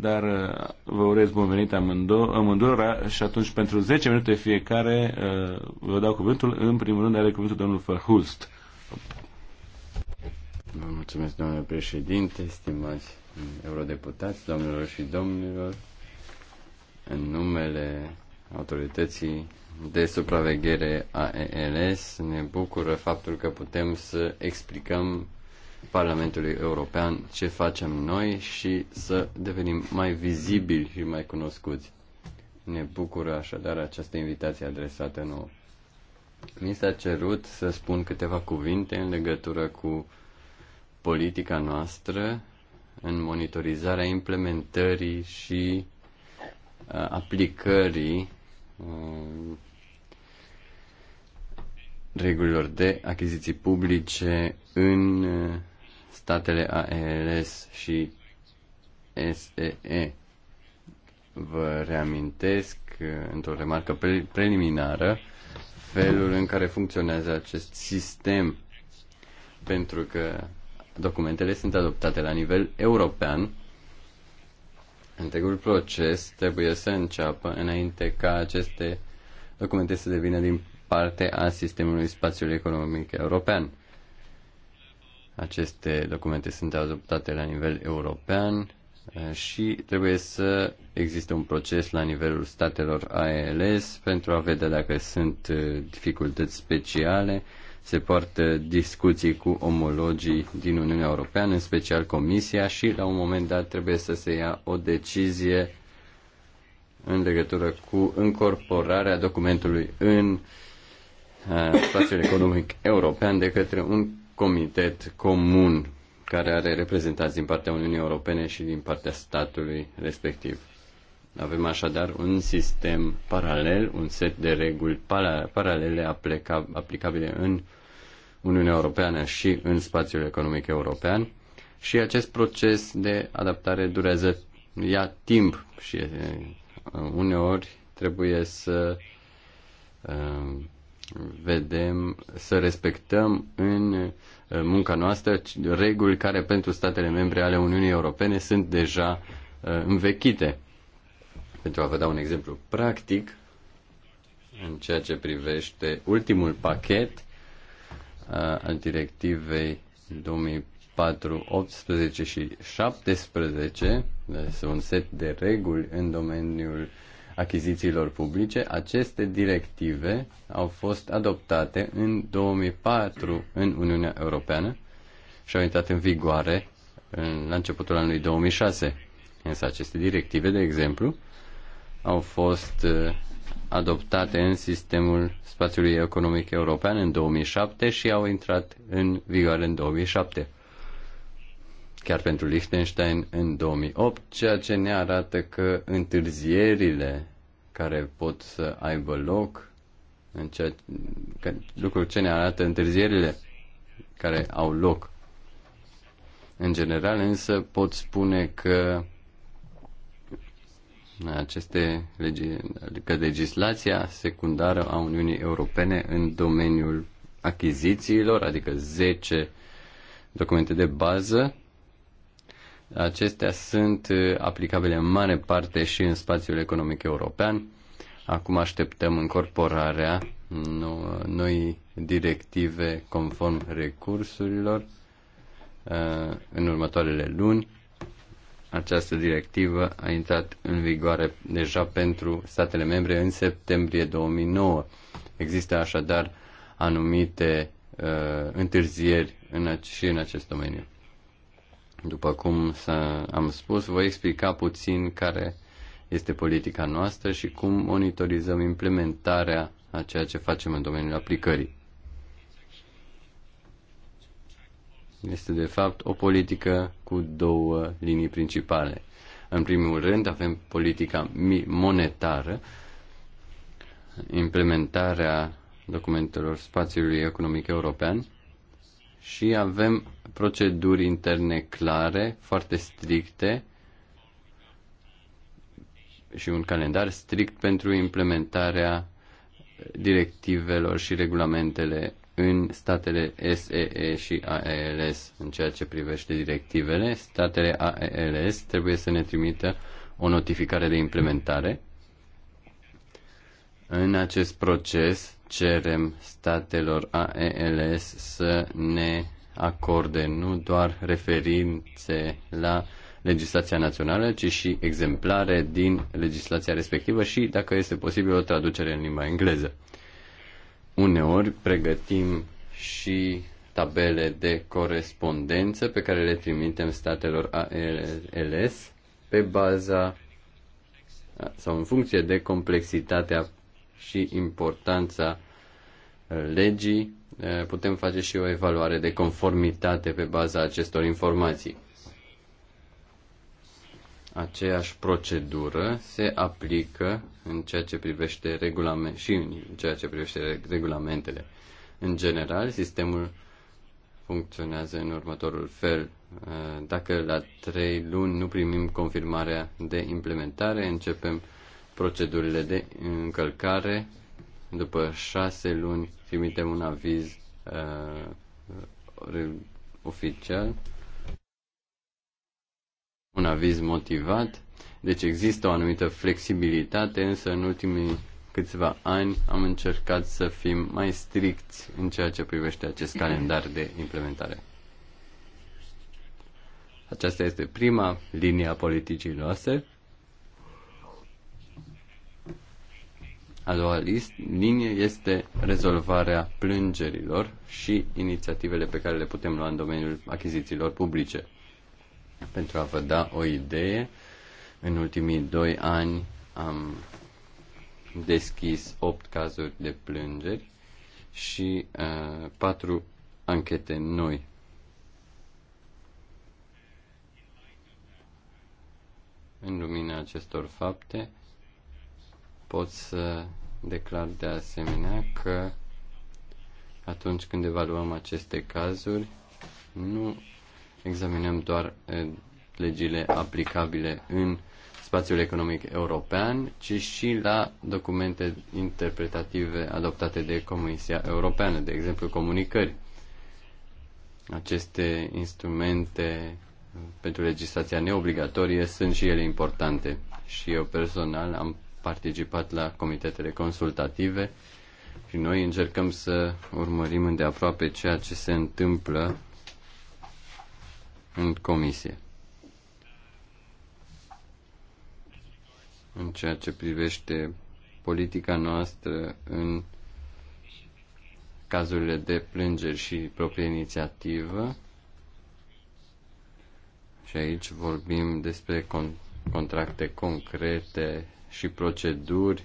dar uh, vă urez bun venit amândurora și atunci pentru 10 minute fiecare uh, vă dau cuvântul. În primul rând are cuvântul domnul Verhulst. Vă mulțumesc, domnule președinte, stimați eurodeputați, domnilor și domnilor, în numele autorității de supraveghere a ELS ne bucură faptul că putem să explicăm Parlamentului European ce facem noi și să devenim mai vizibili și mai cunoscuți. Ne bucură așadar această invitație adresată nouă. Mi s-a cerut să spun câteva cuvinte în legătură cu politica noastră în monitorizarea implementării și aplicării regulilor de achiziții publice în statele ALS și SEE. Vă reamintesc, într-o remarcă pre- preliminară, felul în care funcționează acest sistem, pentru că documentele sunt adoptate la nivel european. Întregul proces trebuie să înceapă înainte ca aceste documente să devină din parte a sistemului spațiului economic european. Aceste documente sunt adoptate la nivel european eh, și trebuie să existe un proces la nivelul statelor ALS pentru a vedea dacă sunt eh, dificultăți speciale. Se poartă discuții cu omologii din Uniunea Europeană, în special Comisia, și la un moment dat trebuie să se ia o decizie în legătură cu incorporarea documentului în eh, spațiul economic european de către un comitet comun care are reprezentanți din partea Uniunii Europene și din partea statului respectiv. Avem așadar un sistem paralel, un set de reguli paralele aplicabile în Uniunea Europeană și în spațiul economic european și acest proces de adaptare durează, ia timp și eh, uneori trebuie să eh, vedem, să respectăm în uh, munca noastră reguli care pentru statele membre ale Uniunii Europene sunt deja uh, învechite. Pentru a vă da un exemplu practic, în ceea ce privește ultimul pachet uh, al directivei 2004, 18 și 17, este un set de reguli în domeniul uh, achizițiilor publice, aceste directive au fost adoptate în 2004 în Uniunea Europeană și au intrat în vigoare în, la începutul anului 2006. Însă aceste directive, de exemplu, au fost uh, adoptate în sistemul spațiului economic european în 2007 și au intrat în vigoare în 2007 chiar pentru Liechtenstein în 2008, ceea ce ne arată că întârzierile care pot să aibă loc, în ceea, că, lucruri ce ne arată întârzierile care au loc. În general, însă, pot spune că aceste legi, că legislația secundară a Uniunii Europene în domeniul achizițiilor, adică 10 documente de bază Acestea sunt uh, aplicabile în mare parte și în spațiul economic european. Acum așteptăm încorporarea noi directive conform recursurilor uh, în următoarele luni. Această directivă a intrat în vigoare deja pentru statele membre în septembrie 2009. Există așadar anumite uh, întârzieri în, și în acest domeniu. După cum am spus, voi explica puțin care este politica noastră și cum monitorizăm implementarea a ceea ce facem în domeniul aplicării. Este, de fapt, o politică cu două linii principale. În primul rând, avem politica monetară, implementarea documentelor spațiului economic european și avem proceduri interne clare, foarte stricte și un calendar strict pentru implementarea directivelor și regulamentele în statele SEE și AELS. În ceea ce privește directivele, statele AELS trebuie să ne trimită o notificare de implementare. În acest proces cerem statelor AELS să ne acorde nu doar referințe la legislația națională, ci și exemplare din legislația respectivă și, dacă este posibil, o traducere în limba engleză. Uneori pregătim și tabele de corespondență pe care le trimitem statelor ALS pe baza sau în funcție de complexitatea și importanța legii, eh, putem face și o evaluare de conformitate pe baza acestor informații. Aceeași procedură se aplică în ceea ce privește regulament, și în ceea ce privește regulamentele. În general, sistemul funcționează în următorul fel. Eh, dacă la trei luni nu primim confirmarea de implementare, începem procedurile de încălcare. După șase luni trimitem un aviz uh, oficial, un aviz motivat. Deci există o anumită flexibilitate, însă în ultimii câțiva ani am încercat să fim mai stricți în ceea ce privește acest calendar de implementare. Aceasta este prima linie a politicii noastre A doua list, linie este rezolvarea plângerilor și inițiativele pe care le putem lua în domeniul achizițiilor publice. Pentru a vă da o idee, în ultimii doi ani am deschis opt cazuri de plângeri și uh, 4 anchete noi. În lumina acestor fapte, pot să declar de asemenea că atunci când evaluăm aceste cazuri, nu examinăm doar legile aplicabile în spațiul economic european, ci și la documente interpretative adoptate de Comisia Europeană, de exemplu comunicări. Aceste instrumente uh, pentru legislația neobligatorie sunt și ele importante. Și eu personal am participat la comitetele consultative și noi încercăm să urmărim îndeaproape ceea ce se întâmplă în comisie. În ceea ce privește politica noastră în cazurile de plângeri și proprie inițiativă. Și aici vorbim despre con- contracte concrete și proceduri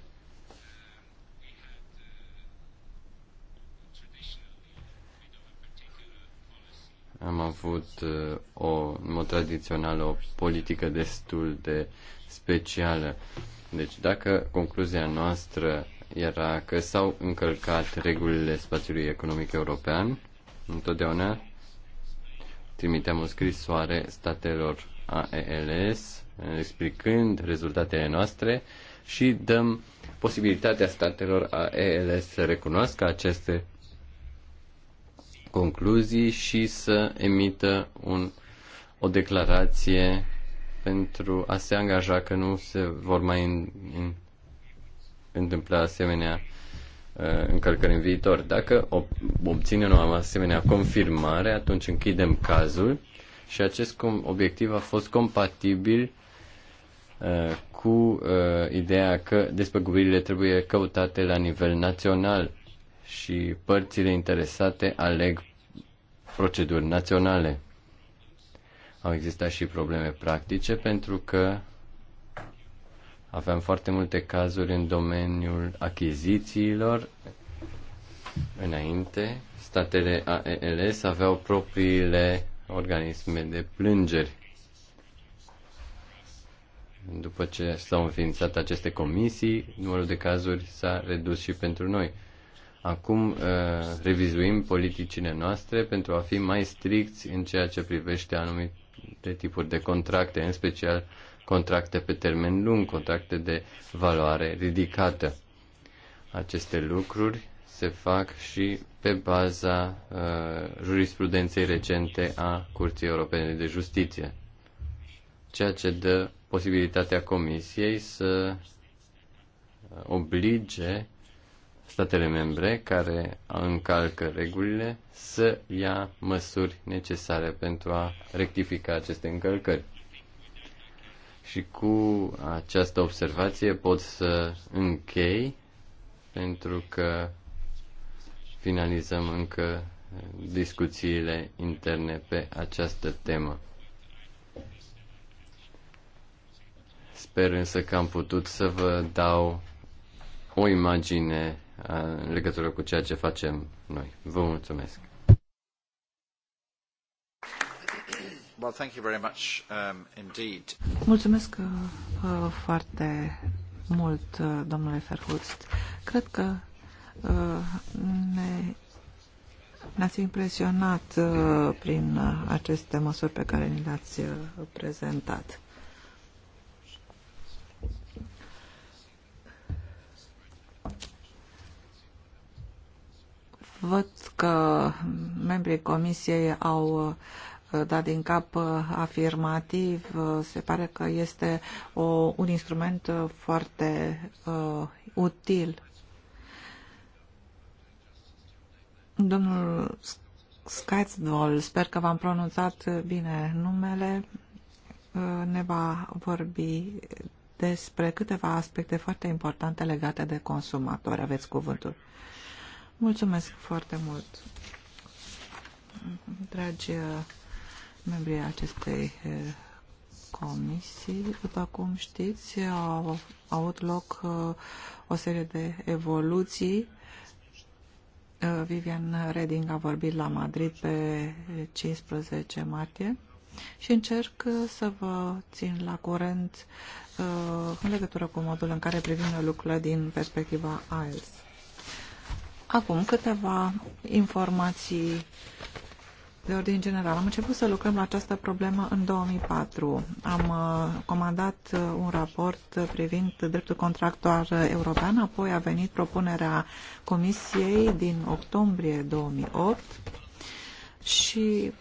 Am avut uh, o, în mod tradițional, o politică destul de specială. Deci dacă concluzia noastră era că s-au încălcat regulile spațiului economic european, întotdeauna trimiteam o scrisoare statelor AELS explicând rezultatele noastre și dăm posibilitatea statelor a ELS să recunoască aceste concluzii și să emită un, o declarație pentru a se angaja că nu se vor mai în, în, întâmpla asemenea uh, încălcări în viitor. Dacă obținem o asemenea confirmare, atunci închidem cazul și acest obiectiv a fost compatibil Uh, cu uh, ideea că despăgubirile trebuie căutate la nivel național și părțile interesate aleg proceduri naționale. Au existat și probleme practice pentru că aveam foarte multe cazuri în domeniul achizițiilor. Înainte, statele AELS aveau propriile organisme de plângeri după ce s-au înființat aceste comisii, numărul de cazuri s-a redus și pentru noi. Acum uh, revizuim politicile noastre pentru a fi mai stricți în ceea ce privește anumite tipuri de contracte, în special contracte pe termen lung, contracte de valoare ridicată. Aceste lucruri se fac și pe baza uh, jurisprudenței recente a Curții Europene de Justiție ceea ce dă posibilitatea Comisiei să uh, oblige statele membre care încalcă regulile să ia măsuri necesare pentru a rectifica aceste încălcări. Și cu această observație pot să închei pentru că finalizăm încă discuțiile interne pe această temă. Sper însă că am putut să vă dau o imagine în legătură cu ceea ce facem noi. Vă mulțumesc! Well, thank you very much, um, indeed. Mulțumesc uh, uh foarte mult, uh, domnule Ferhust. Cred că uh, ne, ne-ați impresionat uh, prin uh, aceste măsuri pe care ni le-ați uh, prezentat. Văd că membrii comisiei au uh, dat din cap uh, afirmativ. Uh, se pare că este o, un instrument foarte uh, util. Domnul Skatzdoll, sper că v-am pronunțat bine numele, ne va vorbi despre câteva aspecte foarte importante legate de consumatori. Aveți cuvântul. Mulțumesc foarte mult, dragi uh, membrii acestei uh, comisii. După cum știți, au avut loc uh, o serie de evoluții. Vivian Reding a vorbit la Madrid pe 15 martie și încerc să vă țin la curent în legătură cu modul în care privim lucrurile din perspectiva IELTS. Acum câteva informații de ordin general. Am început să lucrăm la această problemă în 2004. Am uh, comandat uh, un raport privind dreptul contractual european, apoi a venit propunerea Comisiei din octombrie 2008 și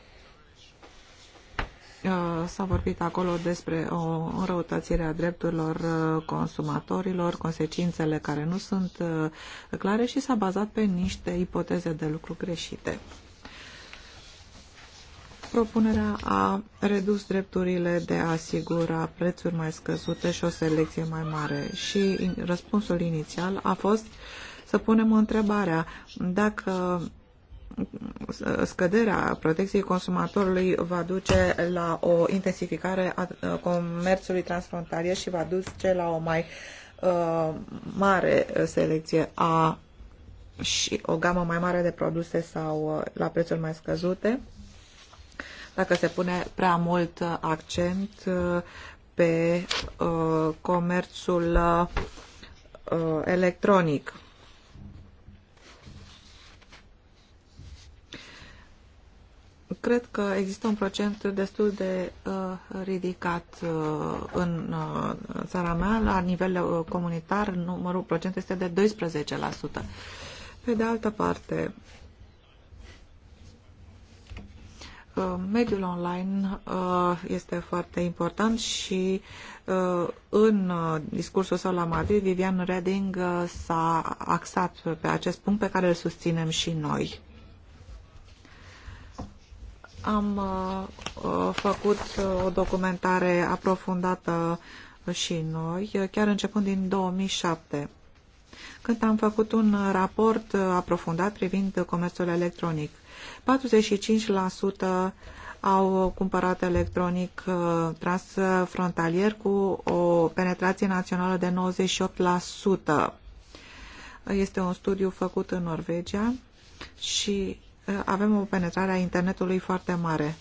Uh, s-a vorbit acolo despre o înrăutățire a drepturilor uh, consumatorilor, consecințele care nu sunt uh, clare și s-a bazat pe niște ipoteze de lucru greșite. Propunerea a redus drepturile de a asigura prețuri mai scăzute și o selecție mai mare și răspunsul inițial a fost să punem întrebarea dacă scăderea protecției consumatorului va duce la o intensificare a uh, comerțului transfrontalier și va duce la o mai uh, mare selecție a și o gamă mai mare de produse sau uh, la prețuri mai scăzute. Dacă se pune prea mult accent pe uh, comerțul uh, electronic Cred că există un procent destul de uh, ridicat uh, în uh, țara mea, la nivel uh, comunitar, numărul procent este de 12%. Pe de altă parte, uh, mediul online uh, este foarte important și uh, în uh, discursul său la Madrid, Vivian Reding uh, s-a axat pe acest punct pe care îl susținem și noi am uh, uh, făcut uh, o documentare aprofundată și noi, chiar începând din 2007 când am făcut un raport aprofundat privind comerțul electronic. 45% au cumpărat electronic transfrontalier cu o penetrație națională de 98%. Este un studiu făcut în Norvegia și avem o penetrare a internetului foarte mare.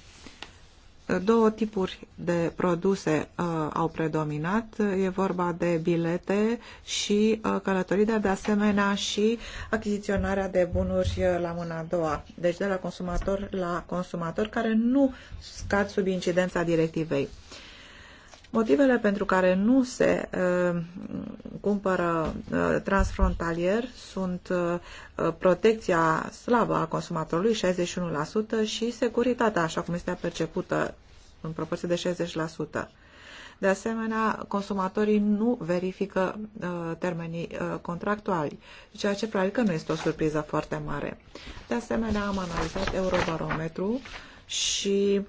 Două tipuri de produse uh, au predominat. E vorba de bilete și uh, călătorii, dar de asemenea și achiziționarea de bunuri uh, la mâna a doua. Deci de la consumator la consumator care nu scad sub incidența directivei. Motivele pentru care nu se uh, cumpără uh, transfrontalier sunt uh, protecția slabă a consumatorului, 61%, și securitatea, așa cum este percepută în proporție de 60%. De asemenea, consumatorii nu verifică uh, termenii uh, contractuali, ceea ce probabil că nu este o surpriză foarte mare. De asemenea, am analizat Eurobarometru și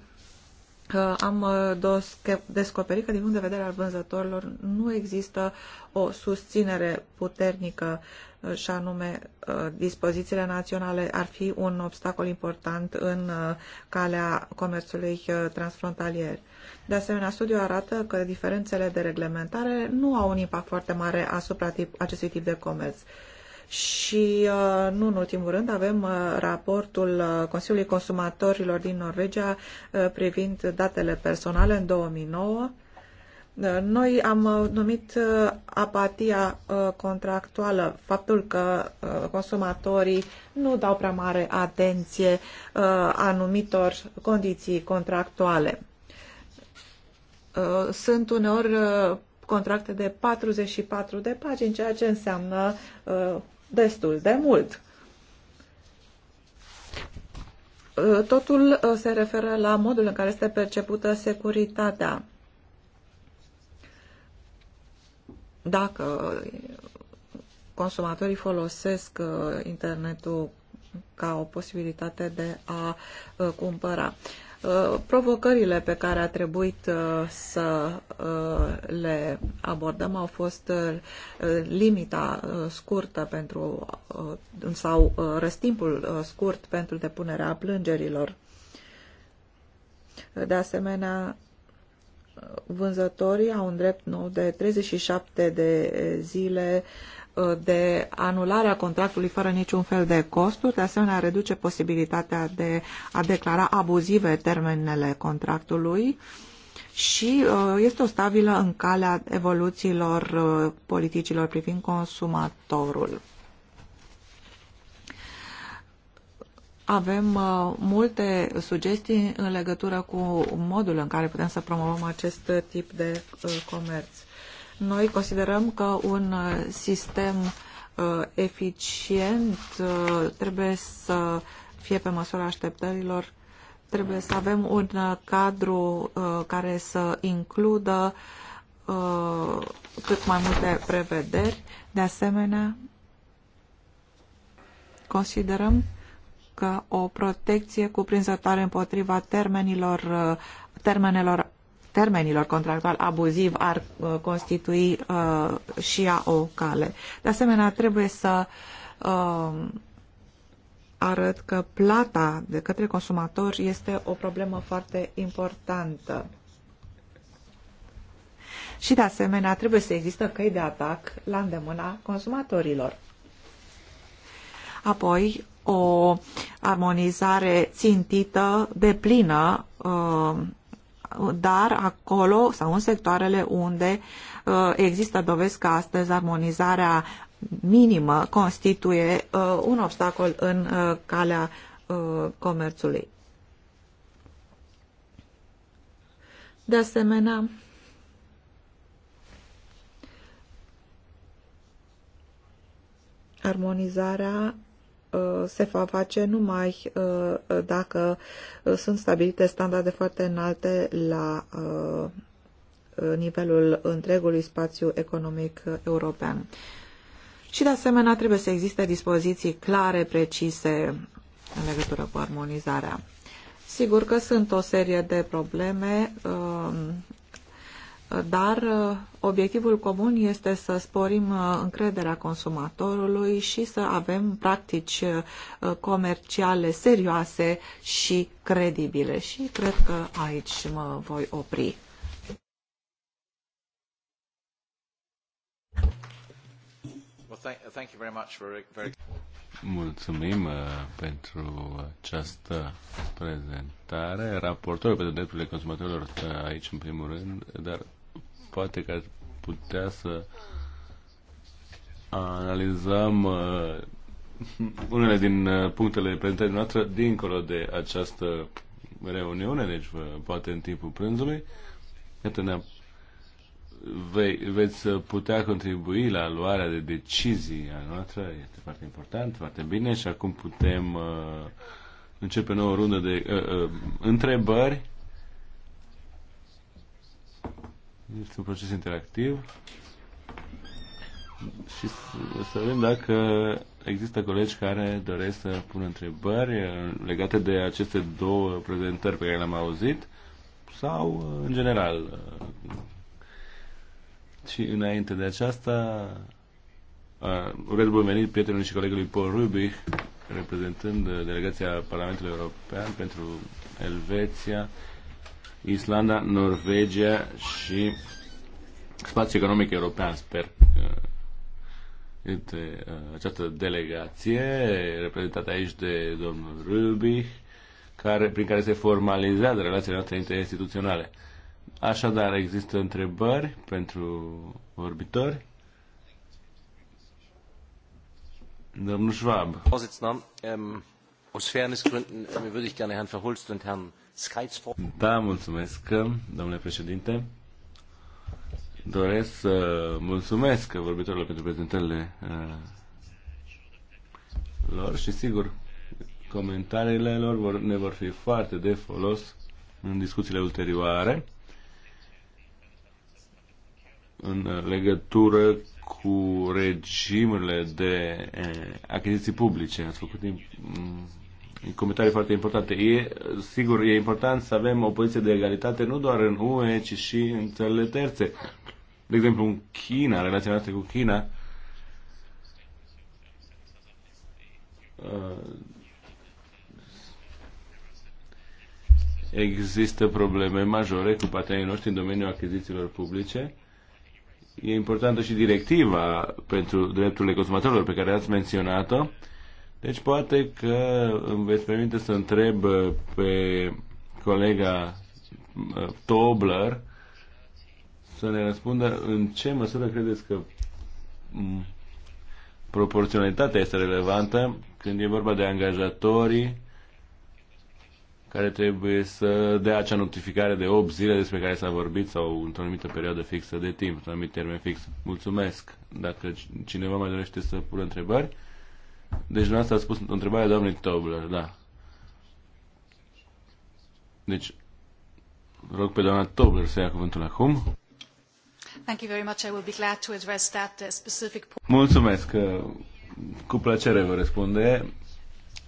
am uh, descoperit că din punct de vedere al vânzătorilor nu există o susținere puternică uh, și anume uh, dispozițiile naționale ar fi un obstacol important în calea comerțului transfrontalier. De asemenea, studiul arată că diferențele de reglementare nu au un impact foarte mare asupra acestui tip de comerț. Și, uh, nu în ultimul rând, avem uh, raportul uh, Consiliului Consumatorilor din Norvegia privind datele personale în 2009. Noi am numit apatia contractuală faptul că consumatorii nu dau prea mare atenție anumitor condiții contractuale. Sunt uneori contracte de 44 de pagini, ceea ce înseamnă destul de mult. Uh, totul uh, se referă la modul în care este percepută securitatea. Dacă consumatorii folosesc uh, internetul ca o posibilitate de a cumpăra. Uh, provocările pe care a trebuit uh, să uh, le abordăm au fost limita scurtă pentru sau răstimpul scurt pentru depunerea plângerilor. De asemenea, vânzătorii au un drept nou de 37 de zile de anularea contractului fără niciun fel de costuri, de asemenea reduce posibilitatea de a declara abuzive termenele contractului și uh, este o stabilă în calea evoluțiilor uh, politicilor privind consumatorul. Avem uh, multe sugestii în legătură cu modul în care putem să promovăm acest tip de comerț noi considerăm că un uh, sistem uh, eficient uh, trebuie să fie pe măsura așteptărilor trebuie să avem un cadru uh, care să includă uh, cât mai multe prevederi. De asemenea, considerăm că o protecție cuprinzătoare împotriva termenilor, uh, termenelor termenilor contractual abuziv ar uh, constitui uh, și ea o cale. De asemenea, trebuie să uh, arăt că plata de către consumator este o problemă foarte importantă. Și de asemenea, trebuie să există căi de atac la îndemâna consumatorilor. Apoi, o armonizare țintită de plină dar acolo sau în sectoarele unde uh, există dovezi că astăzi armonizarea minimă constituie uh, un obstacol în uh, calea comerțului. De asemenea, armonizarea Uh, se va face numai uh, dacă uh, sunt stabilite standarde foarte înalte la nivelul întregului spațiu economic european. Și de asemenea trebuie să existe dispoziții clare, precise în legătură cu armonizarea. Sigur că sunt o serie de probleme dar uh, obiectivul comun este să sporim uh, încrederea consumatorului și să avem practici uh, comerciale serioase și credibile și cred că aici mă voi opri. Mulțumim pentru această prezentare. Raportorul pentru drepturile consumatorilor aici în primul rând, dar poate că ar putea să analizăm uh, unele din uh, punctele prezentării noastre dincolo de această reuniune, deci uh, poate în timpul prânzului. Iată, ne vei, veți uh, putea contribui la luarea de decizii a noastră, este foarte important, foarte bine și acum putem uh, începe nouă rundă de uh, uh, întrebări Este un proces interactiv și să vedem dacă există colegi care doresc să pună întrebări legate de aceste două prezentări pe care le-am auzit sau în general. Și înainte de aceasta, urez bun venit prietenului și colegului Paul Rubich, reprezentând delegația Parlamentului European pentru Elveția Islanda, Norvegia și spațiul economic european, sper că uh, această delegație reprezentată aici de domnul Rubich, care, prin care se formalizează relațiile noastre interinstituționale. Așadar, există întrebări pentru vorbitori? Domnul Schwab. Vorsitzender, um, aus Fairnessgründen äh, würde ich gerne Herrn Verhulst und Herrn da, mulțumesc, domnule președinte. Doresc să mulțumesc vorbitorilor pentru prezentările uh, lor și sigur comentariile lor vor, ne vor fi foarte de folos în discuțiile ulterioare în legătură cu regimurile de uh, achiziții publice. Ați făcut mm, comentarii foarte importante. E, sigur, e important să avem o poziție de egalitate nu doar în UE, ci și în țările terțe. De exemplu, în China, relația noastră cu China, uh, există probleme majore cu partenerii noștri în domeniul achizițiilor publice. E importantă și directiva pentru drepturile consumatorilor pe care ați menționat-o. Uh, deci poate că îmi veți permite să întreb uh, pe colega uh, Tobler să ne răspundă în ce măsură credeți că mm, proporționalitatea este relevantă când e vorba de angajatorii care trebuie să dea acea notificare de 8 zile despre care s-a vorbit sau într-o anumită perioadă fixă de timp, într-un anumit termen fix. Mulțumesc. Dacă cineva mai dorește să pună întrebări. Deci dumneavoastră a spus o întrebare doamnei Tobler, da. Deci, rog pe doamna Tobler să ia cuvântul acum. Thank you very much. I will be glad to address that uh, specific point. Mulțumesc. Uh, cu plăcere vă răspunde.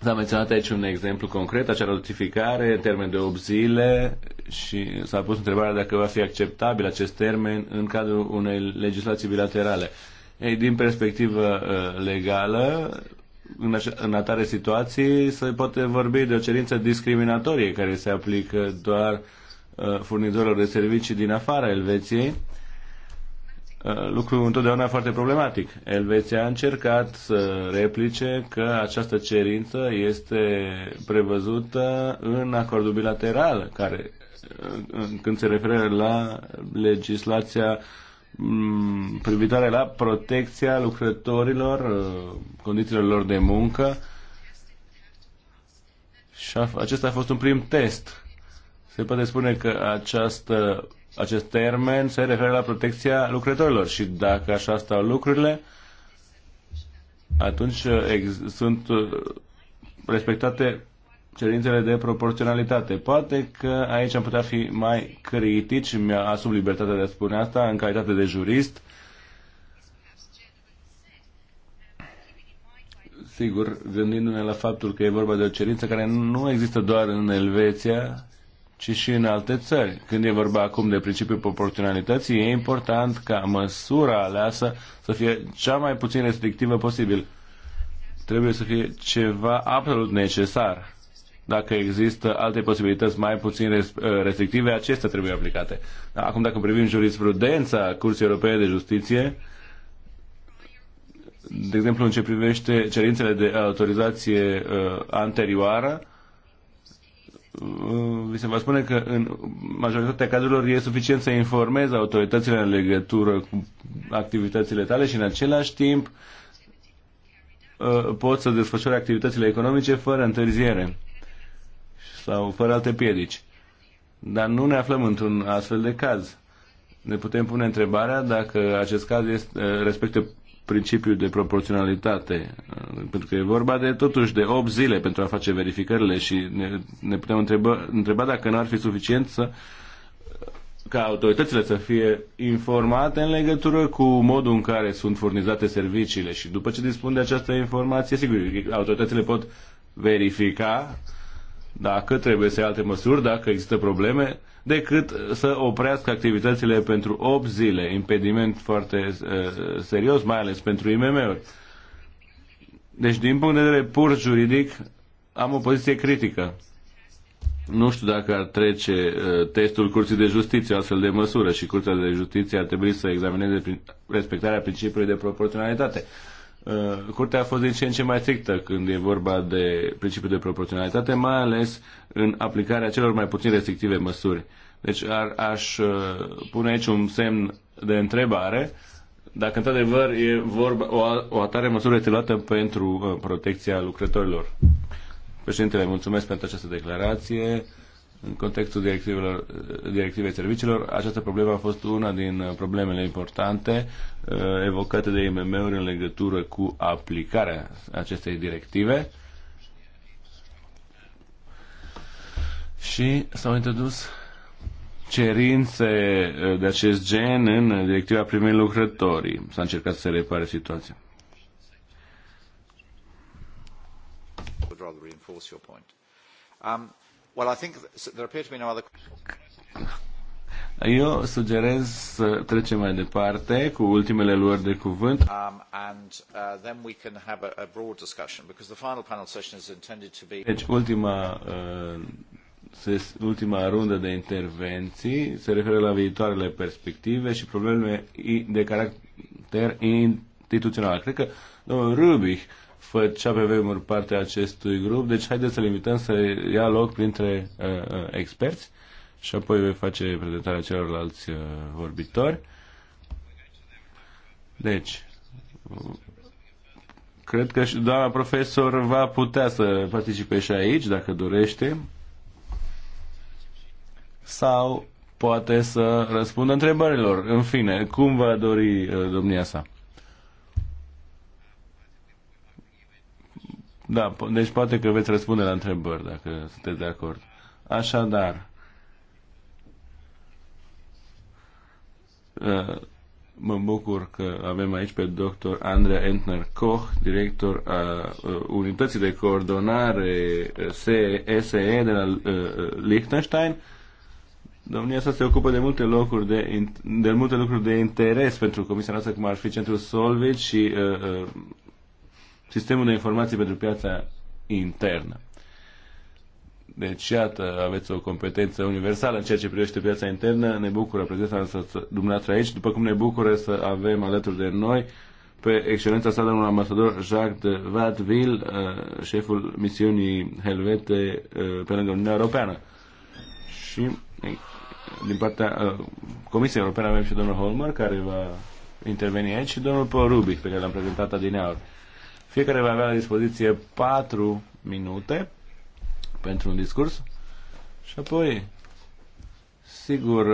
S-a menționat aici un exemplu concret, acea notificare în termen de 8 zile și s-a pus întrebarea dacă va fi acceptabil acest termen în cadrul unei legislații bilaterale. Ei, din perspectivă uh, legală, în, așa, în atare situații se poate vorbi de o cerință discriminatorie care se aplică doar uh, furnizorilor de servicii din afara Elveției, uh, lucru întotdeauna foarte problematic. Elveția a încercat să replice că această cerință este prevăzută în acordul bilateral, care, uh, când se referă la legislația uh, Mm, privitoare la protecția lucrătorilor, uh, condițiilor lor de muncă. Și a, acesta a fost un prim test. Se poate spune că această, acest termen se referă la protecția lucrătorilor și dacă așa stau lucrurile, atunci uh, ex- sunt uh, respectate cerințele de proporționalitate. Poate că aici am putea fi mai critici și mi-asum libertatea de a spune asta în calitate de jurist. Sigur, gândindu-ne la faptul că e vorba de o cerință care nu există doar în Elveția, ci și în alte țări. Când e vorba acum de principiul proporționalității, e important ca măsura aleasă să fie cea mai puțin restrictivă posibil. Trebuie să fie ceva absolut necesar dacă există alte posibilități mai puțin uh, restrictive, acestea trebuie aplicate. Da, acum, dacă privim jurisprudența Curții Europene de Justiție, de exemplu, în ce privește cerințele de autorizație uh, anterioară, uh, vi se va spune că în majoritatea cazurilor e suficient să informezi autoritățile în legătură cu activitățile tale și în același timp uh, poți să desfășori activitățile economice fără întârziere sau fără alte piedici. Dar nu ne aflăm într-un astfel de caz. Ne putem pune întrebarea dacă acest caz este, eh, respectă principiul de proporționalitate, eh, pentru că e vorba de totuși de 8 zile pentru a face verificările și ne, ne putem întreba, întreba dacă nu ar fi suficient să ca autoritățile să fie informate în legătură cu modul în care sunt furnizate serviciile și după ce dispun de această informație, sigur, autoritățile pot verifica uh, dacă trebuie să ia alte măsuri, dacă există probleme, decât să oprească activitățile pentru 8 zile, impediment foarte uh, serios, mai ales pentru IMM-uri. Deci, din punct de vedere pur juridic, am o poziție critică. Nu știu dacă ar trece uh, testul Curții de Justiție astfel de măsură și Curtea de Justiție ar trebui să examineze prin respectarea principiului de proporționalitate. Uh, Uh, curtea a fost din ce în ce mai strictă când e vorba de principiul de proporționalitate, mai ales în aplicarea celor mai puțin restrictive măsuri. Deci ar, aș uh, pune aici un semn de întrebare dacă într-adevăr e vorba, o, o atare măsură este luată pentru uh, protecția lucrătorilor. Președintele, mulțumesc pentru această declarație. În contextul directivelor, directivei serviciilor, această problemă a fost una din problemele importante uh, evocate de IMM-uri în legătură cu aplicarea acestei directive. Și s-au introdus cerințe uh, de acest gen în directiva primei lucrătorii. S-a încercat să repare situația. Um, Well, I think there appear to be no other... Eu sugerez să trecem mai departe cu ultimele luări de cuvânt. Um, and, uh, then we can have a, a broad discussion because the final panel session is intended to be Deci ultima uh, ultima rundă de intervenții se referă la viitoarele perspective și problemele de caracter instituțional. Cred că domnul Rubich făcea pe vremuri parte a acestui grup, deci haideți să-l invităm să ia loc printre uh, uh, experți și apoi vei face prezentarea celorlalți uh, vorbitori. Deci, cred că și doamna profesor va putea să participe și aici, dacă dorește, sau poate să răspundă întrebărilor. În fine, cum va dori uh, domnia sa. Da, deci poate că veți răspunde la întrebări dacă sunteți de acord. Așadar, ă, mă bucur că avem aici pe dr. Andrea Entner Koch, director a ă, Unității de Coordonare ă, SE de la Liechtenstein. Domnia sa se ocupă de multe locuri de, de multe lucruri de interes pentru comisia noastră, cum ar fi centrul Solvit și uh, sistemul de informații pentru piața internă. Deci, iată, aveți o competență universală în ceea ce privește piața internă. Ne bucură prezența dumneavoastră aici, după cum ne bucură să avem alături de noi pe excelența sa domnul ambasador Jacques de Vatville, uh, șeful misiunii helvete uh, pe lângă Uniunea Europeană. Și din partea uh, Comisiei Europene avem și domnul Holmer, care va interveni aici, și domnul Paul Rubic, pe care l-am prezentat adineauri. Fiecare va avea la dispoziție 4 minute pentru un discurs și apoi, sigur,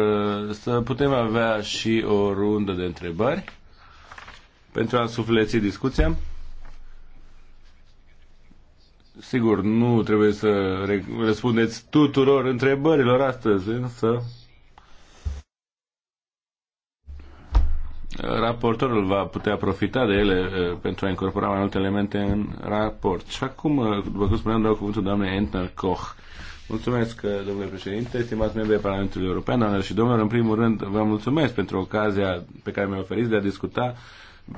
să putem avea și o rundă de întrebări pentru a sufleți discuția. Sigur, nu trebuie să răspundeți tuturor întrebărilor astăzi, însă raportorul va putea profita de ele uh, pentru a incorpora mai multe elemente în raport. Și acum, uh, după cum spuneam, dau cuvântul doamnei Entner Koch. Mulțumesc, uh, domnule președinte, stimați membri ai Parlamentului European, doamne și domnilor, în primul rând vă mulțumesc pentru ocazia pe care mi-a oferit de a discuta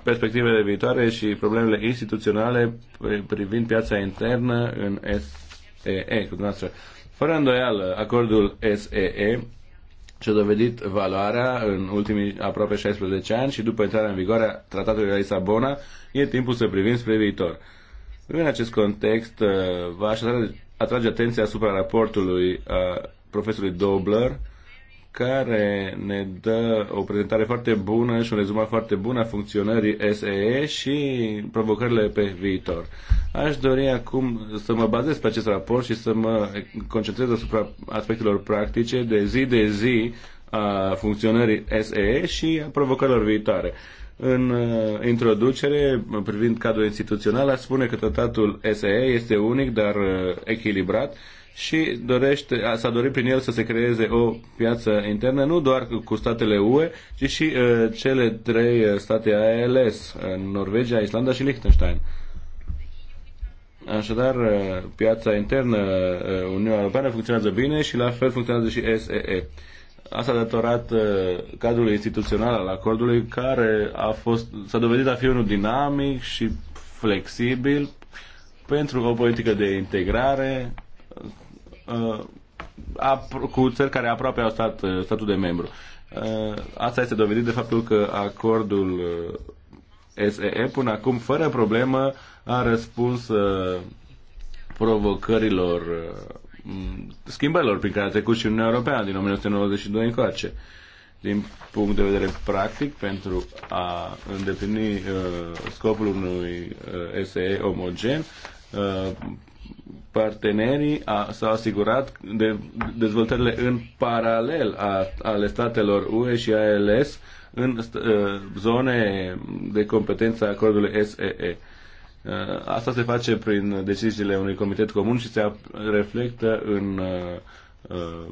perspectivele viitoare și problemele instituționale privind piața internă în SEE cu dumneavoastră. Fără îndoială, acordul SEE și-a dovedit valoarea în ultimii aproape 16 ani și după intrarea în vigoare a Tratatului de la Lisabona, e timpul să privim spre viitor. În acest context, uh, va aș atrage atenția asupra raportului uh, profesorului Dobler, care ne dă o prezentare foarte bună și un rezumat foarte bun a funcționării SEE și provocările pe viitor. Aș dori acum să mă bazez pe acest raport și să mă concentrez asupra aspectelor practice de zi de zi a funcționării SEE și a provocărilor viitoare. În uh, introducere, privind cadrul instituțional, aș spune că tratatul SEE este unic, dar uh, echilibrat și dorește, s-a dorit prin el să se creeze o piață internă, nu doar cu statele UE, ci și uh, cele trei state ALS, Norvegia, Islanda și Liechtenstein. Așadar, piața internă Uniunea Europeană funcționează bine și la fel funcționează și SEE. Asta datorat cadrului instituțional al acordului, care a fost, s-a dovedit a fi unul dinamic și flexibil pentru o politică de integrare Uh, cu țări care aproape au stat uh, statul de membru. Uh, asta este dovedit de faptul că acordul SEE până acum, fără problemă, a răspuns provocărilor schimbărilor prin care a trecut și Uniunea Europeană din 1992 încoace. Din punct de vedere practic, pentru a îndeplini uh, scopul unui uh, SE omogen, uh, partenerii s-au asigurat de dezvoltările în paralel a, ale statelor UE și ALS în st- uh, zone de competență a acordului SEE. Uh, asta se face prin deciziile unui comitet comun și se reflectă în uh,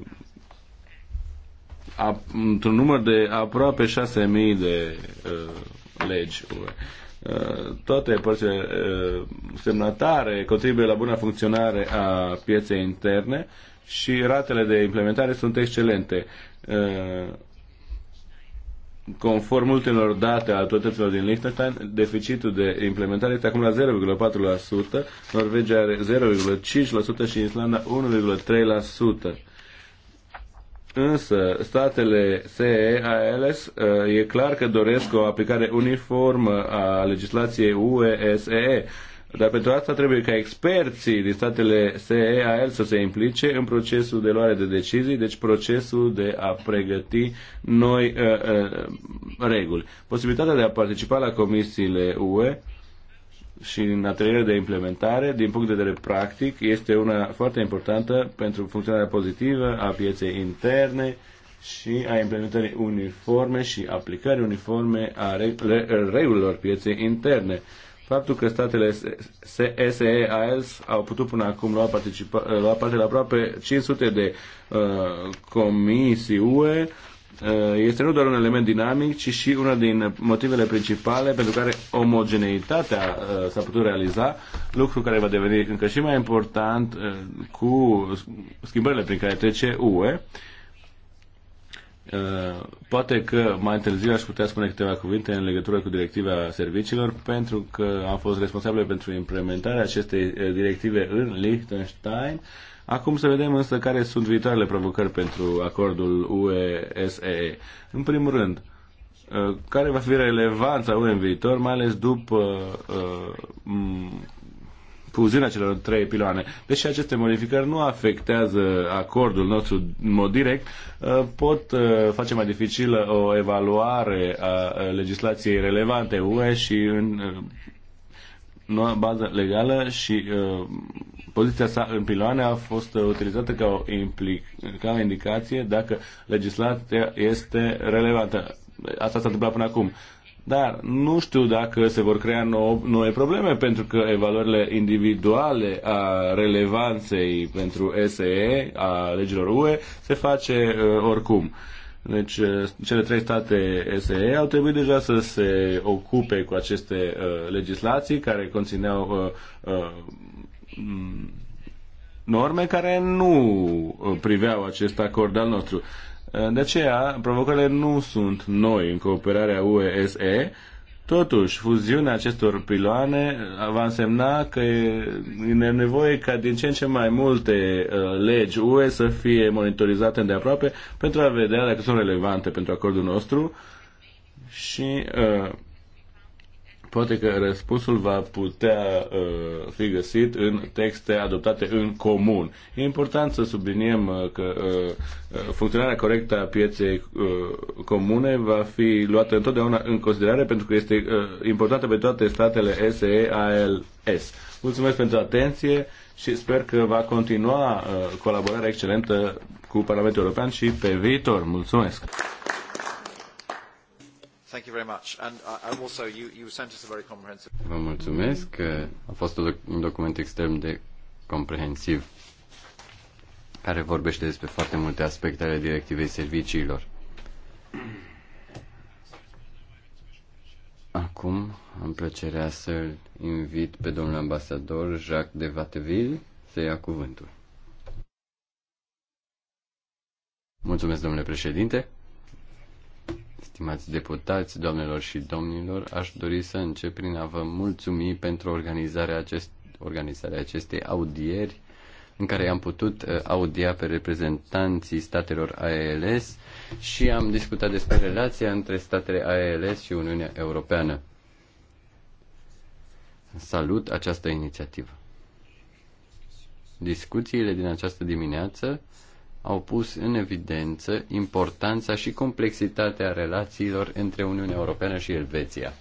într-un număr de aproape 6.000 de uh, legi. Uh, toate părțile uh, semnatare contribuie la buna funcționare a pieței interne și ratele de implementare sunt excelente. Uh, conform ultimelor date a autorităților din Liechtenstein, deficitul de implementare este acum la 0,4%, Norvegia are 0,5% și Islanda 1,3%. Însă, statele CEALS uh, e clar că doresc o aplicare uniformă a legislației UESE, dar pentru asta trebuie ca experții din statele SEAL să se implice în procesul de luare de decizii, deci procesul de a pregăti noi uh, uh, reguli. Posibilitatea de a participa la comisiile UE și în atelierele de implementare, din punct de vedere practic, este una foarte importantă pentru funcționarea pozitivă a pieței interne și a implementării uniforme și aplicării uniforme a regulilor pieței interne. Faptul că statele SE au putut până acum lua, participa, lua parte la aproape 500 de uh, comisii UE Eh, este nu doar un element dinamic, ci și una din motivele principale pentru care omogeneitatea eh, s-a putut realiza, lucru care va deveni încă și mai important eh, cu schimbările prin care trece UE. Poate că mai târziu aș putea spune câteva cuvinte în legătură cu directiva serviciilor, pentru că am fost responsabil pentru implementarea acestei directive în Liechtenstein Acum să vedem însă care sunt viitoarele provocări pentru acordul UE-SEE. În primul rând, uh, care va fi relevanța UE în viitor, mai ales după uh, fuziunea celor trei piloane. Deși aceste modificări nu afectează acordul nostru în mod direct, uh, pot face mai dificilă o evaluare a legislației relevante UE și în baza legală și poziția sa în piloane a fost utilizată ca o, implic, ca o indicație dacă legislația este relevantă. Asta s-a întâmplat până acum. Dar nu știu dacă se vor crea nou, noi probleme, pentru că evaluările individuale a relevanței pentru SE, a legilor UE, se face uh, oricum. Deci, uh, cele trei state SE au trebuit deja să se ocupe cu aceste uh, legislații care conțineau uh, uh, Mm, norme care nu uh, priveau acest acord al nostru. Uh, de aceea, provocările nu sunt noi în cooperarea UE-SE, Totuși, fuziunea acestor piloane uh, va însemna că e nevoie ca din ce în ce mai multe legi UE să fie monitorizate de aproape pentru a vedea dacă sunt relevante pentru acordul nostru și Poate că răspunsul va putea uh, fi găsit în texte adoptate în comun. E important să subliniem uh, că uh, uh, funcționarea corectă a pieței uh, comune va fi luată întotdeauna în considerare pentru că este uh, importantă pe toate statele SEALS. Mulțumesc pentru atenție și sper că va continua uh, colaborarea excelentă cu Parlamentul European și pe viitor. Mulțumesc! Thank you very much. And also, you, you sent us a very comprehensive... Vă mulțumesc. A fost un document extrem de comprehensiv care vorbește despre foarte multe aspecte ale directivei serviciilor. Acum am plăcerea să-l invit pe domnul ambasador Jacques de Vatteville să ia cuvântul. Mulțumesc, domnule președinte stimați deputați, doamnelor și domnilor, aș dori să încep prin a vă mulțumi pentru organizarea, acest, organizarea acestei audieri în care am putut uh, audia pe reprezentanții statelor AELS și am discutat despre relația între statele AELS și Uniunea Europeană. Salut această inițiativă. Discuțiile din această dimineață au pus în evidență importanța și complexitatea relațiilor între Uniunea Europeană și Elveția.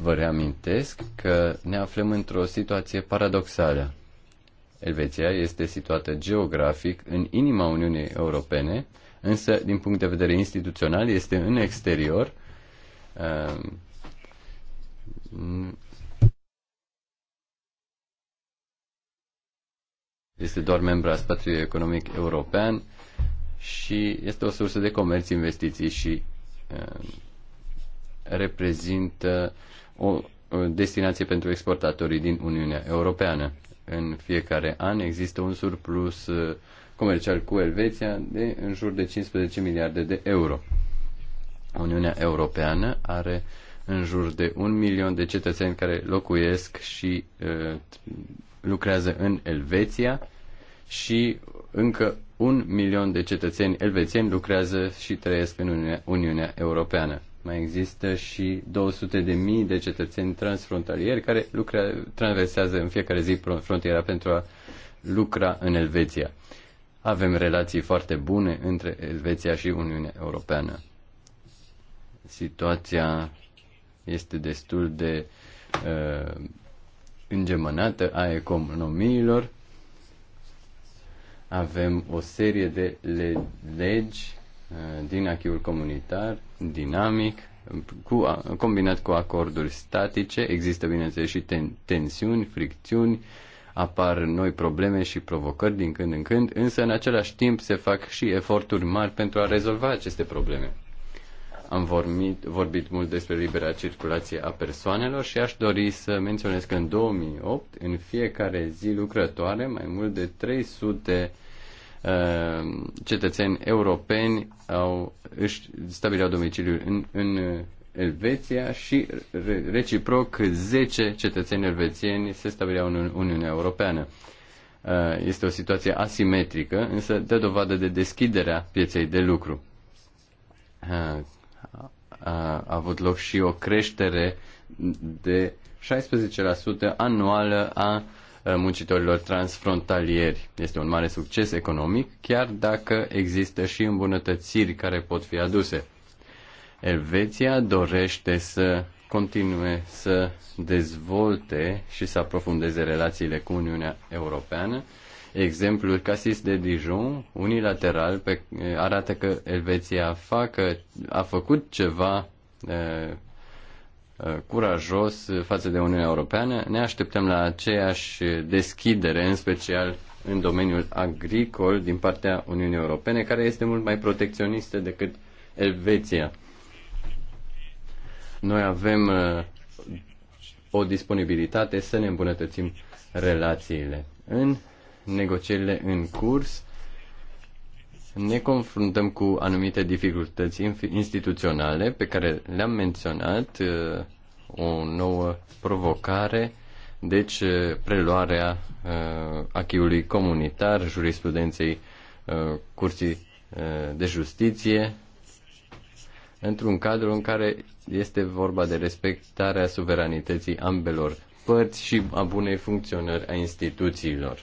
Vă reamintesc că ne aflăm într-o situație paradoxală. Elveția este situată geografic în inima Uniunii Europene, însă, din punct de vedere instituțional, este în exterior. Ehm, este doar membru a spațiului economic european și este o sursă de comerț, investiții și e, uh, reprezintă o destinație pentru exportatorii din Uniunea Europeană. În fiecare an există un surplus uh, comercial cu Elveția de în jur de 15 miliarde de euro. Uniunea Europeană are în jur de un milion de cetățeni care locuiesc și uh, lucrează în Elveția și încă un milion de cetățeni elvețieni lucrează și trăiesc în Uniunea, Uniunea Europeană. Mai există și 200 de mii de cetățeni transfrontalieri care lucra, traversează în fiecare zi frontiera pentru a lucra în Elveția. Avem relații foarte bune între Elveția și Uniunea Europeană. Situația este destul de uh, îngemănată a economiilor. Avem o serie de legi uh, din achiul comunitar, dinamic, cu, combinat cu acorduri statice. Există, bineînțeles, și ten, tensiuni, fricțiuni, apar noi probleme și provocări din când în când, însă în același timp se fac și eforturi mari pentru a rezolva aceste probleme. Am vorbit, vorbit mult despre libera circulație a persoanelor și aș dori să menționez că în 2008, în fiecare zi lucrătoare, mai mult de 300 uh, cetățeni europeni au, își stabileau domiciliul în, în uh, Elveția și reciproc 10 cetățeni elvețieni se stabileau în Uniunea Europeană. Uh, este o situație asimetrică, însă dă dovadă de deschiderea pieței de lucru. Uh, a avut loc și o creștere de 16% anuală a muncitorilor transfrontalieri. Este un mare succes economic, chiar dacă există și îmbunătățiri care pot fi aduse. Elveția dorește să continue să dezvolte și să aprofundeze relațiile cu Uniunea Europeană Exemplul Casis de Dijon, unilateral, pe, arată că Elveția facă, a făcut ceva uh, curajos față de Uniunea Europeană. Ne așteptăm la aceeași deschidere, în special în domeniul agricol, din partea Uniunii Europene, care este mult mai protecționistă decât Elveția. Noi avem o disponibilitate să ne îmbunătățim relațiile. În negocierile în curs, ne confruntăm cu anumite dificultăți instituționale pe care le-am menționat, uh, o nouă provocare, deci uh, preluarea uh, achiului comunitar, jurisprudenței Curții de Justiție, într-un cadru în care este vorba de respectarea suveranității ambelor părți și a bunei funcționări a instituțiilor.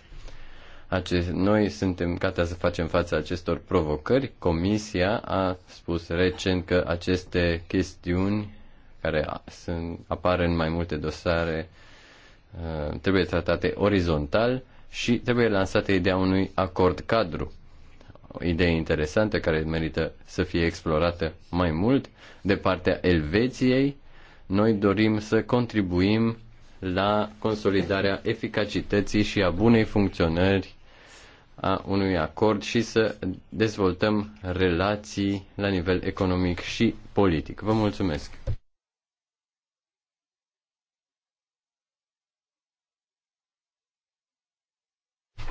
Acest, noi suntem gata să facem față acestor provocări. Comisia a spus recent că aceste chestiuni care sunt, apar în mai multe dosare uh, trebuie tratate orizontal și trebuie lansată ideea unui acord cadru. O idee interesantă care merită să fie explorată mai mult. De partea Elveției, noi dorim să contribuim la consolidarea eficacității și a bunei funcționări a unui acord și să dezvoltăm relații la nivel economic și politic. Vă mulțumesc!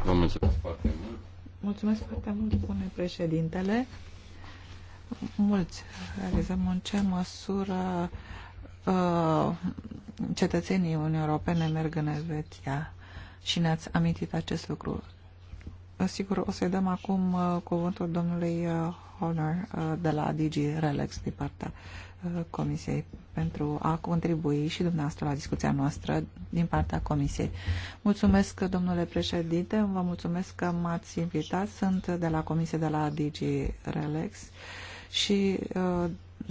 Vă mulțumesc foarte mult! Mulțumesc foarte mult, domnule președintele. Mulți realizăm în ce măsură uh, cetățenii Uniunii Europene merg în Elveția și ne-ați amintit acest lucru. Sigur, o să-i dăm acum uh, cuvântul domnului uh, Honor uh, de la DG Relax din partea Comisiei pentru a contribui și dumneavoastră la discuția noastră din partea Comisiei. Mulțumesc, domnule președinte, vă mulțumesc că m-ați invitat. Sunt de la Comisie de la DG Relax și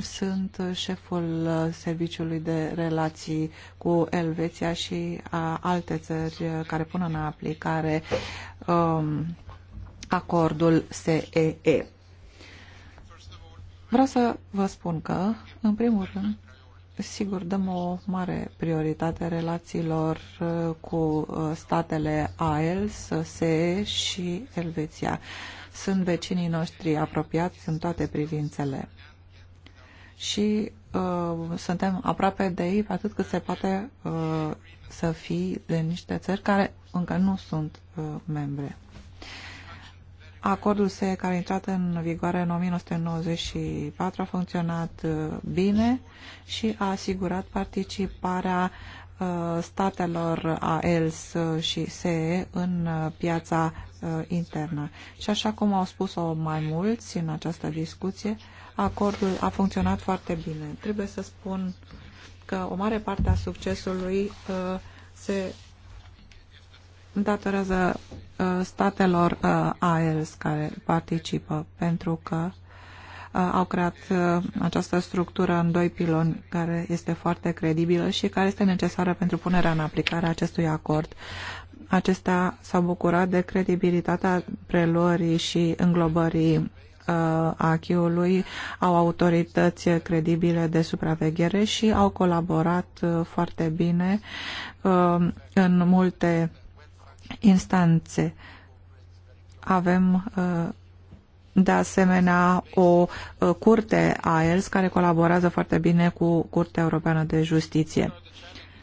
sunt șeful uh, Serviciului de Relații cu Elveția și a alte țări uh, care pun în aplicare um, acordul SEE. Vreau să vă spun că, în primul rând, sigur, dăm o mare prioritate relațiilor uh, cu statele AELS, SEE și Elveția. Sunt vecinii noștri apropiați în toate privințele și uh, suntem aproape de ei atât cât se poate uh, să fii de niște țări care încă nu sunt uh, membre. Acordul SE care a intrat în vigoare în 1994 a funcționat uh, bine și a asigurat participarea uh, statelor AELS și SE în uh, piața uh, internă. Și așa cum au spus-o mai mulți în această discuție, acordul a funcționat foarte bine. Trebuie să spun că o mare parte a succesului uh, se datorează uh, statelor uh, AELS care participă, pentru că au creat această structură în doi piloni care este foarte credibilă și care este necesară pentru punerea în aplicare a acestui acord. Acesta s-a bucurat de credibilitatea preluării și înglobării Uh, ACHI-ului au autorități credibile de supraveghere și au colaborat uh, foarte bine uh, în multe instanțe. Avem de asemenea o curte a ELS care colaborează foarte bine cu Curtea Europeană de Justiție.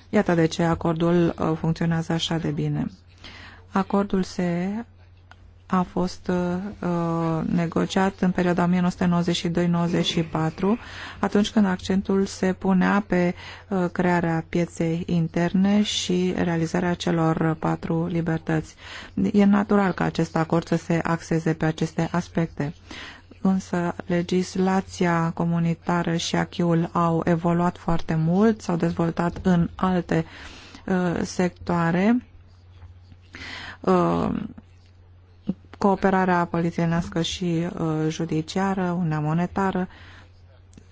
Iată de ce acordul funcționează așa de bine. Acordul se a fost uh, uh, negociat în perioada 1992-94, atunci când accentul se punea pe uh, crearea pieței interne și realizarea celor patru libertăți. E natural ca acest acord să se axeze pe aceste aspecte. Însă legislația comunitară și achiul au evoluat foarte mult, s-au dezvoltat în alte uh, sectoare. Uh, cooperarea polițienească și uh, judiciară, una monetară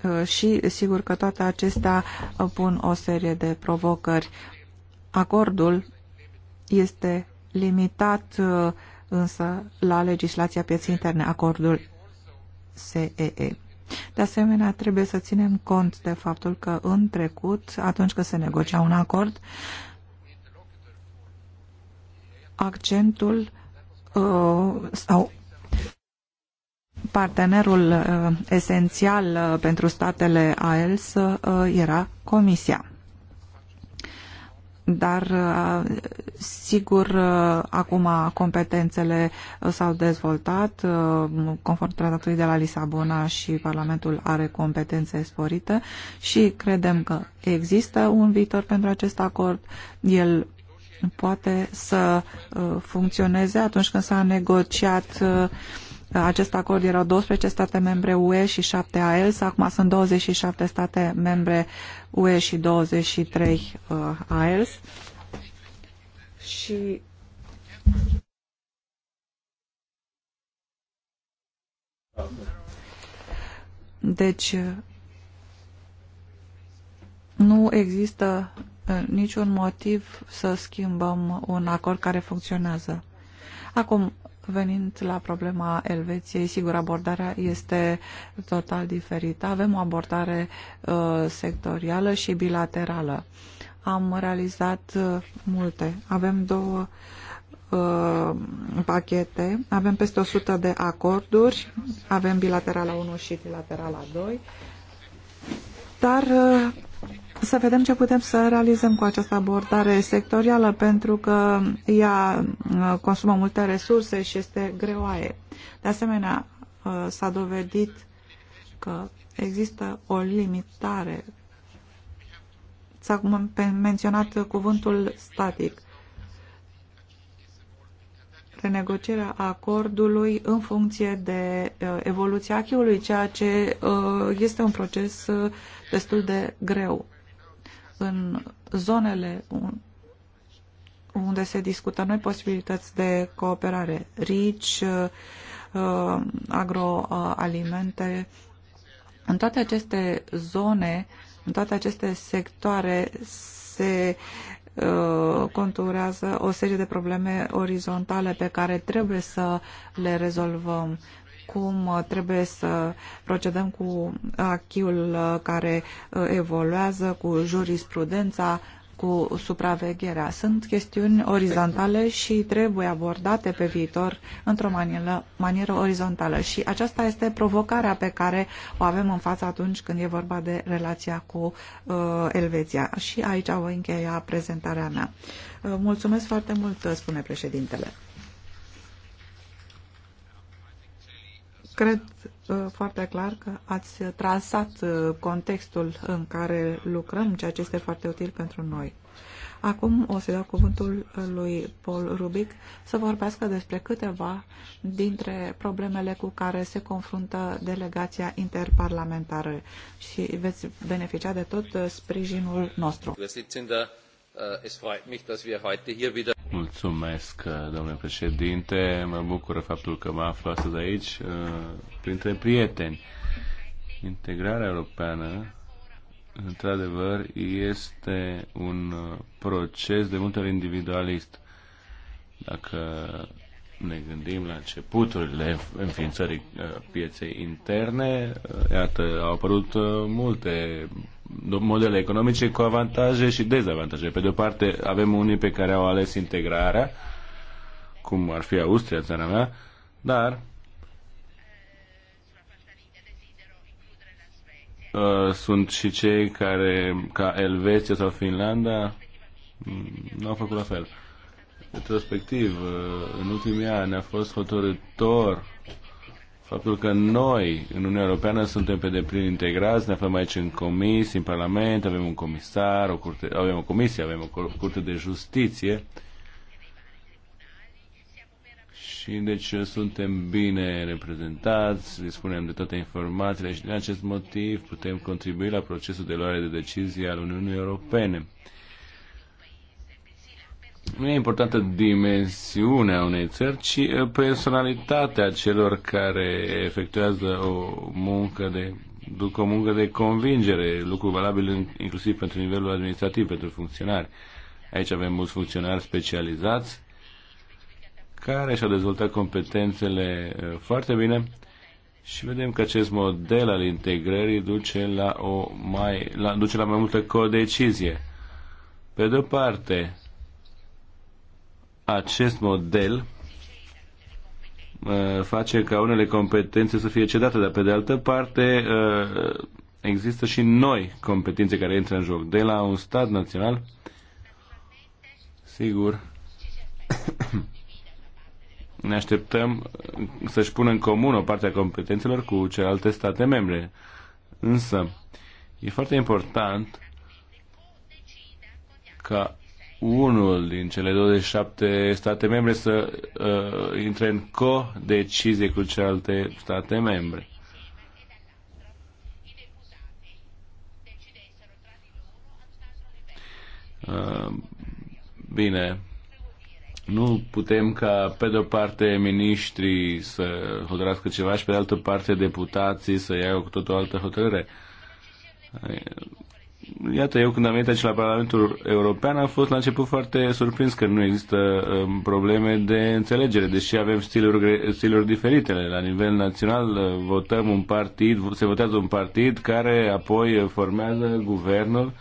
uh, și sigur că toate acestea uh, pun o serie de provocări. Acordul este limitat însă la legislația pieței interne, acordul CEE. De asemenea, trebuie să ținem cont de faptul că în trecut, atunci când se negocia un acord, accentul Uh, sau partenerul uh, esențial uh, pentru statele AELS era Comisia. Dar, sigur, acum competențele s-au dezvoltat conform tratatului de la Lisabona și Parlamentul are competențe sporite și credem că există un viitor pentru acest acord. El poate să uh, funcționeze atunci când s-a negociat uh, acest acord erau 12 state membre UE și 7 AELS, acum sunt 27 state membre UE și 23 uh, AELS. Și deci nu există niciun motiv să schimbăm un acord care funcționează. Acum, venind la problema Elveției, sigur, abordarea este total diferită. Avem o abordare uh, sectorială și bilaterală. Am realizat uh, multe. Avem două uh, pachete, avem peste 100 de acorduri, avem bilaterala 1 și bilaterala 2, dar uh, să vedem ce putem să realizăm cu această abordare sectorială, pentru că ea uh, consumă multe resurse și este greoaie. De asemenea, uh, s-a dovedit că există o limitare. S-a menționat cuvântul static. Renegocierea acordului în funcție de uh, evoluția achiului, ceea ce este un proces destul de greu în zonele unde se discută noi posibilități de cooperare, RICI, uh, agroalimente, în toate aceste zone, în toate aceste sectoare se uh, conturează o serie de probleme orizontale pe care trebuie să le rezolvăm cum uh, trebuie să procedăm cu achiul uh, care uh, evoluează, cu jurisprudența, cu supravegherea. Sunt chestiuni orizontale și trebuie abordate pe viitor într-o manieră, manieră orizontală și aceasta este provocarea pe care o avem în față atunci când e vorba de relația cu uh, Elveția. Și aici voi încheia prezentarea mea. Uh, mulțumesc foarte mult, spune președintele. Cred uh, foarte clar că ați trasat uh, contextul în care lucrăm, ceea ce este foarte util pentru noi. Acum o să dau cuvântul uh, lui Paul Rubic să vorbească despre câteva dintre problemele cu care se confruntă delegația interparlamentară și veți beneficia de tot sprijinul nostru. Äh, es freut mich, dass wir heute hier wieder Mulțumesc, äh, domnule președinte. Mă bucură faptul că mă aflu astăzi aici äh, printre prieteni. Integrarea europeană, într-adevăr, este un proces de multe ori individualist. Dacă ne gândim la începuturile înființării pieței interne, iată, au apărut multe modele economice cu avantaje și dezavantaje. Pe de o parte avem unii pe care au ales integrarea, cum ar fi Austria, țara mea, dar uh, sunt și cei care, ca Elveția sau Finlanda, mm, nu au făcut la fel. Retrospectiv, uh, în ultimii ani a fost hotărător faptul că noi, în Uniunea Europeană, suntem pe deplin integrați, ne aflăm aici în comisii, în Parlament, avem un comisar, o curte, avem o comisie, avem o curte de justiție și deci suntem bine reprezentați, dispunem de toate informațiile și din acest motiv putem contribui la procesul de luare de decizie al Uniunii Europene nu e importantă dimensiunea unei țări, ci uh, personalitatea celor care efectuează o muncă de duc o muncă de convingere, lucru valabil inclusiv pentru nivelul administrativ, pentru funcționari. Aici avem mulți funcționari specializați care și-au dezvoltat competențele uh, foarte bine și vedem că acest model al integrării duce la, o mai, la, duce la mai multă codecizie. Pe de-o parte, acest model uh, face ca unele competențe să fie cedate, dar pe de altă parte uh, există și noi competențe care intră în joc, de la un stat național, sigur, ne așteptăm să-și pună în comun o parte a competențelor cu celelalte state membre. Însă, e foarte important ca unul din cele 27 state membre să uh, intre în co-decizie cu celelalte state membre. Uh, bine, nu putem ca pe de o parte miniștrii să hotărască ceva și pe de altă parte deputații să iau cu totul o altă hotărâre iată, eu când am venit aici la Parlamentul European am fost la început foarte surprins că nu există um, probleme de înțelegere, deși avem stiluri, stiluri diferite. La nivel național uh, votăm un partid, se votează un partid care apoi formează guvernul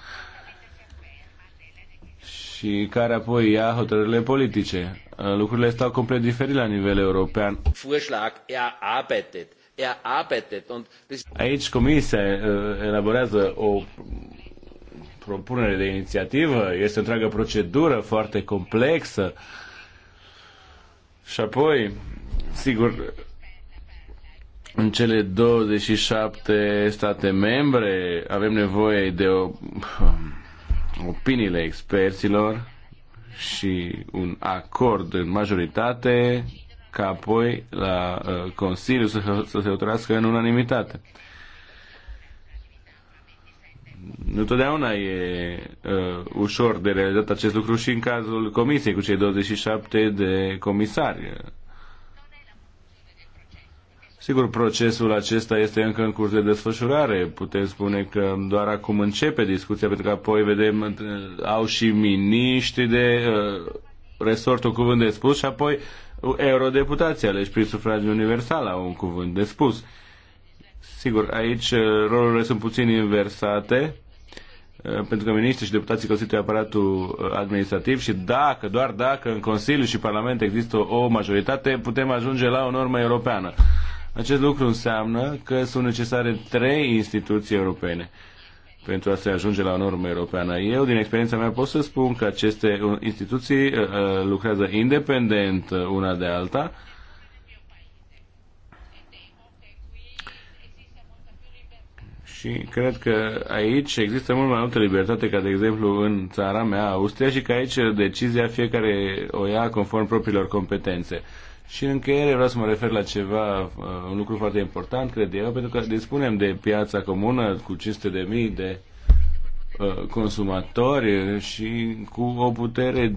și care apoi ia hotărârile politice. Uh, lucrurile stau complet diferit la nivel european. Er er aici Comisia uh, elaborează o propunere de inițiativă, este o întreagă procedură foarte complexă. Și apoi, sigur, în cele 27 state membre avem nevoie de o, opiniile experților și un acord în majoritate ca apoi la uh, Consiliu să, să se otrească în unanimitate nu totdeauna e uh, ușor de realizat acest lucru și în cazul comisiei cu cei 27 de comisari. Sigur, procesul acesta este încă în curs de desfășurare. Putem spune că doar acum începe discuția, pentru că apoi vedem, uh, au și miniștri de uh, resortul cuvânt de spus și apoi uh, eurodeputații aleși prin sufragiu universal au un cuvânt de spus. Uh, Sigur, aici uh, rolurile sunt puțin inversate, uh, pentru că miniștrii și deputații constituie aparatul uh, administrativ și dacă, doar dacă în Consiliu și Parlament există o majoritate, putem ajunge la o normă europeană. Acest lucru înseamnă că sunt necesare trei instituții europene pentru a se ajunge la o normă europeană. Eu, din experiența mea, pot să spun că aceste instituții lucrează independent una de alta Și cred că aici există mult mai multă libertate ca, de exemplu, în țara mea, Austria, și că aici decizia fiecare o ia conform propriilor competențe. Și în încheiere vreau să mă refer la ceva, uh, un lucru foarte important, cred eu, pentru că dispunem de piața comună cu 500 de mii de uh, consumatori și cu o putere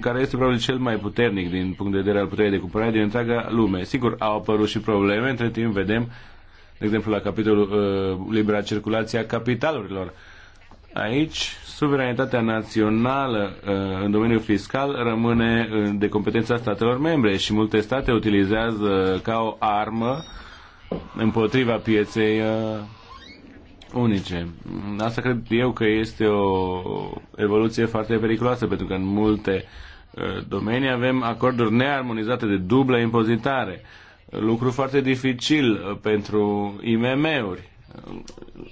care este probabil cel mai puternic din punct de vedere al puterii de cumpărare din întreaga lume. Sigur, au apărut și probleme, între timp vedem de exemplu, la capitolul uh, libera circulație a capitalurilor. Aici, suveranitatea națională uh, în domeniul fiscal rămâne uh, de competența statelor membre și multe state utilizează ca o armă împotriva pieței uh, unice. Asta cred eu că este o evoluție foarte periculoasă, pentru că în multe domenii avem acorduri nearmonizate de dublă impozitare lucru foarte dificil uh, pentru IMM-uri uh,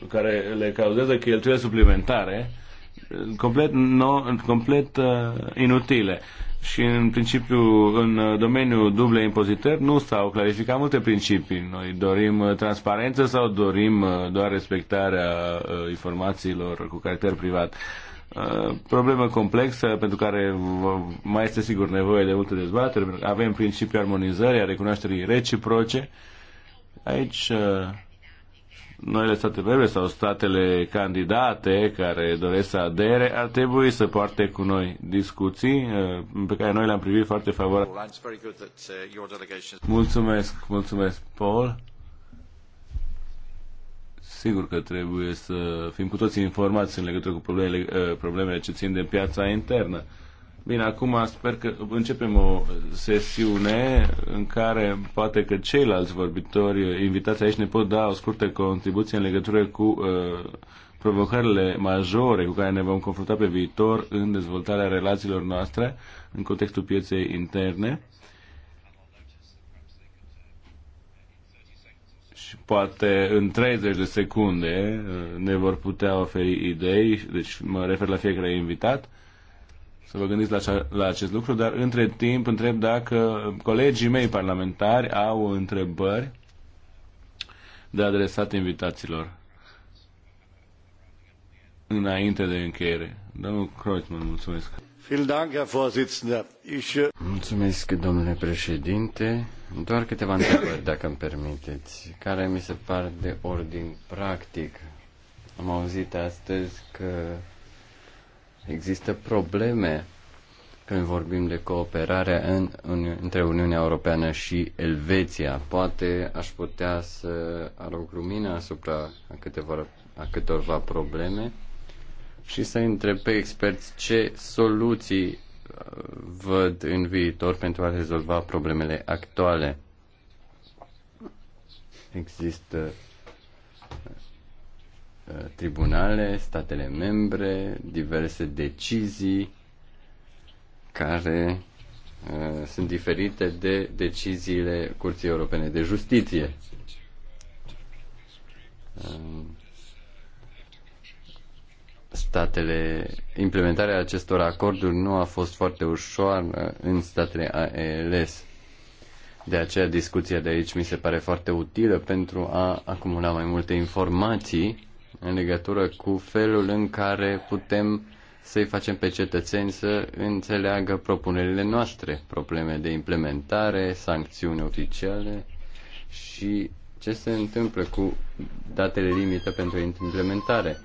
care le cauzează cheltuieli suplimentare uh, complet, no, complet uh, inutile. Și în principiu, în domeniul duble impozitări, nu s-au clarificat multe principii. Noi dorim transparență sau dorim doar respectarea informațiilor cu caracter privat. Uh, Uh, problemă complexă pentru care mai este sigur nevoie de multe dezbatere. Avem principiul armonizării, a recunoașterii reciproce. Aici uh, noile state membre sau statele candidate care doresc să adere ar trebui să poarte cu noi discuții uh, pe care noi le-am privit foarte favorabil. Mulțumesc, mulțumesc, Paul. Sigur că trebuie să fim cu toții informați în legătură cu problemele, uh, problemele ce țin de piața internă. Bine, acum sper că începem o sesiune în care poate că ceilalți vorbitori invitați aici ne pot da o scurtă contribuție în legătură cu uh, provocările majore cu care ne vom confrunta pe viitor în dezvoltarea relațiilor noastre în contextul pieței interne poate în 30 de secunde uh, ne vor putea oferi idei, deci mă refer la fiecare invitat, să vă gândiți la, acea, la acest lucru, dar între timp întreb dacă colegii mei parlamentari au întrebări de adresat invitaților înainte de încheiere. Domnul Kreuzmann, mulțumesc. Äh, Mulțumesc, domnule președinte. Doar câteva întrebări, dacă îmi permiteți, care mi se par de ordin practic. Am auzit astăzi că există probleme când vorbim de cooperare în, în, între Uniunea Europeană și Elveția. Poate aș putea să arunc lumina asupra a câteva, a câtorva probleme și să întreb pe experți ce soluții uh, văd în viitor pentru a rezolva problemele actuale. Există uh, tribunale, statele membre, diverse decizii care uh, sunt diferite de deciziile Curții Europene de Justiție statele, implementarea acestor acorduri nu a fost foarte ușoară în statele ALS. De aceea discuția de aici mi se pare foarte utilă pentru a acumula mai multe informații în legătură cu felul în care putem să-i facem pe cetățeni să înțeleagă propunerile noastre, probleme de implementare, sancțiuni oficiale și ce se întâmplă cu datele limită pentru implementare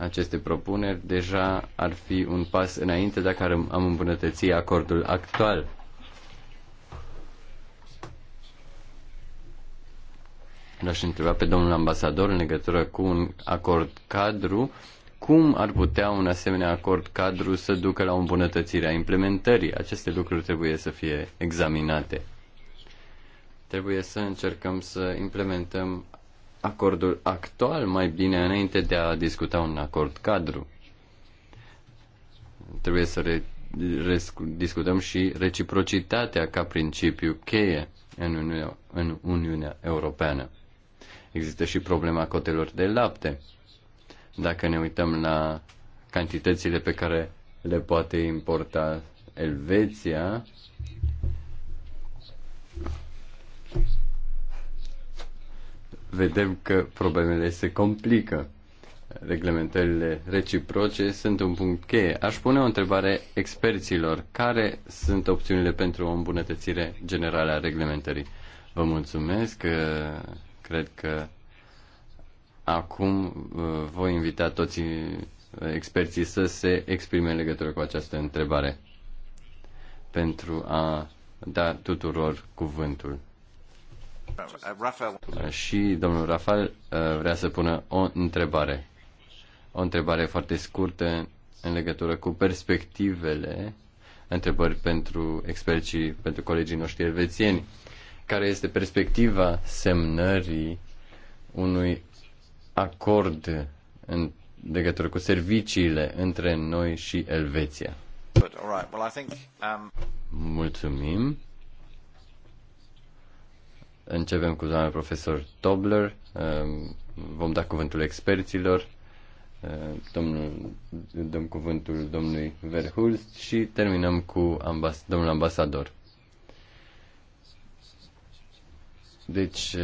aceste propuneri, deja ar fi un pas înainte dacă am îmbunătăți acordul actual. L-aș întreba pe domnul ambasador în legătură cu un acord cadru, cum ar putea un asemenea acord cadru să ducă la îmbunătățirea implementării? Aceste lucruri trebuie să fie examinate. Trebuie să încercăm să implementăm acordul actual mai bine înainte de a discuta un acord cadru. Trebuie să re, res, discutăm și reciprocitatea ca principiu cheie în Uniunea, în Uniunea Europeană. Există și problema cotelor de lapte. Dacă ne uităm la cantitățile pe care le poate importa Elveția, vedem că problemele se complică. Reglementările reciproce sunt un punct cheie. Aș pune o întrebare experților. Care sunt opțiunile pentru o îmbunătățire generală a reglementării? Vă mulțumesc. Uh, cred că acum uh, voi invita toți uh, experții să se exprime în legătură cu această întrebare pentru a da tuturor cuvântul. Și domnul Rafael uh, vrea să pună o întrebare. O întrebare foarte scurtă în legătură cu perspectivele, întrebări pentru experții, pentru colegii noștri elvețieni. Care este perspectiva semnării unui acord în legătură cu serviciile între noi și Elveția? Um, Mulțumim. Începem cu doamna profesor Tobler, ehm, vom da cuvântul experților, ehm, domnul, dăm cuvântul domnului Verhulst și terminăm cu ambas, domnul ambasador. Deci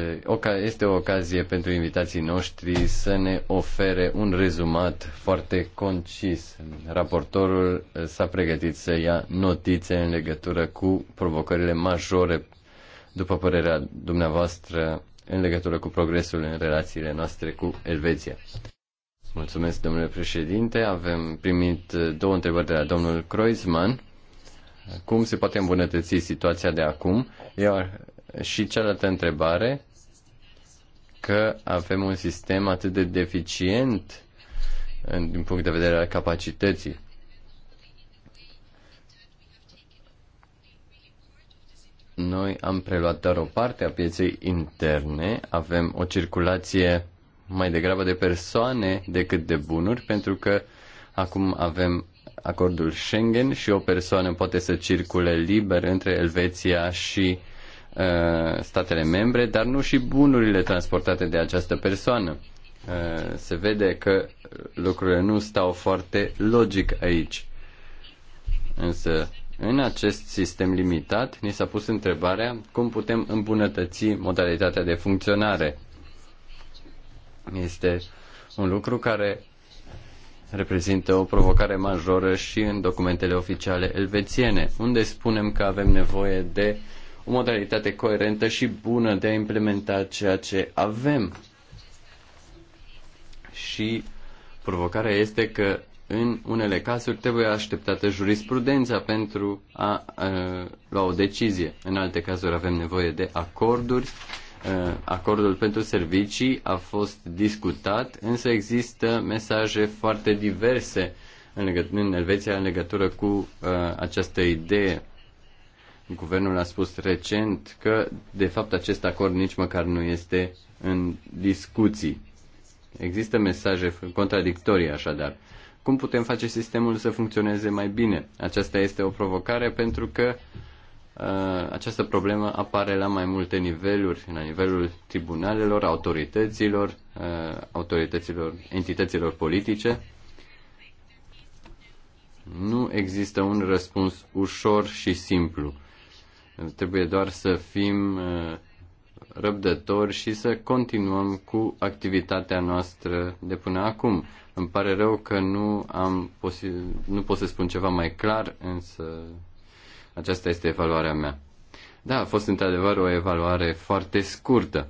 este o ocazie pentru invitații noștri să ne ofere un rezumat foarte concis. Raportorul s-a pregătit să ia notițe în legătură cu provocările majore după părerea dumneavoastră, în legătură cu progresul în relațiile noastre cu Elveția. Mulțumesc, domnule președinte. Avem primit două întrebări de la domnul Kreuzmann. Cum se poate îmbunătăți situația de acum? Iar și cealaltă întrebare, că avem un sistem atât de deficient din punct de vedere al capacității. Noi am preluat doar o parte a pieței interne, avem o circulație mai degrabă de persoane decât de bunuri, pentru că acum avem acordul Schengen și o persoană poate să circule liber între Elveția și uh, statele membre, dar nu și bunurile transportate de această persoană. Uh, se vede că lucrurile nu stau foarte logic aici. Însă în acest sistem limitat, ni s-a pus întrebarea cum putem îmbunătăți modalitatea de funcționare. Este un lucru care reprezintă o provocare majoră și în documentele oficiale elvețiene, unde spunem că avem nevoie de o modalitate coerentă și bună de a implementa ceea ce avem. Și provocarea este că în unele cazuri trebuie așteptată jurisprudența pentru a, a lua o decizie. În alte cazuri avem nevoie de acorduri. acordul pentru servicii a fost discutat, însă există mesaje foarte diverse în, legăt- în Elveția în legătură cu a, această idee. Guvernul a spus recent că, de fapt, acest acord nici măcar nu este în discuții. Există mesaje contradictorii, așadar cum putem face sistemul să funcționeze mai bine. Aceasta este o provocare pentru că uh, această problemă apare la mai multe niveluri, la nivelul tribunalelor, autorităților, uh, autorităților, entităților politice. Nu există un răspuns ușor și simplu. Trebuie doar să fim uh, răbdători și să continuăm cu activitatea noastră de până acum. Îmi pare rău că nu, am nu pot să spun ceva mai clar, însă aceasta este evaluarea mea. Da, a fost într-adevăr o evaluare foarte scurtă.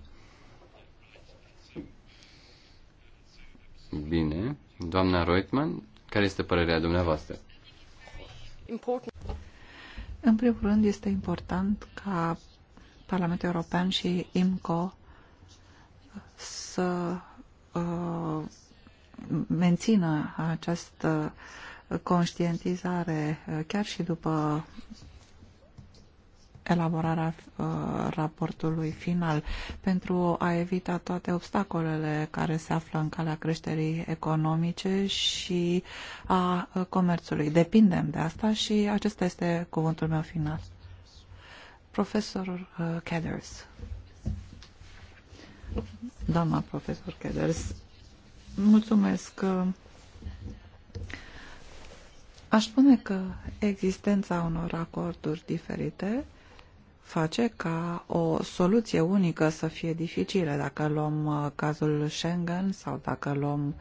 Bine. Doamna Reutmann, care este părerea dumneavoastră? Important. În primul rând, este important ca Parlamentul European și IMCO să uh, mențină această conștientizare uh, chiar și după elaborarea uh, raportului final pentru a evita toate obstacolele care se află în calea creșterii economice și a uh, comerțului. Depindem de asta și acesta este cuvântul meu final. Profesor Keders. Doamna profesor Keders, Mulțumesc. Aș spune că existența unor acorduri diferite face ca o soluție unică să fie dificilă. Dacă luăm uh, cazul Schengen sau dacă luăm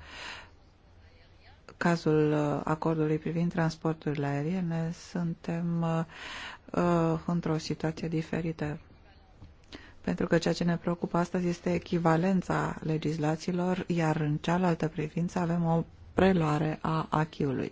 cazul uh, acordului privind transporturile aeriene, suntem uh, uh într-o situație diferită pentru că ceea ce ne preocupă astăzi este echivalența legislațiilor, iar în cealaltă privință avem o preluare a achiului.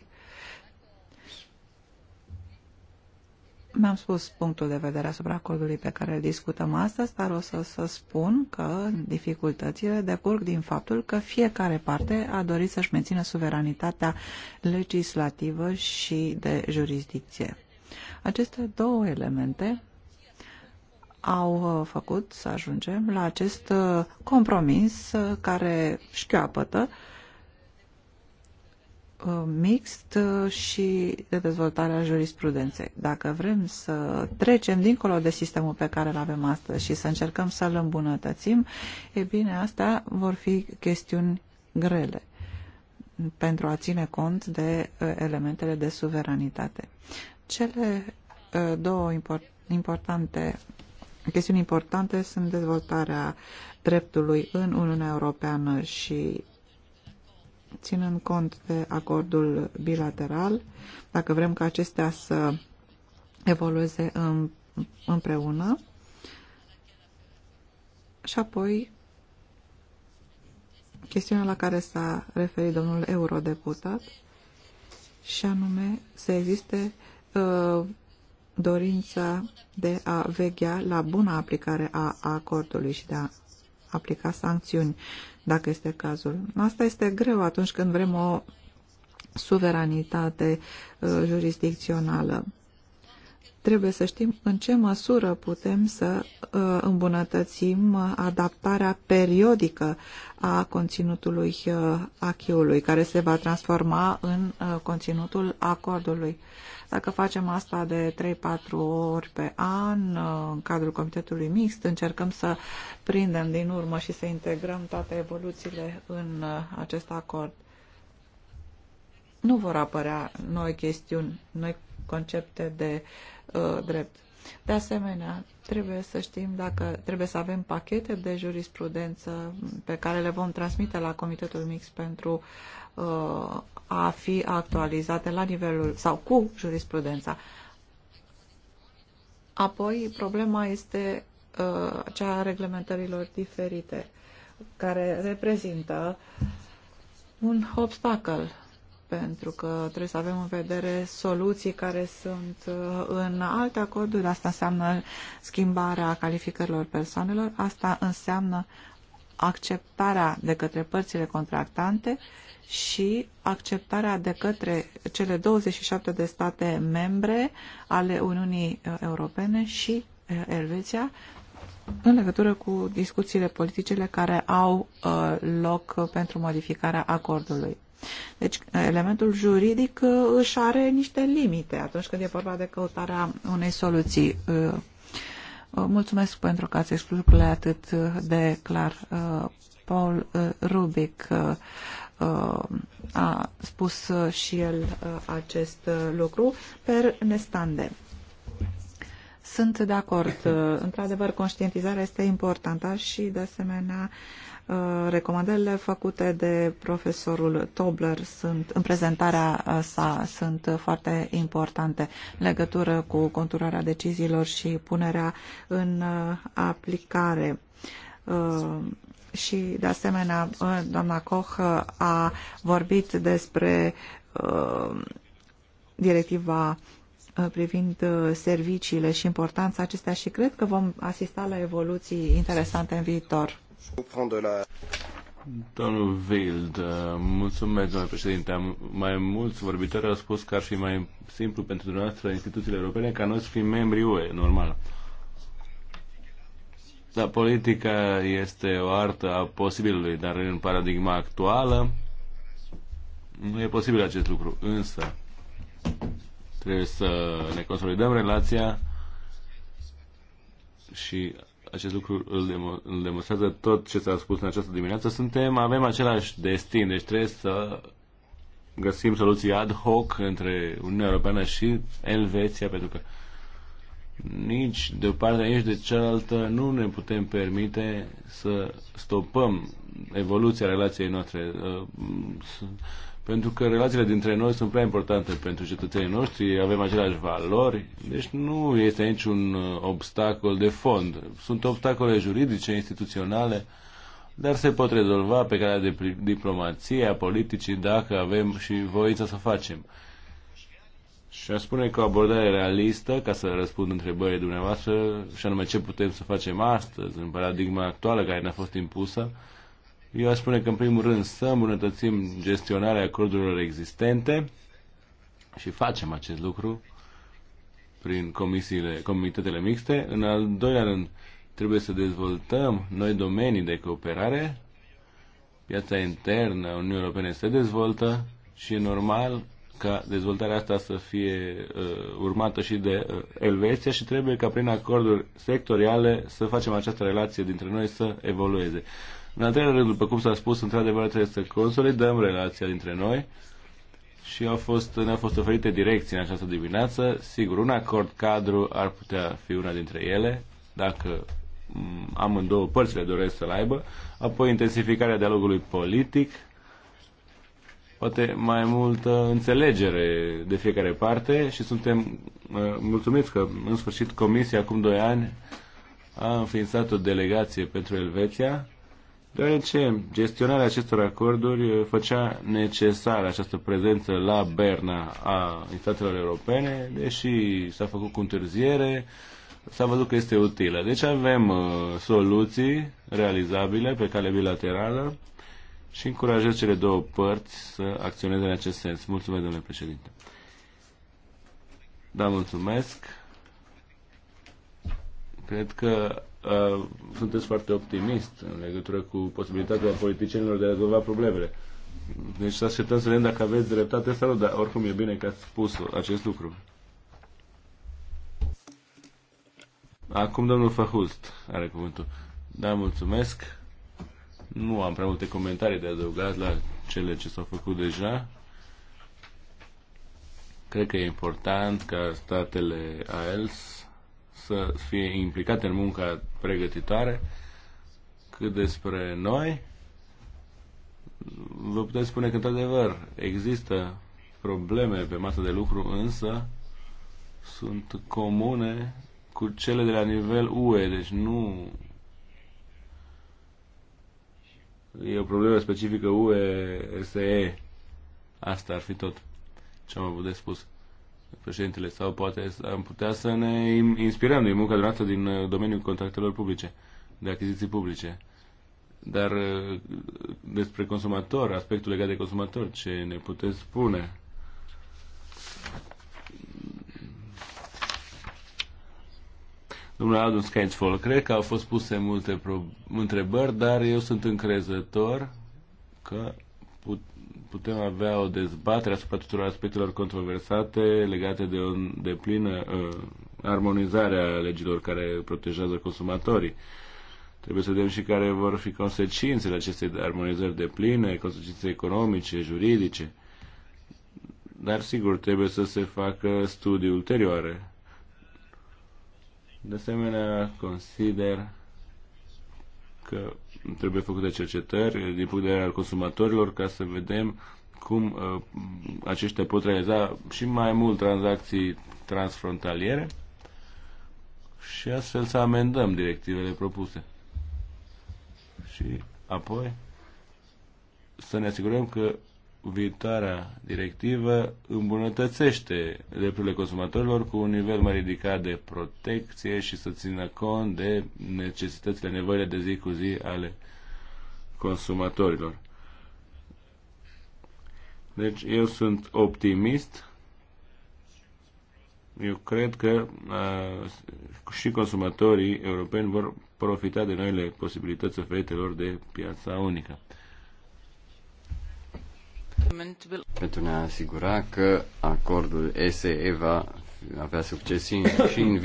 Mi-am spus punctul de vedere asupra acordului pe care îl discutăm astăzi, dar o să, să spun că dificultățile decurg din faptul că fiecare parte a dorit să-și mențină suveranitatea legislativă și de jurisdicție. Aceste două elemente au uh, făcut să ajungem la acest uh, compromis uh, care șchioapătă mixt și de dezvoltarea jurisprudenței. Dacă vrem să trecem dincolo de sistemul pe care îl avem astăzi și să încercăm să-l îmbunătățim, e bine, astea vor fi chestiuni grele pentru a ține cont de elementele de suveranitate. Cele două importante chestiuni importante sunt dezvoltarea dreptului în Uniunea Europeană și ținând cont de acordul bilateral, dacă vrem ca acestea să evolueze împreună și apoi chestiunea la care s-a referit domnul eurodeputat și anume să existe uh, dorința de a veghea la bună aplicare a acordului și de a aplica sancțiuni, dacă este cazul. Asta este greu atunci când vrem o suveranitate uh, jurisdicțională. Trebuie să știm în ce măsură putem să uh, îmbunătățim adaptarea periodică a conținutului uh, achiului, care se va transforma în uh, conținutul acordului. Dacă facem asta de 3-4 ori pe an în cadrul comitetului mixt, încercăm să prindem din urmă și să integrăm toate evoluțiile în acest acord. Nu vor apărea noi chestiuni, noi concepte de Uh, drept. De asemenea, trebuie să știm dacă trebuie să avem pachete de jurisprudență pe care le vom transmite la Comitetul Mix pentru uh, a fi actualizate la nivelul sau cu jurisprudența. Apoi, problema este uh, cea a reglementărilor diferite, care reprezintă un obstacol pentru că trebuie să avem în vedere soluții care sunt uh, în alte acorduri. Asta înseamnă schimbarea calificărilor persoanelor, asta înseamnă acceptarea de către părțile contractante și acceptarea de către cele 27 de state membre ale Uniunii uh, Europene și uh, Elveția în legătură cu discuțiile politicele care au uh, loc pentru modificarea acordului. Deci elementul juridic uh, își are niște limite atunci când e vorba de căutarea unei soluții. Uh, uh, mulțumesc pentru că ați explicat lucrurile atât de clar. Paul Rubic a spus și el acest lucru per nestande. Sunt de acord. Într-adevăr, conștientizarea este importantă și, de asemenea, uh, Uh, recomandările făcute de profesorul Tobler sunt, în prezentarea uh, sa sunt foarte importante în legătură cu conturarea deciziilor și punerea în uh, aplicare și de asemenea doamna Koch a vorbit despre directiva privind serviciile și importanța acestea și cred că vom asista la evoluții interesante în viitor. Domnul Wild, mulțumesc, domnule președinte. Am, mai mulți vorbitori au spus că ar fi mai simplu pentru dumneavoastră instituțiile europene ca noi să fim membri UE, normal. Da, politica este o artă a posibilului, dar în paradigma actuală nu e posibil acest lucru. Însă trebuie să ne consolidăm relația și acest lucru îl, demo- îl demonstrează tot ce s-a spus în această dimineață. Suntem, avem același destin, deci trebuie să găsim soluții ad hoc între Uniunea Europeană și Elveția, pentru că nici de o parte, nici de cealaltă nu ne putem permite să stopăm evoluția relației noastre. Uh, pentru că relațiile dintre noi sunt prea importante pentru cetățenii noștri, avem aceleași valori, deci nu este niciun uh, obstacol de fond. Sunt obstacole juridice, instituționale, dar se pot rezolva pe calea de diplomație, a politicii, dacă avem și voința să facem. Și aș spune că o abordare realistă, ca să răspund întrebării dumneavoastră, și anume ce putem să facem astăzi, în paradigma actuală care ne-a fost impusă, eu aș spune că, în primul rând, să îmbunătățim gestionarea acordurilor existente și facem acest lucru prin comisiile, comitetele mixte. În al doilea rând, trebuie să dezvoltăm noi domenii de cooperare. Piața internă a Uniunii Europene se dezvoltă și e normal ca dezvoltarea asta să fie uh, urmată și de uh, Elveția și trebuie ca prin acorduri sectoriale să facem această relație dintre noi să evolueze. În al treilea rând, după cum s-a spus, într-adevăr trebuie să consolidăm relația dintre noi și au fost, ne-au fost oferite direcții în această dimineață. Sigur, un acord cadru ar putea fi una dintre ele, dacă mm, amândouă părțile doresc să-l aibă, apoi intensificarea dialogului politic, poate mai multă înțelegere de fiecare parte și suntem mulțumiți că în sfârșit Comisia acum doi ani a înființat o delegație pentru Elveția deoarece gestionarea acestor acorduri uh, făcea necesară această prezență la Berna a instanțelor europene, deși s-a făcut cu întârziere, s-a văzut că este utilă. Deci avem uh, soluții realizabile pe cale bilaterală și încurajez cele două părți să acționeze în acest sens. Mulțumesc, domnule președinte. Da, mulțumesc. Cred că uh, sunteți foarte optimist în legătură cu posibilitatea politicienilor de a rezolva problemele. Deci să așteptăm să vedem dacă aveți dreptate sau nu, dar oricum e bine că ați spus acest lucru. Acum domnul Fahust are cuvântul. Da, mulțumesc. Nu am prea multe comentarii de adăugat la cele ce s-au făcut deja. Cred că e important ca statele AELS să fie implicate în munca pregătitoare. Cât despre noi, vă puteți spune că, într-adevăr, există probleme pe masă de lucru, însă sunt comune cu cele de la nivel UE, deci nu e o problemă specifică UE, SE. Asta ar fi tot ce am avut de spus președintele, sau poate am putea să ne inspirăm din munca dumneavoastră din uh, domeniul contractelor publice, de achiziții publice. Dar uh, despre consumator, aspectul legat de consumator, ce ne puteți spune? Domnul Adun Sketchfall, cred că au fost puse multe întrebări, dar eu sunt încrezător că put- putem avea o dezbatere asupra tuturor aspectelor controversate legate de o deplină uh, armonizare a legilor care protejează consumatorii. Trebuie să vedem și care vor fi consecințele acestei armonizări de pline, consecințe economice, juridice. Dar sigur, trebuie să se facă studii ulterioare. De asemenea, consider că trebuie făcute cercetări din punct de vedere al consumatorilor ca să vedem cum uh, aceștia pot realiza și mai mult tranzacții transfrontaliere și astfel să amendăm directivele propuse. Și apoi să ne asigurăm că viitoarea directivă îmbunătățește drepturile consumatorilor cu un nivel mai ridicat de protecție și să țină cont de necesitățile, nevoile de zi cu zi ale consumatorilor. Deci eu sunt optimist. Eu cred că uh, și consumatorii europeni vor profita de noile posibilități oferite lor de piața unică. Pentru a ne asigura că acordul SE va avea succes și în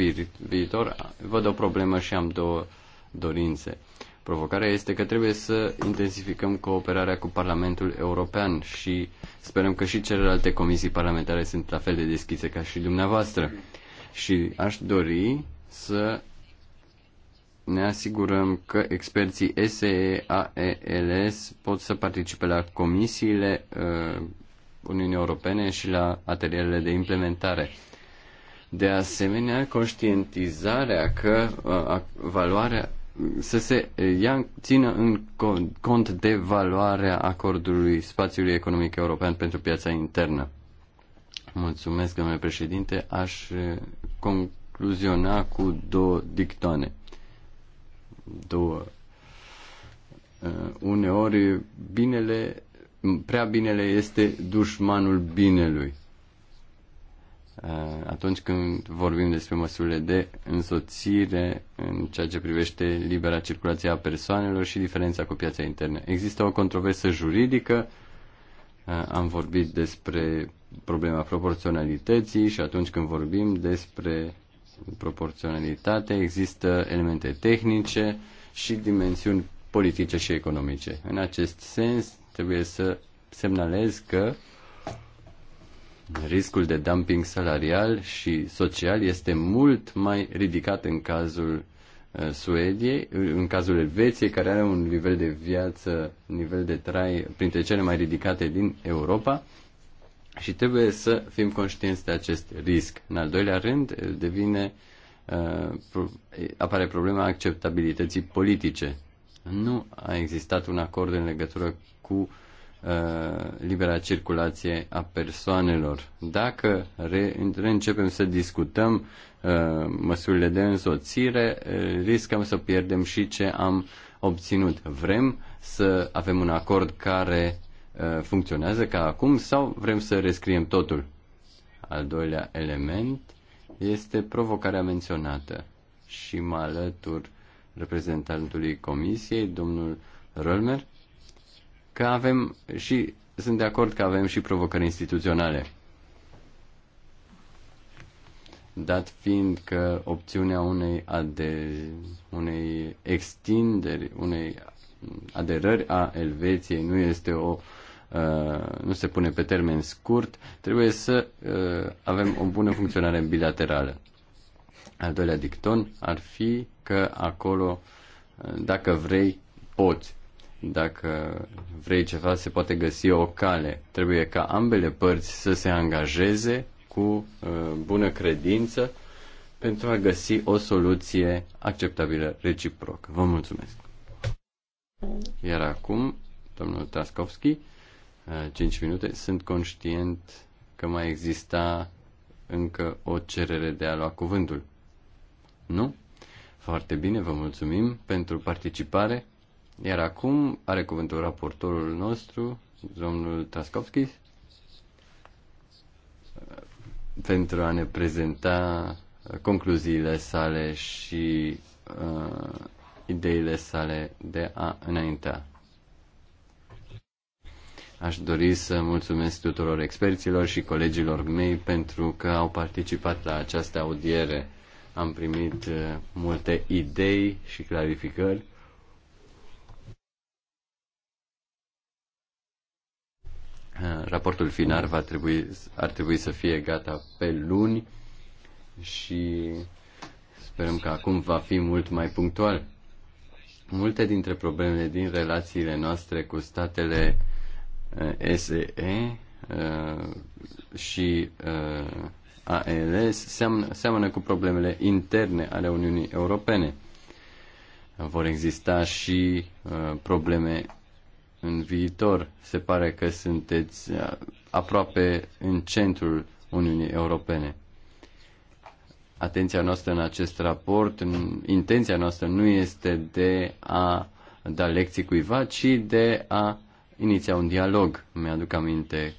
viitor, văd o problemă și am două dorințe. Provocarea este că trebuie să intensificăm cooperarea cu Parlamentul European și sperăm că și celelalte comisii parlamentare sunt la fel de deschise ca și dumneavoastră. Și aș dori să ne asigurăm că experții SE, AELS pot să participe la comisiile uh, Uniunii Europene și la atelierele de implementare. De asemenea, conștientizarea că uh, valoarea să se uh, ia, țină în cont de valoarea acordului spațiului economic european pentru piața internă. Mulțumesc, domnule președinte. Aș uh, concluziona cu două dictoane două. Uh, uneori binele, prea binele este dușmanul binelui. Uh, atunci când vorbim despre măsurile de însoțire în ceea ce privește libera circulație a persoanelor și diferența cu piața internă. Există o controversă juridică uh, am vorbit despre problema proporționalității și atunci când vorbim despre proporționalitate, există elemente tehnice și dimensiuni politice și economice. În acest sens, trebuie să semnalez că riscul de dumping salarial și social este mult mai ridicat în cazul uh, Suediei, în cazul Elveției, care are un nivel de viață, nivel de trai printre cele mai ridicate din Europa și trebuie să fim conștienți de acest risc. În al doilea rând, devine, uh, apare problema acceptabilității politice. Nu a existat un acord în legătură cu uh, libera circulație a persoanelor. Dacă reîncepem să discutăm uh, măsurile de însoțire, riscăm să pierdem și ce am obținut. Vrem să avem un acord care Uh, funcționează ca acum sau vrem să rescriem totul? Al doilea element este provocarea menționată și mă alătur reprezentantului comisiei, domnul Rölmer, că avem și sunt de acord că avem și provocări instituționale. Dat fiind că opțiunea unei, ade, unei extinderi, unei aderări a Elveției nu este o uh, Uh, nu se pune pe termen scurt, trebuie să uh, avem o bună funcționare bilaterală. Al doilea dicton ar fi că acolo, uh, dacă vrei, poți. Dacă vrei ceva, se poate găsi o cale. Trebuie ca ambele părți să se angajeze cu bună credință pentru a găsi o soluție acceptabilă reciproc. Vă mulțumesc! Iar acum, domnul Traskovski, 5 eh, minute. Sunt conștient că mai exista încă o cerere de a lua cuvântul. Nu? Foarte bine, vă mulțumim pentru participare. Iar acum are cuvântul raportorul nostru, domnul Traskovski, eh, pentru a ne prezenta concluziile sale și uh, ideile sale de a înainta. Aș dori să mulțumesc tuturor experților și colegilor mei pentru că au participat la această audiere. Am primit uh, multe idei și clarificări. Uh, raportul final va trebui, ar trebui să fie gata pe luni și sperăm că acum va fi mult mai punctual. Multe dintre problemele din relațiile noastre cu statele SEE uh, și uh, ALS seamănă, seamănă cu problemele interne ale Uniunii Europene. Vor exista și uh, probleme în viitor. Se pare că sunteți aproape în centrul Uniunii Europene. Atenția noastră în acest raport, intenția noastră nu este de a da lecții cuiva, ci de a iniția un dialog. Mi-aduc aminte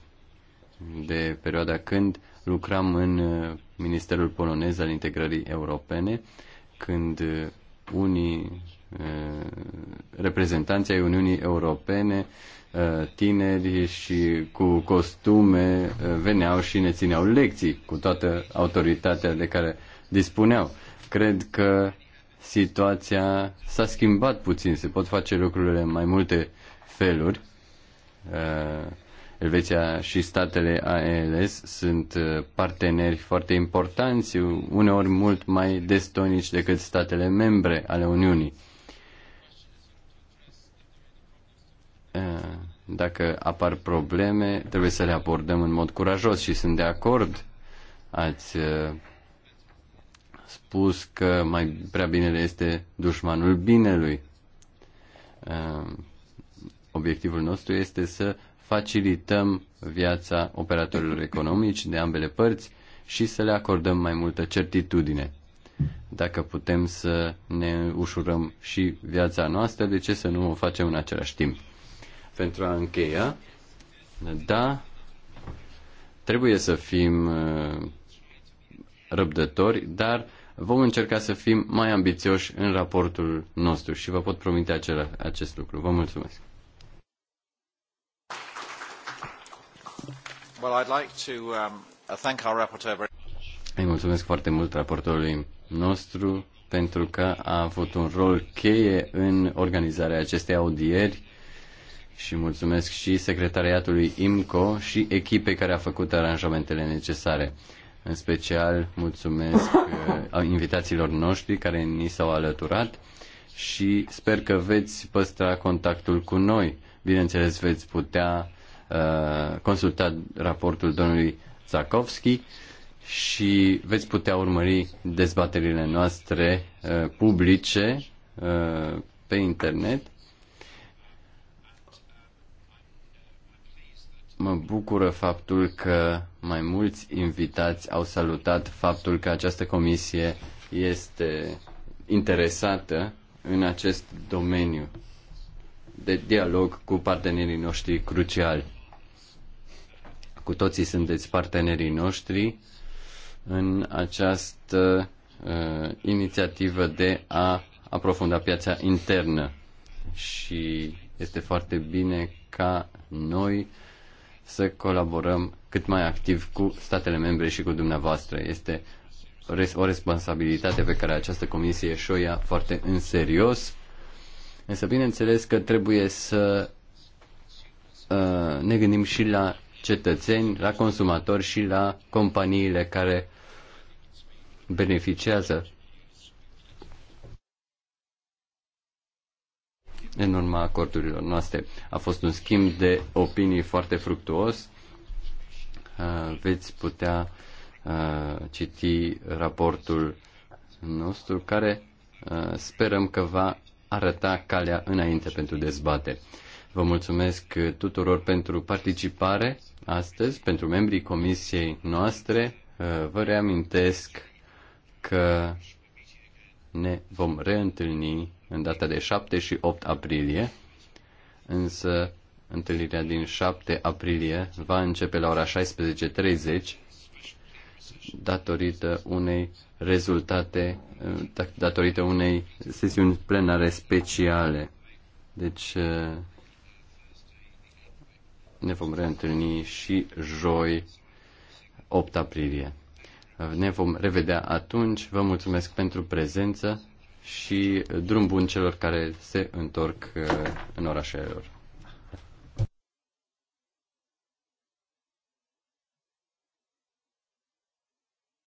de perioada când lucram în uh, Ministerul Polonez al Integrării Europene, când uh, unii uh, reprezentanții ai Uniunii Europene, tineri și cu costume veneau și ne țineau lecții cu toată autoritatea de care dispuneau. Cred că situația s-a schimbat puțin, se pot face lucrurile în mai multe feluri Uh, Elveția și statele ALS sunt uh, parteneri foarte importanți, uneori mult mai destonici decât statele membre ale Uniunii. Uh, dacă apar probleme, trebuie să le abordăm în mod curajos și sunt de acord. Ați spus că mai prea binele este dușmanul binelui Obiectivul nostru este să facilităm viața operatorilor economici de ambele părți și să le acordăm mai multă certitudine. Dacă putem să ne ușurăm și viața noastră, de ce să nu o facem în același timp? Pentru a încheia, da, trebuie să fim uh, răbdători, dar vom încerca să fim mai ambițioși în raportul nostru și vă pot promite acela, acest lucru. Vă mulțumesc! Well, I'd like to um, thank our rapporteur. Îi mulțumesc foarte mult raportorului nostru pentru că a avut un rol cheie în organizarea acestei audieri și mulțumesc și secretariatului IMCO și echipei care a făcut aranjamentele necesare. În special mulțumesc uh, invitațiilor noștri care ni s-au alăturat și sper că veți păstra contactul cu noi. Bineînțeles, veți putea Uh, consultat raportul domnului Zakovski și veți putea urmări dezbaterile noastre uh, publice uh, pe internet. Mă bucură faptul că mai mulți invitați au salutat faptul că această comisie este interesată în acest domeniu de dialog cu partenerii noștri cruciali. Cu toții sunteți partenerii noștri în această uh, inițiativă de a aprofunda piața internă și este foarte bine ca noi să colaborăm cât mai activ cu statele membre și cu dumneavoastră. Este o responsabilitate pe care această comisie și-o ia foarte în serios. Însă bineînțeles că trebuie să uh, ne gândim și la cetățeni, la consumatori și la companiile care beneficiază în urma acordurilor noastre. A fost un schimb de opinii foarte fructuos. Uh, veți putea uh, citi raportul nostru care uh, sperăm că va arăta calea înainte pentru dezbatere. Vă mulțumesc tuturor pentru participare astăzi, pentru membrii comisiei noastre. Vă reamintesc că ne vom reîntâlni în data de 7 și 8 aprilie, însă întâlnirea din 7 aprilie va începe la ora 16.30 datorită unei rezultate, datorită unei sesiuni plenare speciale. Deci ne vom reîntâlni și joi 8 aprilie. Ne vom revedea atunci. Vă mulțumesc pentru prezență și drum bun celor care se întorc uh, în orașele lor.